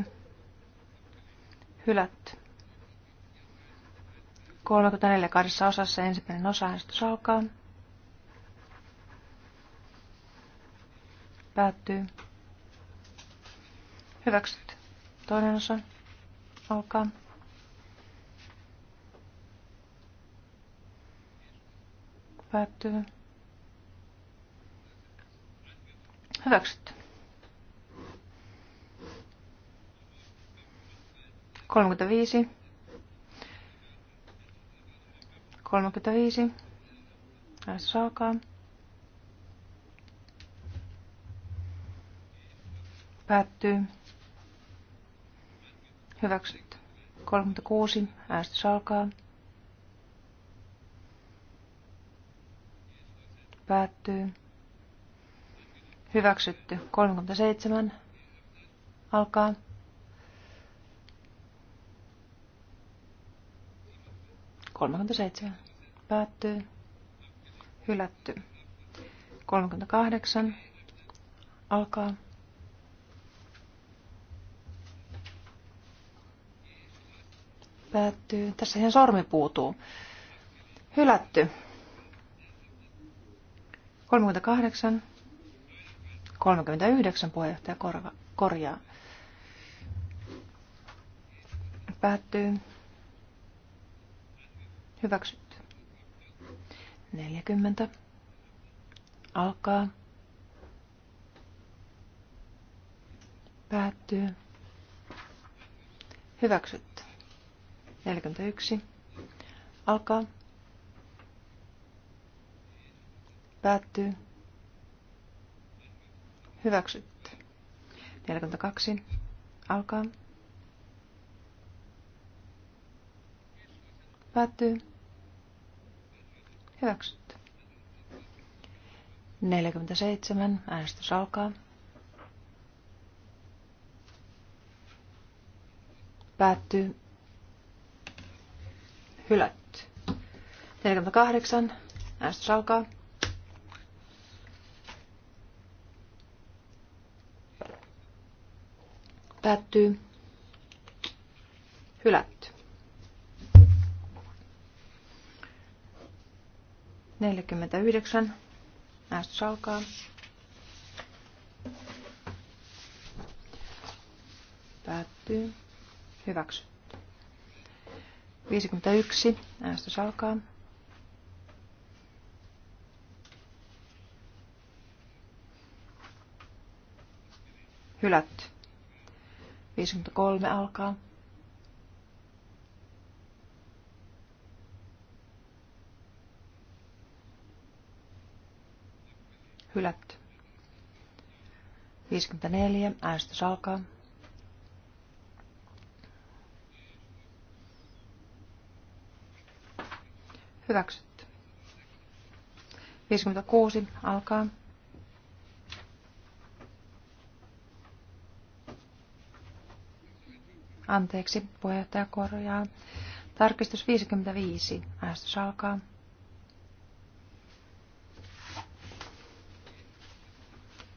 Hylätty. 34 kahdessa osassa ensimmäinen osa äänestys alkaa. Päättyy. Hyväksytty. Toinen osa alkaa. Päättyy. Hyväksytty. 35. 35. Tässä alkaa. Päättyy. Hyväksytty. 36. Äänestys alkaa. päättyy. Hyväksytty. 37. Alkaa. Kolmekymmentäseitsemän. Päättyy. Hylätty. kahdeksan Alkaa. Päättyy. Tässä ihan sormi puutuu. Hylätty. 38. 39 puheenjohtaja korva, korjaa. Päättyy. Hyväksytty. 40. Alkaa. Päättyy. Hyväksytty. 41. Alkaa. Päättyy. Hyväksytty. 42. Alkaa. Päättyy. Hyväksytty. 47. Äänestys alkaa. Päättyy. Hylätty. 48. Äänestys alkaa. Päättyy. Hylätty. 49. Äänestys alkaa. Päättyy. Hyväksy. 51. Äänestys alkaa. Hylätty. 53 alkaa. Hylätty. 54. Äänestys alkaa. Hyväksytty. 56 alkaa. Anteeksi, puheenjohtaja korjaa. Tarkistus 55. Äänestys alkaa.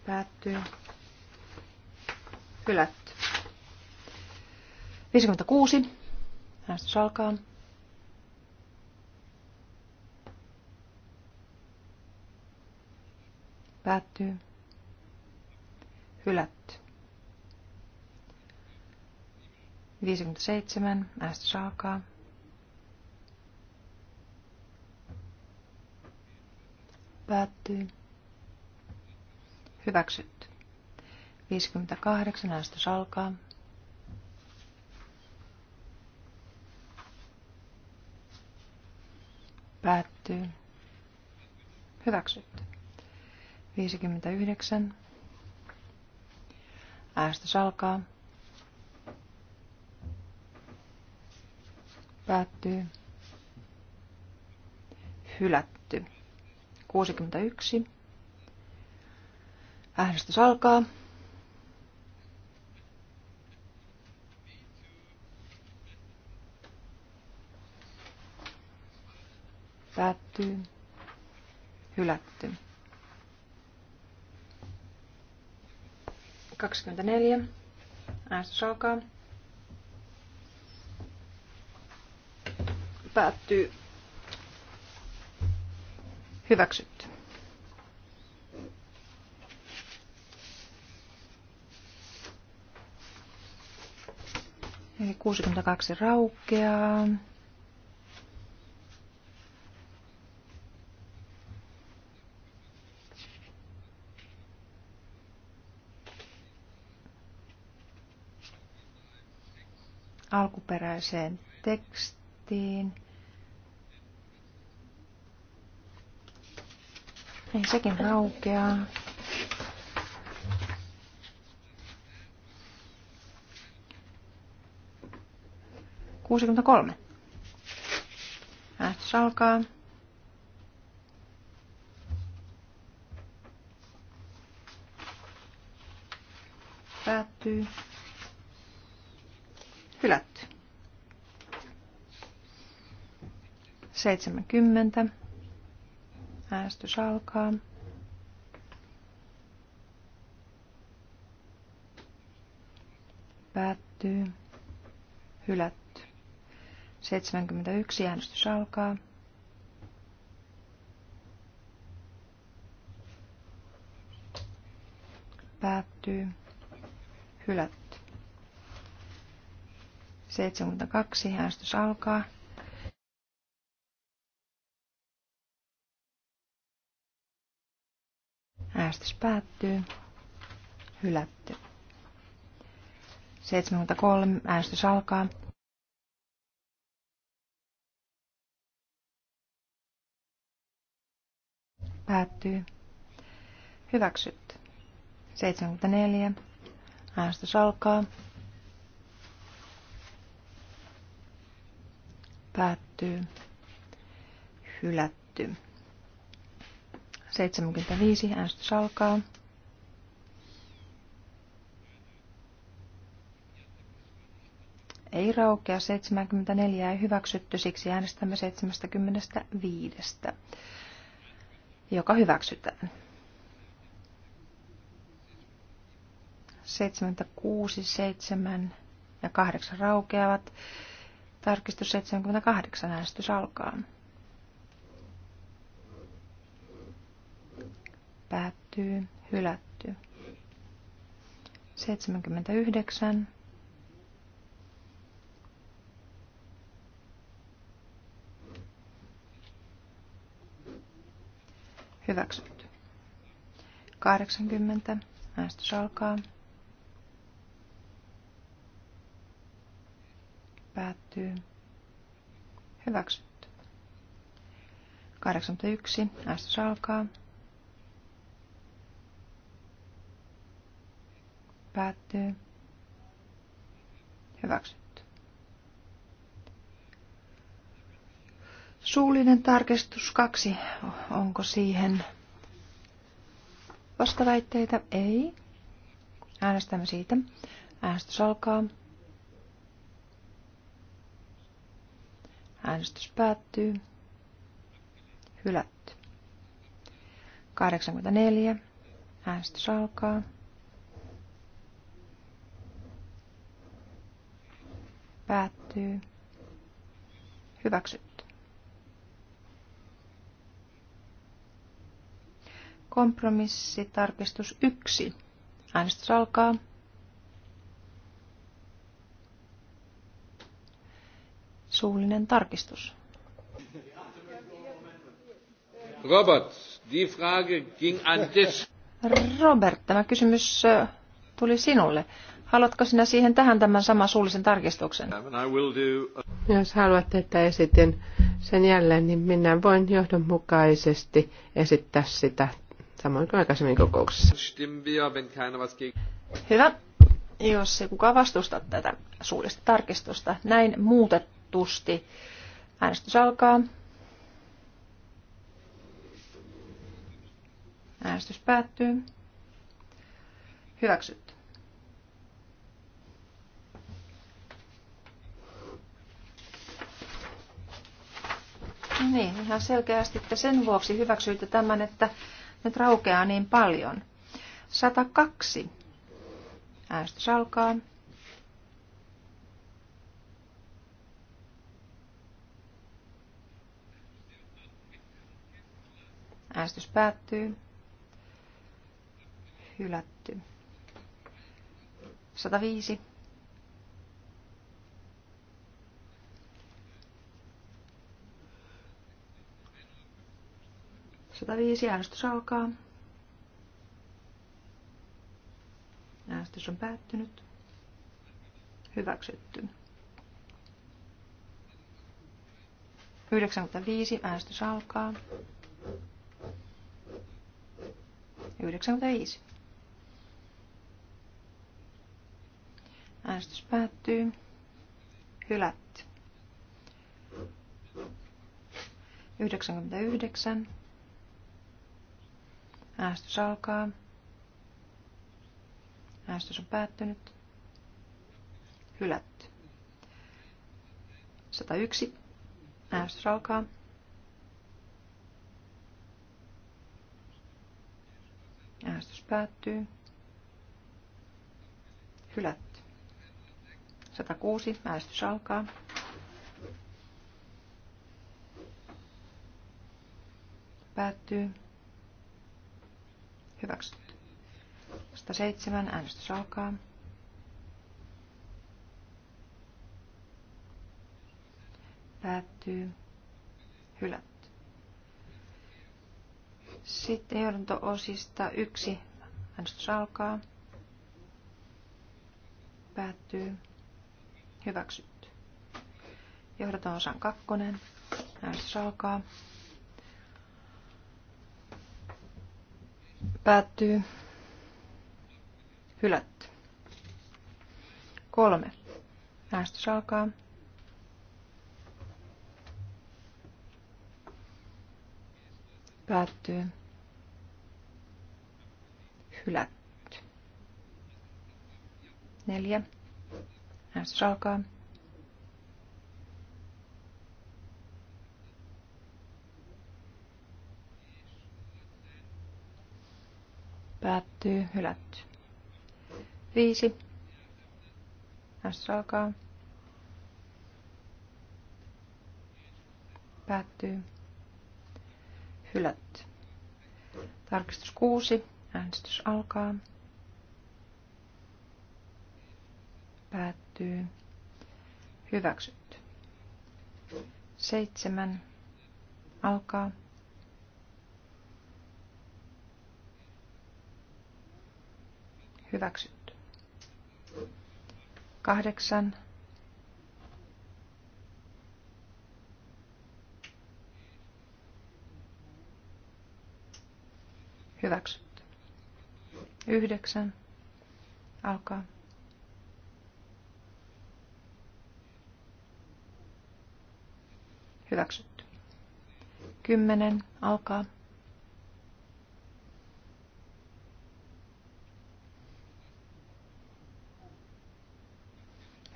Päättyy. Hylätty. 56. Äänestys alkaa. Päättyy. Hylätty. 57. Äänestys alkaa. Päättyy. Hyväksytty. 58. äästys alkaa. Päättyy. Hyväksytty. 59. Äänestys alkaa. Päättyy. Hylätty. 61. Äänestys alkaa. Päättyy. Hylätty. 24. Äänestys alkaa. Päättyy. Hyväksytty. Eli 62 raukeaa. alkuperäiseen tekstiin. Ei niin, sekin raukeaa. kolme. Äänestys alkaa. Päättyy. Hylätty. Seitsemänkymmentä. Äänestys alkaa. Päättyy. Hylätty. 71. Äänestys alkaa. Päättyy. Hylätty. 72. Äänestys alkaa. päättyy. Hylätty. 73. Äänestys alkaa. Päättyy. Hyväksytty. 74. Äänestys alkaa. Päättyy. Hylätty. 75. Äänestys alkaa. Ei raukea 74 ei hyväksytty, siksi äänestämme 75, joka hyväksytään. 76, 7 ja 8 raukeavat. Tarkistus 78 äänestys alkaa. päättyy, hylätty. 79. Hyväksytty. 80. Äänestys alkaa. Päättyy. Hyväksytty. 81. Äänestys alkaa. Päättyy. Hyväksytty. Suullinen tarkistus kaksi. Onko siihen vastaväitteitä? Ei. Äänestämme siitä. Äänestys alkaa. Äänestys päättyy. Hylätty. 84. Äänestys alkaa. Päättyy. Hyväksytty. Kompromissitarkistus 1. Äänestys alkaa. Suullinen tarkistus. Robert, die Frage ging an dich. Robert, tämä kysymys äh, tuli sinulle. Haluatko sinä siihen tähän tämän saman suullisen tarkistuksen? Jos haluatte, että esitin sen jälleen, niin minä voin johdonmukaisesti esittää sitä samoin kuin aikaisemmin kokouksessa. Hyvä. Jos se kuka vastustaa tätä suullista tarkistusta, näin muutettusti. Äänestys alkaa. Äänestys päättyy. Hyväksytty. Niin, ihan selkeästi, että sen vuoksi hyväksyitte tämän, että nyt raukeaa niin paljon. 102. Äänestys alkaa. Äänestys päättyy. Hylätty. 105. 105 äänestys alkaa. Äänestys on päättynyt. Hyväksytty. 95 äänestys alkaa. 95. Äänestys päättyy. Hylätty. 99. Äänestys alkaa. Äänestys on päättynyt. Hylätty. 101. Äänestys alkaa. Äänestys päättyy. Hylätty. 106. Äänestys alkaa. Päättyy. Hyväksytty. 107. Äänestys alkaa. Päättyy. Hylätty. Sitten johdanto-osista yksi. Äänestys alkaa. Päättyy. Hyväksytty. johdanto osan kakkonen. Äänestys alkaa. Päättyy. Hylätty. Kolme. Äänestys alkaa. Päättyy. Hylätty. Neljä. Äänestys alkaa. Päättyy. Hylätty. Viisi. S alkaa. Päättyy. Hylätty. Tarkistus kuusi. Äänestys alkaa. Päättyy. Hyväksytty. Seitsemän. Alkaa. Hyväksytty. Kahdeksan. Hyväksytty. Yhdeksän. Alkaa. Hyväksytty. Kymmenen. Alkaa.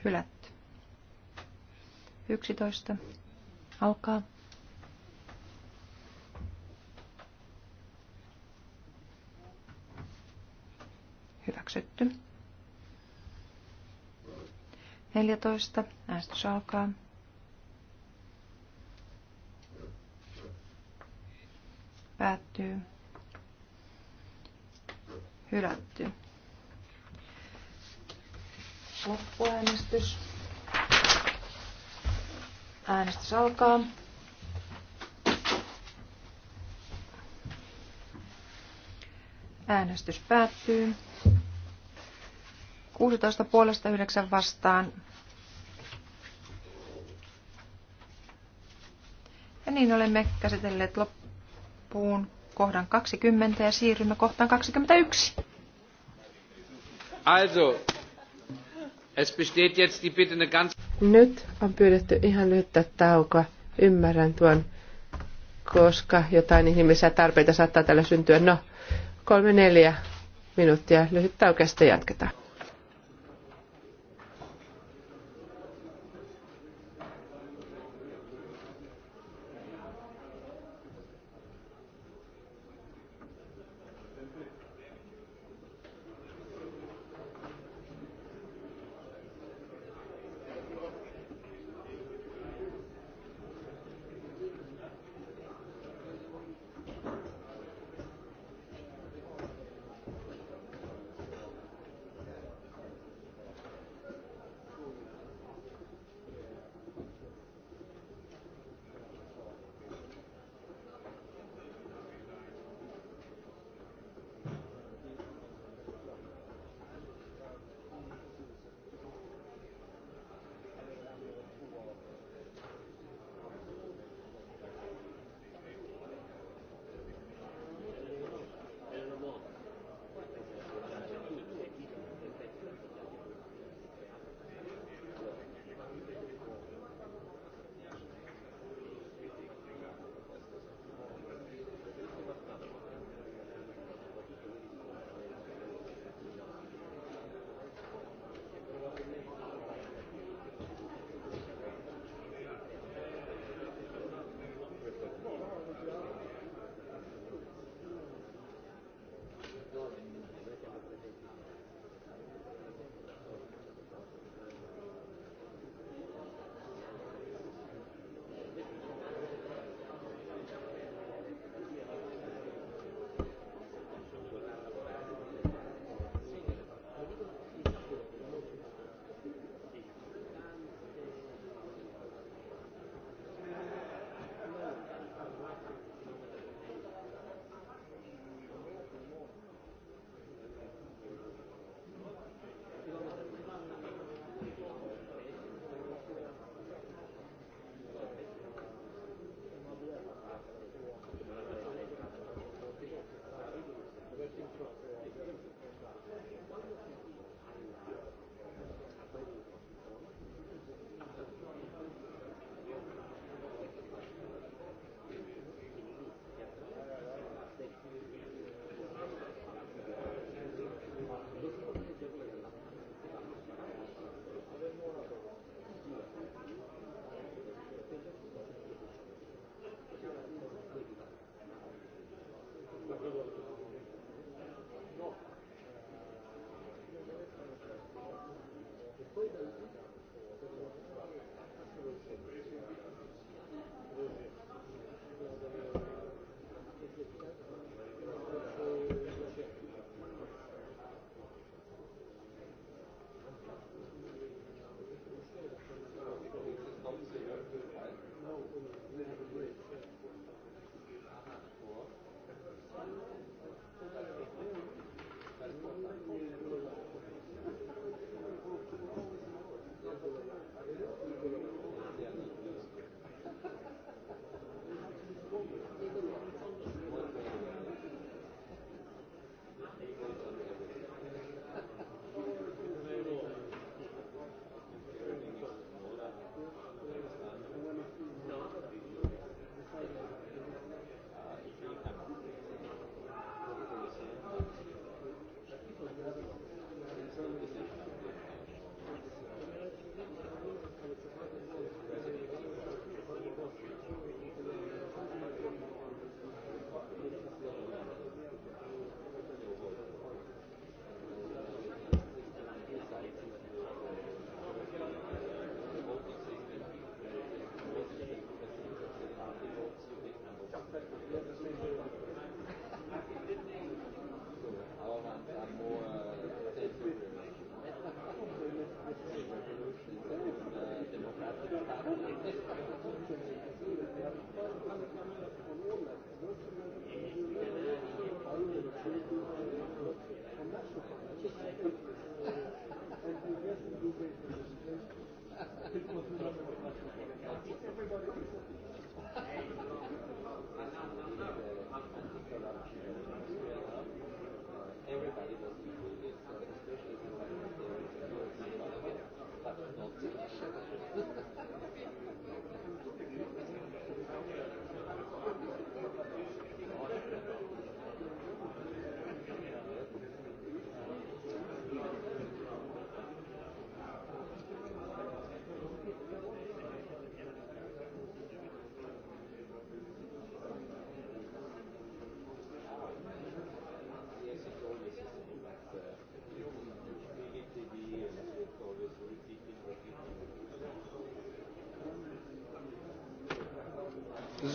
Hylätty. 11. Alkaa. Hyväksytty. 14. Äänestys alkaa. Päättyy. Hylätty. Loppuäänestys. Äänestys alkaa. Äänestys päättyy. 16 puolesta 9 vastaan. Ja niin olemme käsitelleet loppuun kohdan 20 ja siirrymme kohtaan 21. Also, nyt on pyydetty ihan lyhyttä taukoa. Ymmärrän tuon, koska jotain ihmisiä tarpeita saattaa tällä syntyä. No, kolme neljä minuuttia lyhyttä taukoa, sitten jatketaan.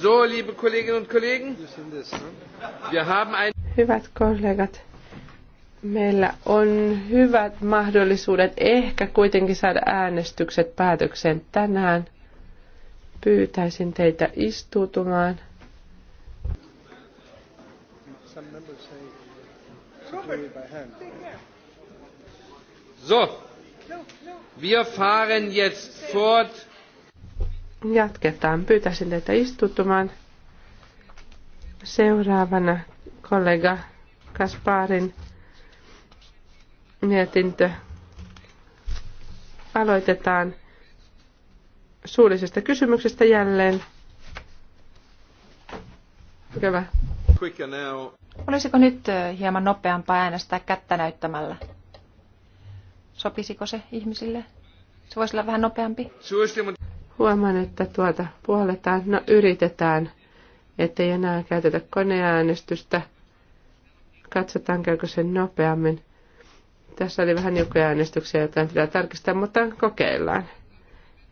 So, liebe Kolleginnen und Kollegen, wir haben ein Hyvät kollegat, meillä on hyvät mahdollisuudet ehkä kuitenkin saada äänestykset päätökseen tänään. Pyytäisin teitä istuutumaan. So, wir fahren jetzt fort Jatketaan. Pyytäisin teitä istutumaan. Seuraavana kollega Kasparin mietintö aloitetaan suullisesta kysymyksestä jälleen. Hyvä. Olisiko nyt hieman nopeampaa äänestää kättä näyttämällä? Sopisiko se ihmisille? Se voisi olla vähän nopeampi. Huomaan, että tuolta puoletaan, no yritetään, ettei enää käytetä koneäänestystä. Katsotaan, käykö sen nopeammin. Tässä oli vähän niukkoja äänestyksiä, joten pitää tarkistaa, mutta kokeillaan.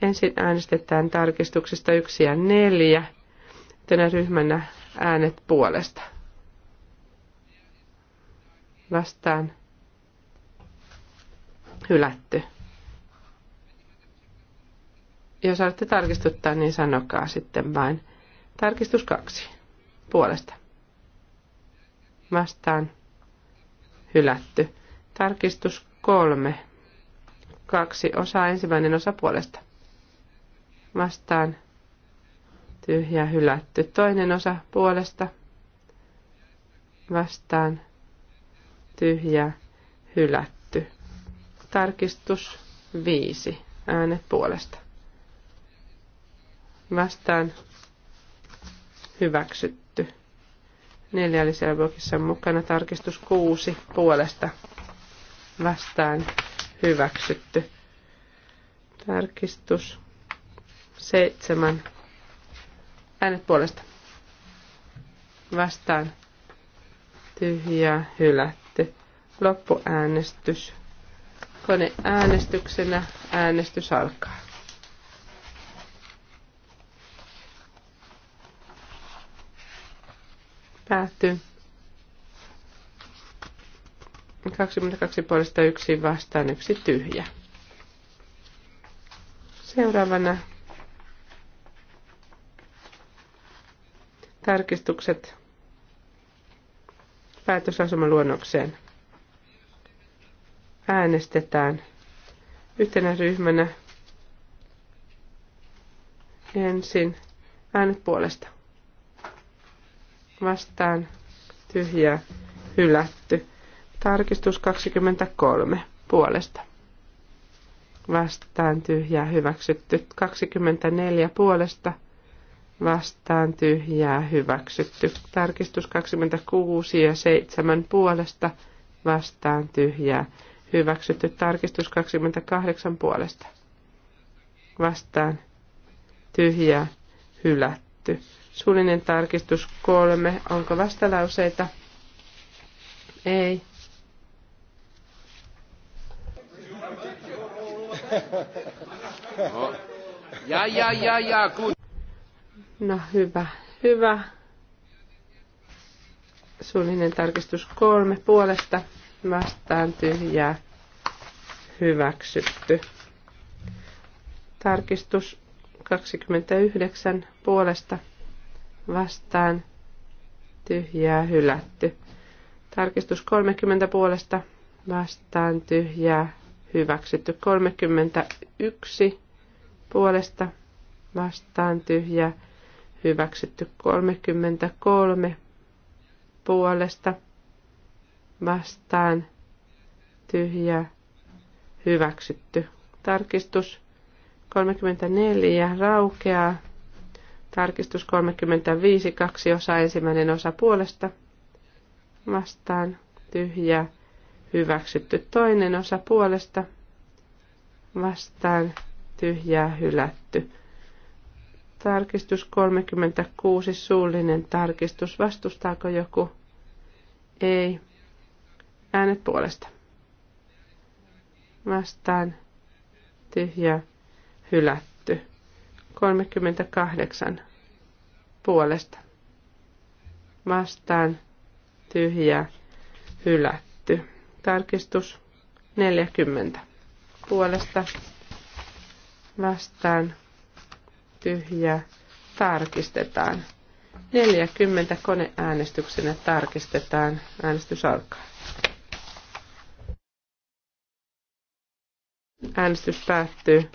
Ensin äänestetään tarkistuksista 1 ja 4. Tänä ryhmänä äänet puolesta. Vastaan. Hylätty. Jos haluatte tarkistuttaa, niin sanokaa sitten vain. Tarkistus kaksi. Puolesta. Vastaan. Hylätty. Tarkistus kolme. Kaksi osaa ensimmäinen osa puolesta. Vastaan. Tyhjä hylätty. Toinen osa puolesta. Vastaan. Tyhjä hylätty. Tarkistus viisi. Äänet puolesta vastaan hyväksytty. Neljä oli siellä blokissa mukana. Tarkistus kuusi puolesta vastaan hyväksytty. Tarkistus seitsemän. Äänet puolesta. Vastaan tyhjää hylätty. Loppuäänestys. äänestyksenä äänestys alkaa. Päättyy. 22 puolesta yksi vastaan yksi tyhjä. Seuraavana tarkistukset päätösaseman luonnokseen. Äänestetään yhtenä ryhmänä ensin äänet puolesta vastaan tyhjää hylätty. Tarkistus 23 puolesta vastaan tyhjää hyväksytty. 24 puolesta vastaan tyhjää hyväksytty. Tarkistus 26 ja 7 puolesta vastaan tyhjää hyväksytty. Tarkistus 28 puolesta vastaan tyhjää hylätty. Suullinen tarkistus kolme. Onko vastalauseita? Ei. No. Ja, ja, ja, ja, kun... No hyvä, hyvä. Suullinen tarkistus kolme puolesta vastaan tyhjää hyväksytty. Tarkistus 29 puolesta vastaan tyhjää hylätty. Tarkistus 30 puolesta vastaan tyhjää hyväksytty. 31 puolesta vastaan tyhjää hyväksytty. 33 puolesta vastaan tyhjää hyväksytty. Tarkistus 34 raukeaa Tarkistus 35, kaksi osa, ensimmäinen osa puolesta. Vastaan tyhjää. Hyväksytty toinen osa puolesta. Vastaan tyhjää hylätty. Tarkistus 36, suullinen tarkistus. Vastustaako joku? Ei. Äänet puolesta. Vastaan tyhjää hylätty 38 puolesta. Vastaan tyhjä hylätty. Tarkistus 40 puolesta. Vastaan tyhjä tarkistetaan. 40 koneäänestyksenä tarkistetaan. Äänestys alkaa. Äänestys päättyy.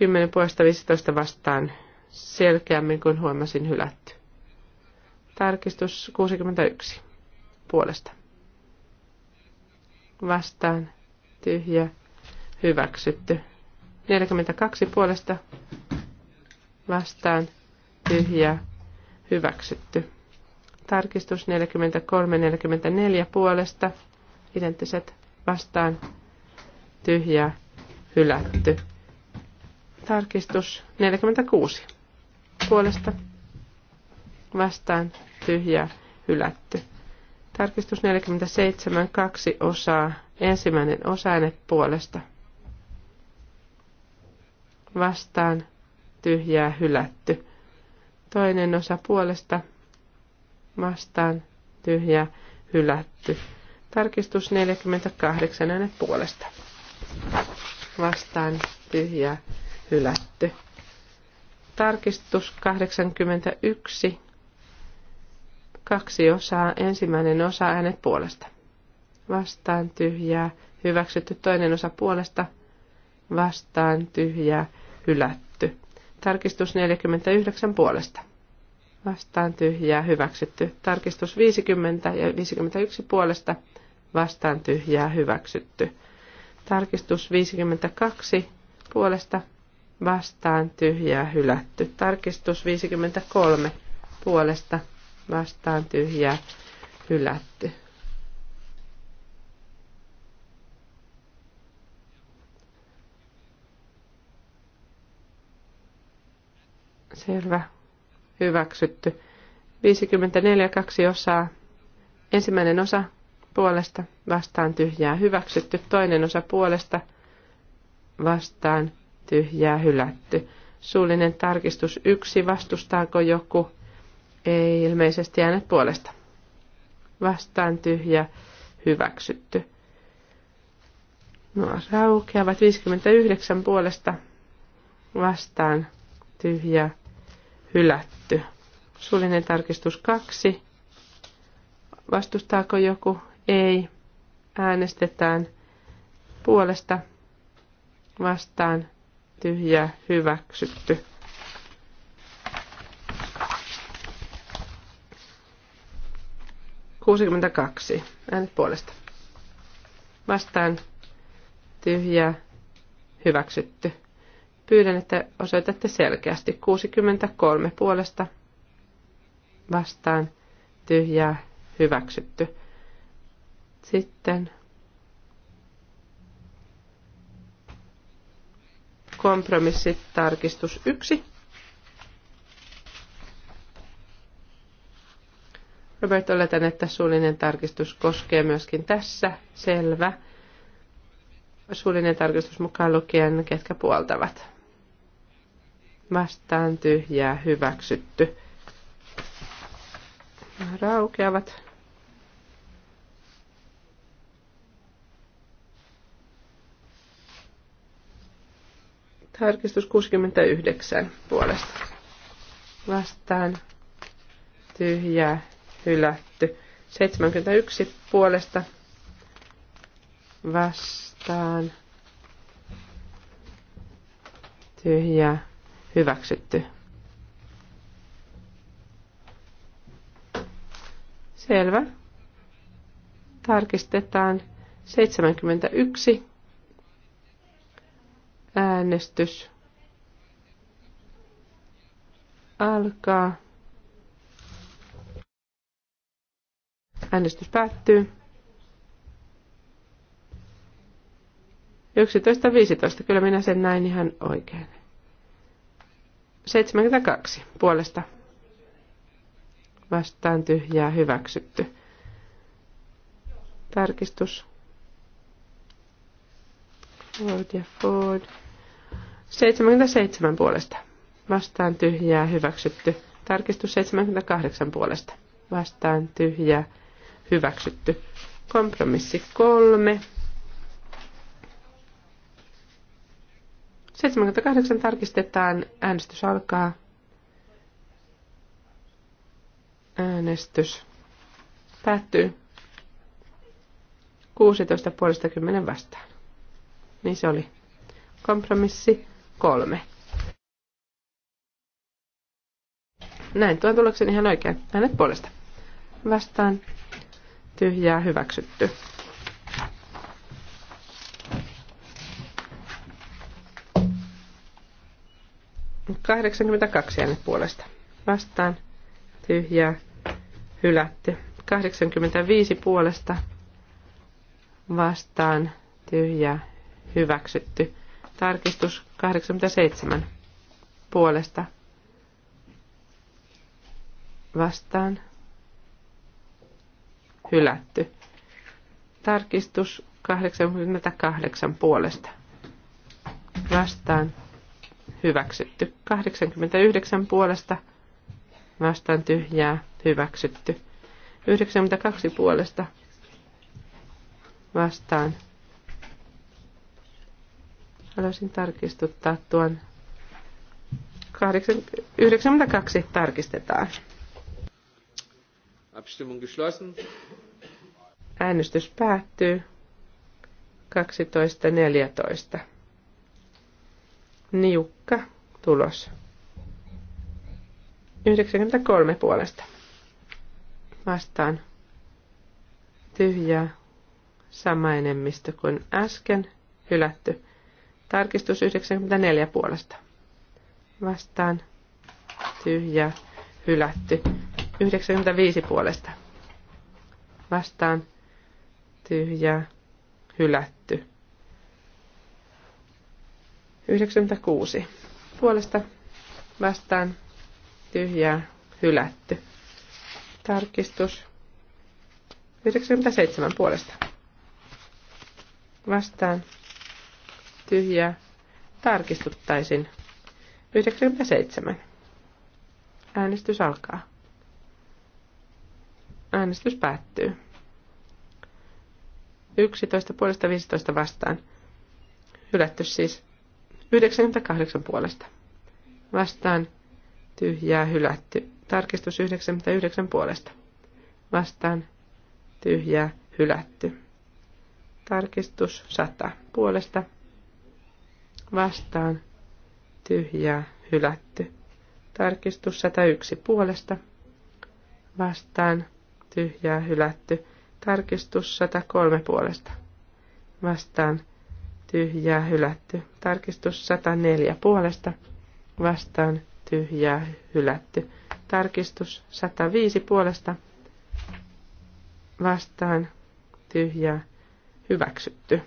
10 puolesta 15 vastaan selkeämmin kuin huomasin hylätty. Tarkistus 61 puolesta. Vastaan tyhjä hyväksytty. 42 puolesta vastaan tyhjä hyväksytty. Tarkistus 43-44 puolesta identtiset vastaan tyhjä hylätty. Tarkistus 46. Puolesta vastaan tyhjää hylätty. Tarkistus 47, kaksi osaa, ensimmäinen osainet puolesta. Vastaan tyhjää hylätty. Toinen osa puolesta vastaan tyhjää hylätty. Tarkistus 48 äänet puolesta. Vastaan tyhjää hylätty. Tarkistus 81. Kaksi osaa. Ensimmäinen osa äänet puolesta. Vastaan tyhjää. Hyväksytty toinen osa puolesta. Vastaan tyhjää. Hylätty. Tarkistus 49 puolesta. Vastaan tyhjää. Hyväksytty. Tarkistus 50 ja 51 puolesta. Vastaan tyhjää. Hyväksytty. Tarkistus 52 puolesta vastaan tyhjää hylätty. Tarkistus 53 puolesta vastaan tyhjää hylätty. Selvä. Hyväksytty. 54 kaksi osaa. Ensimmäinen osa puolesta vastaan tyhjää hyväksytty. Toinen osa puolesta vastaan tyhjää hylätty. Suullinen tarkistus yksi vastustaako joku? Ei ilmeisesti äänet puolesta. Vastaan tyhjä, hyväksytty. Nuo raukeavat 59 puolesta vastaan tyhjä, hylätty. Suullinen tarkistus kaksi. Vastustaako joku? Ei. Äänestetään puolesta vastaan tyhjä, hyväksytty. Kuusikymmentäkaksi. Äänet puolesta. Vastaan tyhjä hyväksytty. Pyydän, että osoitatte selkeästi. 63 puolesta vastaan tyhjää hyväksytty. Sitten Kompromissitarkistus 1. Robert, oletan, että suullinen tarkistus koskee myöskin tässä. Selvä. Suullinen tarkistus mukaan lukien, ketkä puoltavat. Vastaan tyhjää hyväksytty. Raukeavat. Tarkistus 69 puolesta. Vastaan. Tyhjää. Hylätty. 71 puolesta. Vastaan. Tyhjää. Hyväksytty. Selvä. Tarkistetaan 71 Äänestys alkaa. Äänestys päättyy. 11.15, kyllä minä sen näin ihan oikein. 72 puolesta vastaan tyhjää hyväksytty. Tarkistus Ford ja Ford. 77 puolesta. Vastaan tyhjää hyväksytty. Tarkistus 78 puolesta. Vastaan tyhjää hyväksytty. Kompromissi 3. 78 tarkistetaan. Äänestys alkaa. Äänestys päättyy. 16 puolesta 10 vastaan. Niin se oli. Kompromissi kolme. Näin tuon tuloksen ihan oikein. Äänet puolesta. Vastaan tyhjää hyväksytty. Kahdeksankymmentäkaksi äänet puolesta. Vastaan tyhjää hylätty. 85 puolesta vastaan tyhjää hyväksytty. Tarkistus 87 puolesta vastaan hylätty. Tarkistus 88 puolesta vastaan hyväksytty. 89 puolesta vastaan tyhjää hyväksytty. 92 puolesta vastaan Haluaisin tarkistuttaa tuon 92 tarkistetaan. Abstimmung geschlossen. Äänestys päättyy 12.14. Niukka tulos. 93 puolesta. Vastaan tyhjää sama enemmistö kuin äsken hylätty. Tarkistus 94 puolesta. Vastaan. Tyhjä. Hylätty. 95 puolesta. Vastaan. Tyhjä. Hylätty. 96 puolesta. Vastaan. Tyhjää. Hylätty. Tarkistus 97 puolesta. Vastaan tyhjää tarkistuttaisin 97. Äänestys alkaa. Äänestys päättyy. 11 puolesta 15 vastaan. Hylätty siis 98 puolesta. Vastaan tyhjää hylätty. Tarkistus 99 puolesta. Vastaan tyhjää hylätty. Tarkistus 100 puolesta vastaan, tyhjää, hylätty. Tarkistus 101 puolesta, vastaan, tyhjää, hylätty. Tarkistus 103 puolesta, vastaan, tyhjää, hylätty. Tarkistus 104 puolesta, vastaan, tyhjää, hylätty. Tarkistus 105 puolesta, vastaan, tyhjää, hyväksytty.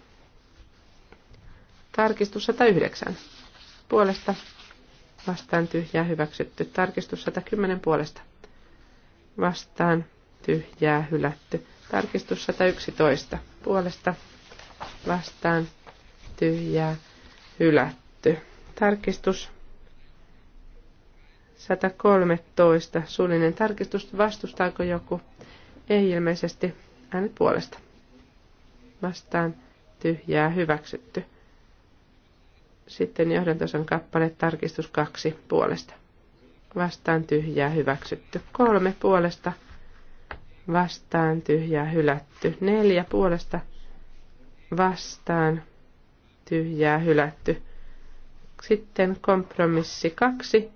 Tarkistus 109. Puolesta vastaan tyhjää hyväksytty. Tarkistus 110 puolesta vastaan tyhjää hylätty. Tarkistus 111 puolesta vastaan tyhjää hylätty. Tarkistus 113. Suullinen tarkistus. Vastustaako joku? Ei ilmeisesti. Äänet puolesta. Vastaan tyhjää hyväksytty. Sitten johdantosan kappale tarkistus kaksi puolesta. Vastaan tyhjää hyväksytty. Kolme puolesta. Vastaan tyhjää hylätty. Neljä puolesta. Vastaan tyhjää hylätty. Sitten kompromissi kaksi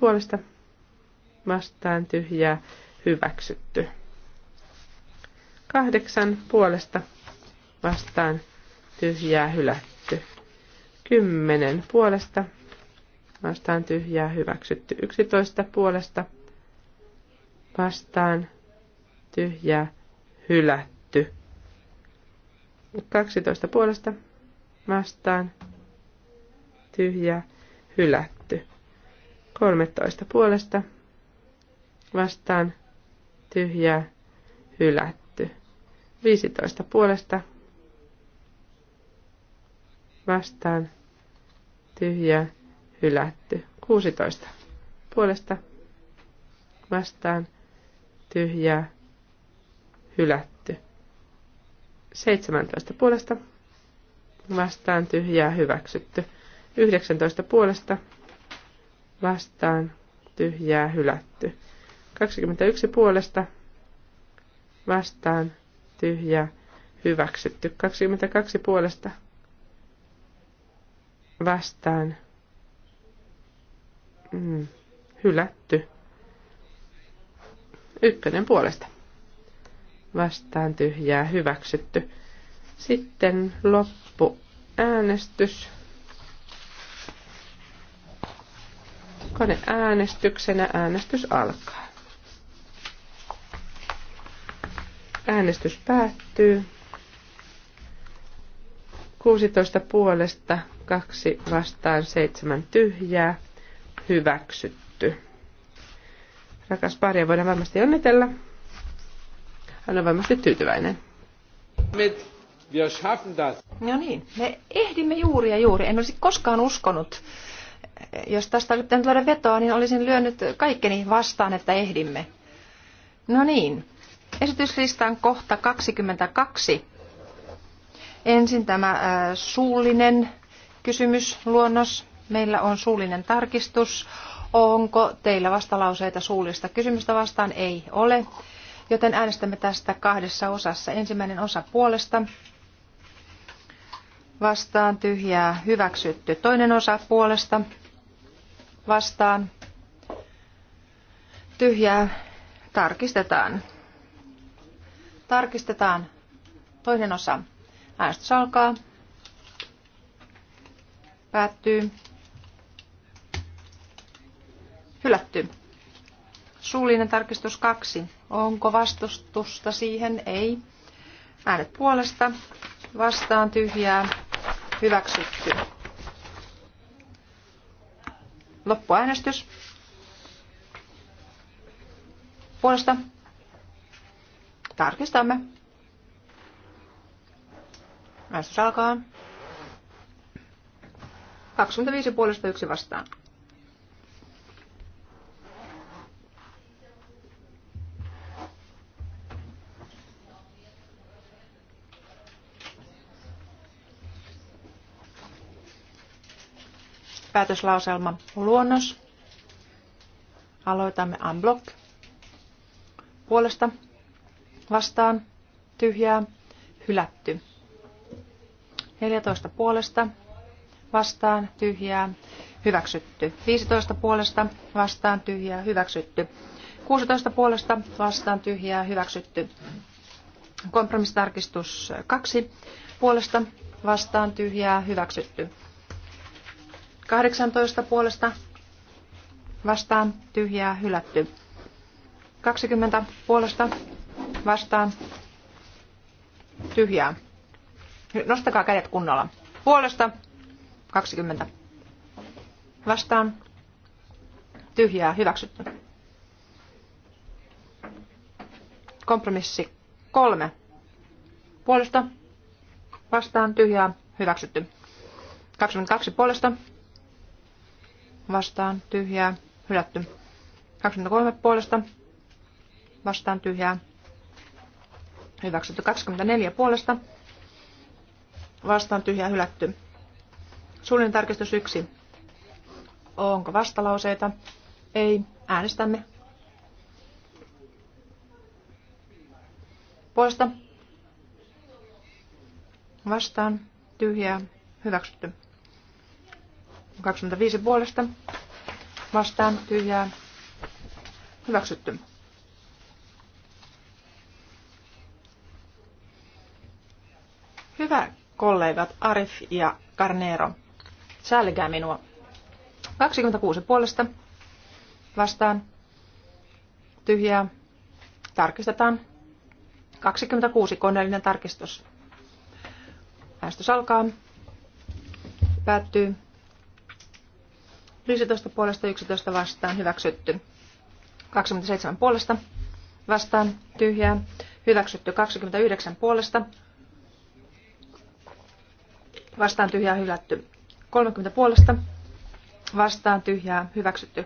puolesta. Vastaan tyhjää hyväksytty. Kahdeksan puolesta vastaan tyhjää hylätty. 10 puolesta, vastaan tyhjää hyväksytty 11 puolesta, vastaan tyhjää hylätty 12 puolesta, vastaan tyhjää hylätty 13 puolesta, vastaan tyhjää hylätty 15 puolesta, vastaan tyhjää, hylätty. 16. Puolesta vastaan tyhjää, hylätty. 17. Puolesta vastaan tyhjää, hyväksytty. 19. Puolesta vastaan tyhjää, hylätty. 21. Puolesta vastaan tyhjää, hyväksytty. 22. Puolesta vastaan, tyhjää, vastaan mm, hylätty. Ykkönen puolesta vastaan tyhjää hyväksytty. Sitten loppu äänestys. Kone äänestyksenä äänestys alkaa. Äänestys päättyy. 16 puolesta kaksi vastaan seitsemän tyhjää. Hyväksytty. Rakas paria voidaan varmasti onnitella. Hän on varmasti tyytyväinen. Mit, das. No niin, me ehdimme juuri ja juuri. En olisi koskaan uskonut. Jos tästä olisi pitänyt löydä vetoa, niin olisin lyönyt kaikkeni vastaan, että ehdimme. No niin, esityslistan kohta 22. Ensin tämä äh, suullinen kysymysluonnos. Meillä on suullinen tarkistus. Onko teillä vastalauseita suullista kysymystä vastaan? Ei ole. Joten äänestämme tästä kahdessa osassa. Ensimmäinen osa puolesta. Vastaan tyhjää hyväksytty. Toinen osa puolesta. Vastaan tyhjää tarkistetaan. Tarkistetaan. Toinen osa. Äänestys alkaa. Päättyy. Hylätty. Suullinen tarkistus 2. Onko vastustusta siihen? Ei. Äänet puolesta. Vastaan tyhjää. Hyväksytty. Loppuäänestys. Puolesta. Tarkistamme. Äänestys alkaa. 25 puolesta yksi vastaan. Päätöslauselma luonnos. Aloitamme unblock. Puolesta vastaan tyhjää hylätty. 14 puolesta vastaan tyhjää hyväksytty. 15 puolesta vastaan tyhjää hyväksytty. 16 puolesta vastaan tyhjää hyväksytty. Kompromissitarkistus 2 puolesta vastaan tyhjää hyväksytty. 18 puolesta vastaan tyhjää hylätty. 20 puolesta vastaan tyhjää. Nostakaa kädet kunnolla. Puolesta 20 vastaan. Tyhjää hyväksytty. Kompromissi kolme puolesta. Vastaan tyhjää hyväksytty. 22 puolesta. Vastaan tyhjää hylätty. 23 puolesta. Vastaan tyhjää hyväksytty. 24 puolesta. Vastaan tyhjää hylätty. Suullinen tarkistus yksi. Onko vastalauseita? Ei. Äänestämme. Poista. Vastaan. Tyhjää. Hyväksytty. 25 puolesta. Vastaan. Tyhjää. Hyväksytty. Hyvä kollegat Arif ja Carnero säälikää minua. 26 puolesta vastaan. Tyhjää. Tarkistetaan. 26 koneellinen tarkistus. Äänestys alkaa. Päättyy. 15 puolesta 11 vastaan hyväksytty. 27 puolesta vastaan tyhjää. Hyväksytty 29 puolesta. Vastaan tyhjää hylätty. 30 puolesta vastaan tyhjää hyväksytty.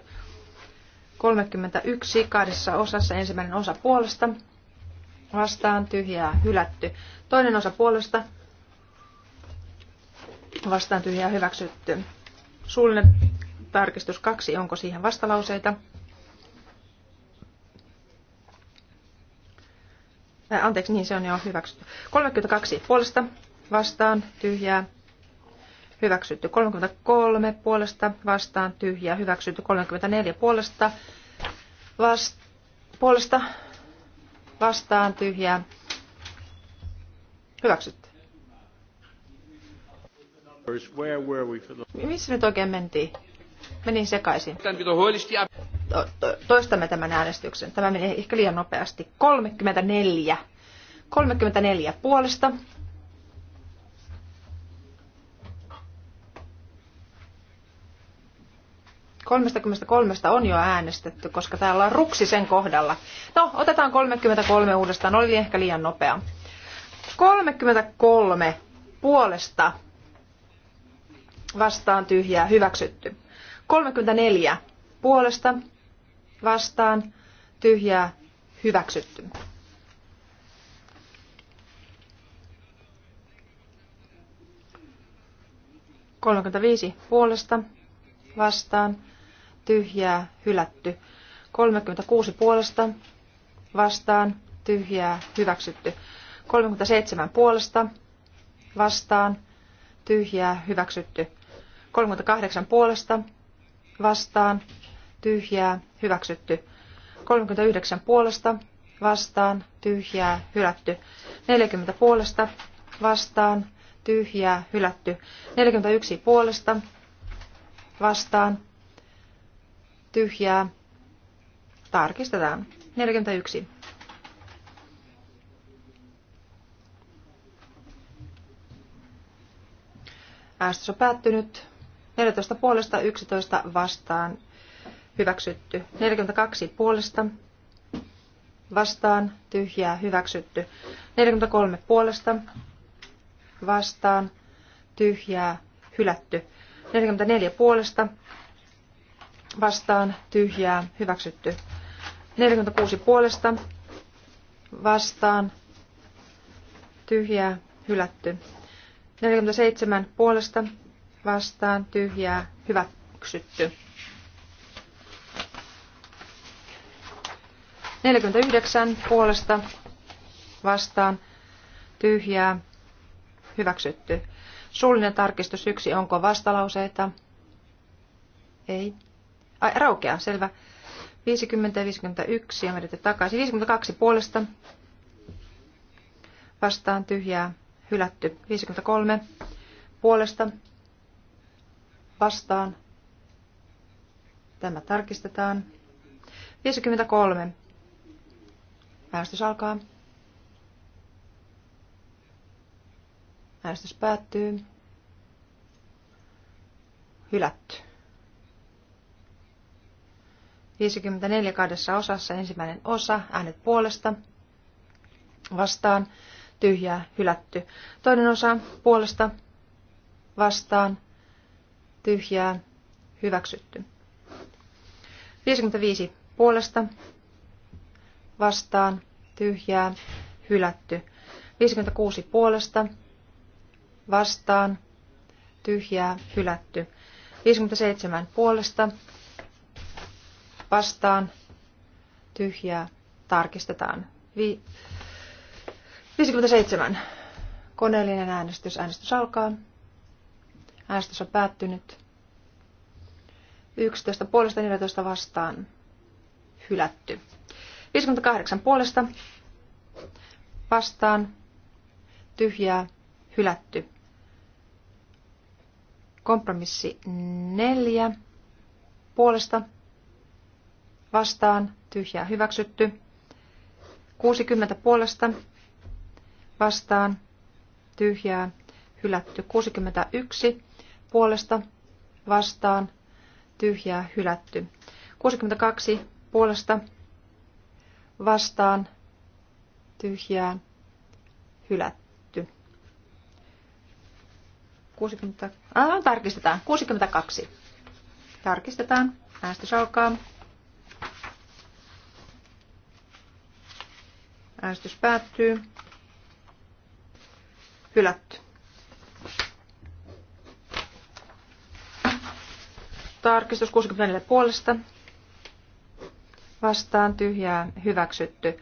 31 kahdessa osassa ensimmäinen osa puolesta vastaan tyhjää hylätty. Toinen osa puolesta vastaan tyhjää hyväksytty. Suullinen tarkistus 2, onko siihen vastalauseita? Anteeksi, niin se on jo hyväksytty. 32 puolesta vastaan tyhjää hyväksytty 33 puolesta vastaan tyhjä, hyväksytty 34 puolesta, vast, puolesta vastaan tyhjä, hyväksytty. Missä nyt oikein mentiin? Menin sekaisin. To, to, toistamme tämän äänestyksen. Tämä meni ehkä liian nopeasti. 34. 34 puolesta 33 on jo äänestetty, koska täällä on ruksi sen kohdalla. No, otetaan 33 uudestaan, oli ehkä liian nopea. 33 puolesta vastaan tyhjää hyväksytty. 34 puolesta vastaan tyhjää hyväksytty. Kolmekymmentäviisi puolesta vastaan tyhjää, hylätty. 36 puolesta, vastaan, tyhjää, hyväksytty. 37 puolesta, vastaan, tyhjää, hyväksytty. 38 puolesta, vastaan, tyhjää, hyväksytty. 39 puolesta, vastaan, tyhjää, hylätty. 40 puolesta, vastaan, tyhjää, hylätty. 41 puolesta, vastaan, tyhjää. Tarkistetaan. 41. Äänestys on päättynyt. 14 puolesta, 11 vastaan. Hyväksytty. 42 puolesta. Vastaan. Tyhjää. Hyväksytty. 43 puolesta. Vastaan. Tyhjää. Hylätty. 44 puolesta vastaan tyhjää hyväksytty. 46 puolesta vastaan tyhjää hylätty. 47 puolesta vastaan tyhjää hyväksytty. 49 puolesta vastaan tyhjää hyväksytty. Suullinen tarkistus yksi Onko vastalauseita? Ei. Ai, raukeaa, selvä. 50 ja 51 ja menette takaisin. 52 puolesta. Vastaan tyhjää, hylätty. 53 puolesta. Vastaan. Tämä tarkistetaan. 53. Äänestys alkaa. Äänestys päättyy. Hylätty. 54 kahdessa osassa ensimmäinen osa, äänet puolesta, vastaan, tyhjää, hylätty. Toinen osa, puolesta, vastaan, tyhjää, hyväksytty. 55 puolesta, vastaan, tyhjää, hylätty. 56 puolesta, vastaan, tyhjää, hylätty. 57 puolesta, vastaan, tyhjää, tarkistetaan. Vi- 57. Koneellinen äänestys. Äänestys alkaa. Äänestys on päättynyt. 11 puolesta 14 vastaan. Hylätty. 58 puolesta vastaan. Tyhjää. Hylätty. Kompromissi 4 puolesta vastaan, tyhjää hyväksytty. 60 puolesta vastaan, tyhjää hylätty. 61 puolesta vastaan, tyhjää hylätty. 62 puolesta vastaan, tyhjää hylätty. 60, ah, tarkistetaan. 62. Tarkistetaan. Äänestys alkaa. Äänestys päättyy. Hylätty. Tarkistus 64 puolesta. Vastaan tyhjää hyväksytty.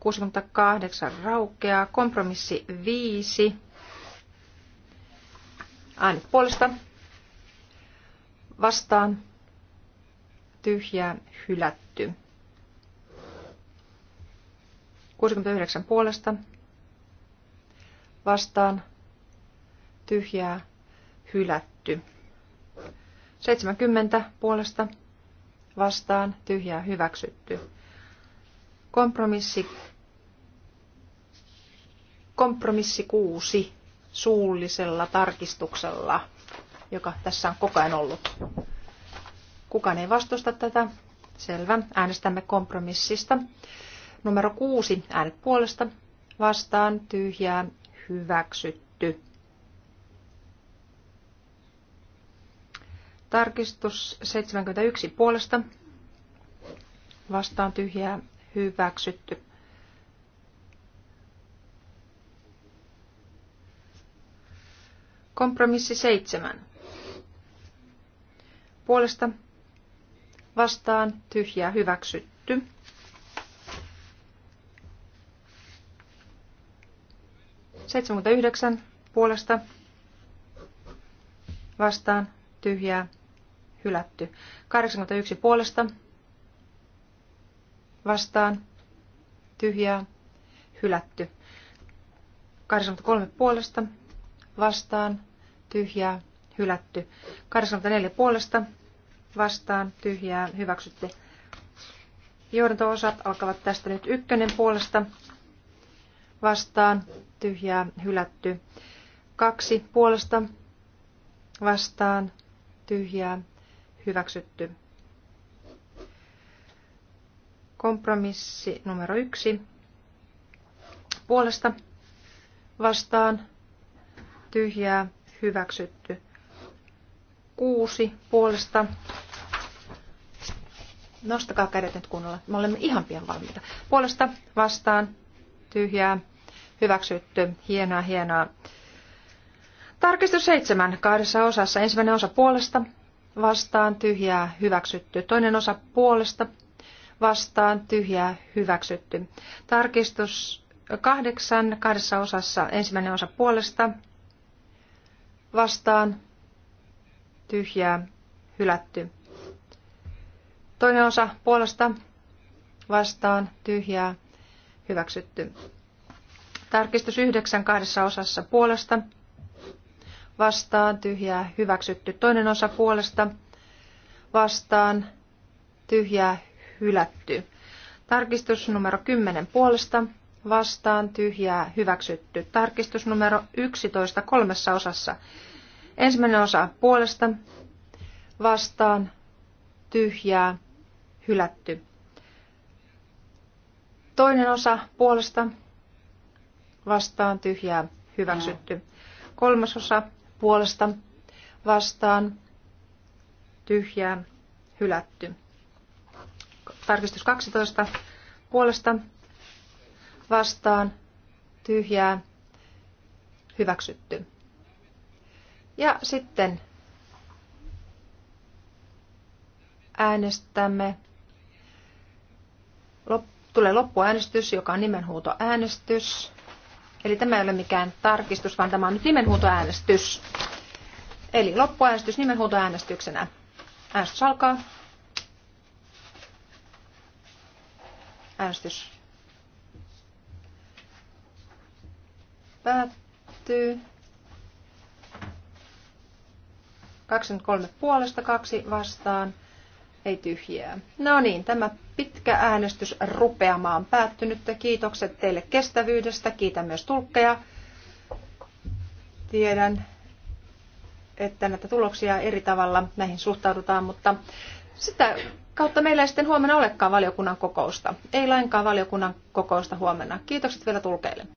68 raukeaa. Kompromissi 5. Äänet puolesta. Vastaan tyhjää hylätty. 69 puolesta vastaan tyhjää hylätty. 70 puolesta vastaan tyhjää hyväksytty. Kompromissi, kompromissi kuusi suullisella tarkistuksella, joka tässä on koko ajan ollut. Kukaan ei vastusta tätä. Selvä. Äänestämme kompromissista. Numero kuusi, äänet puolesta, vastaan, tyhjää, hyväksytty. Tarkistus 71 puolesta, vastaan, tyhjää, hyväksytty. Kompromissi 7. Puolesta, vastaan, tyhjää, hyväksytty. 79 puolesta vastaan tyhjää hylätty. 81 puolesta vastaan tyhjää hylätty. 83 puolesta vastaan tyhjää hylätty. 84 puolesta vastaan tyhjää hyväksytty. Johdanto-osat alkavat tästä nyt ykkönen puolesta vastaan tyhjää hylätty. Kaksi puolesta vastaan tyhjää hyväksytty. Kompromissi numero yksi puolesta vastaan tyhjää hyväksytty. Kuusi puolesta. Nostakaa kädet nyt kunnolla. Me olemme ihan pian valmiita. Puolesta vastaan tyhjää, hyväksytty, hienoa, hienoa. Tarkistus seitsemän kahdessa osassa. Ensimmäinen osa puolesta, vastaan, tyhjää, hyväksytty. Toinen osa puolesta, vastaan, tyhjää, hyväksytty. Tarkistus kahdeksan kahdessa osassa. Ensimmäinen osa puolesta, vastaan, tyhjää, hylätty. Toinen osa puolesta, vastaan, tyhjää, Hyväksytty. Tarkistus yhdeksän kahdessa osassa puolesta. Vastaan tyhjää hyväksytty. Toinen osa puolesta. Vastaan tyhjää hylätty. Tarkistus numero 10 puolesta. Vastaan tyhjää hyväksytty. Tarkistus numero 11 kolmessa osassa. Ensimmäinen osa puolesta. Vastaan tyhjää hylätty. Toinen osa puolesta vastaan tyhjää hyväksytty. Kolmas osa puolesta vastaan tyhjää hylätty. Tarkistus 12 puolesta vastaan tyhjää hyväksytty. Ja sitten äänestämme loppuun Tulee loppuäänestys, joka on nimenhuutoäänestys. Eli tämä ei ole mikään tarkistus, vaan tämä on nyt nimenhuutoäänestys. Eli loppuäänestys nimenhuutoäänestyksenä. Äänestys alkaa. Äänestys päättyy. 23 puolesta, kaksi vastaan, ei tyhjää. No niin, tämä pitkä äänestys on päättynyt. Kiitokset teille kestävyydestä. Kiitän myös tulkkeja. Tiedän, että näitä tuloksia eri tavalla näihin suhtaudutaan, mutta sitä kautta meillä ei sitten huomenna olekaan valiokunnan kokousta. Ei lainkaan valiokunnan kokousta huomenna. Kiitokset vielä tulkeille.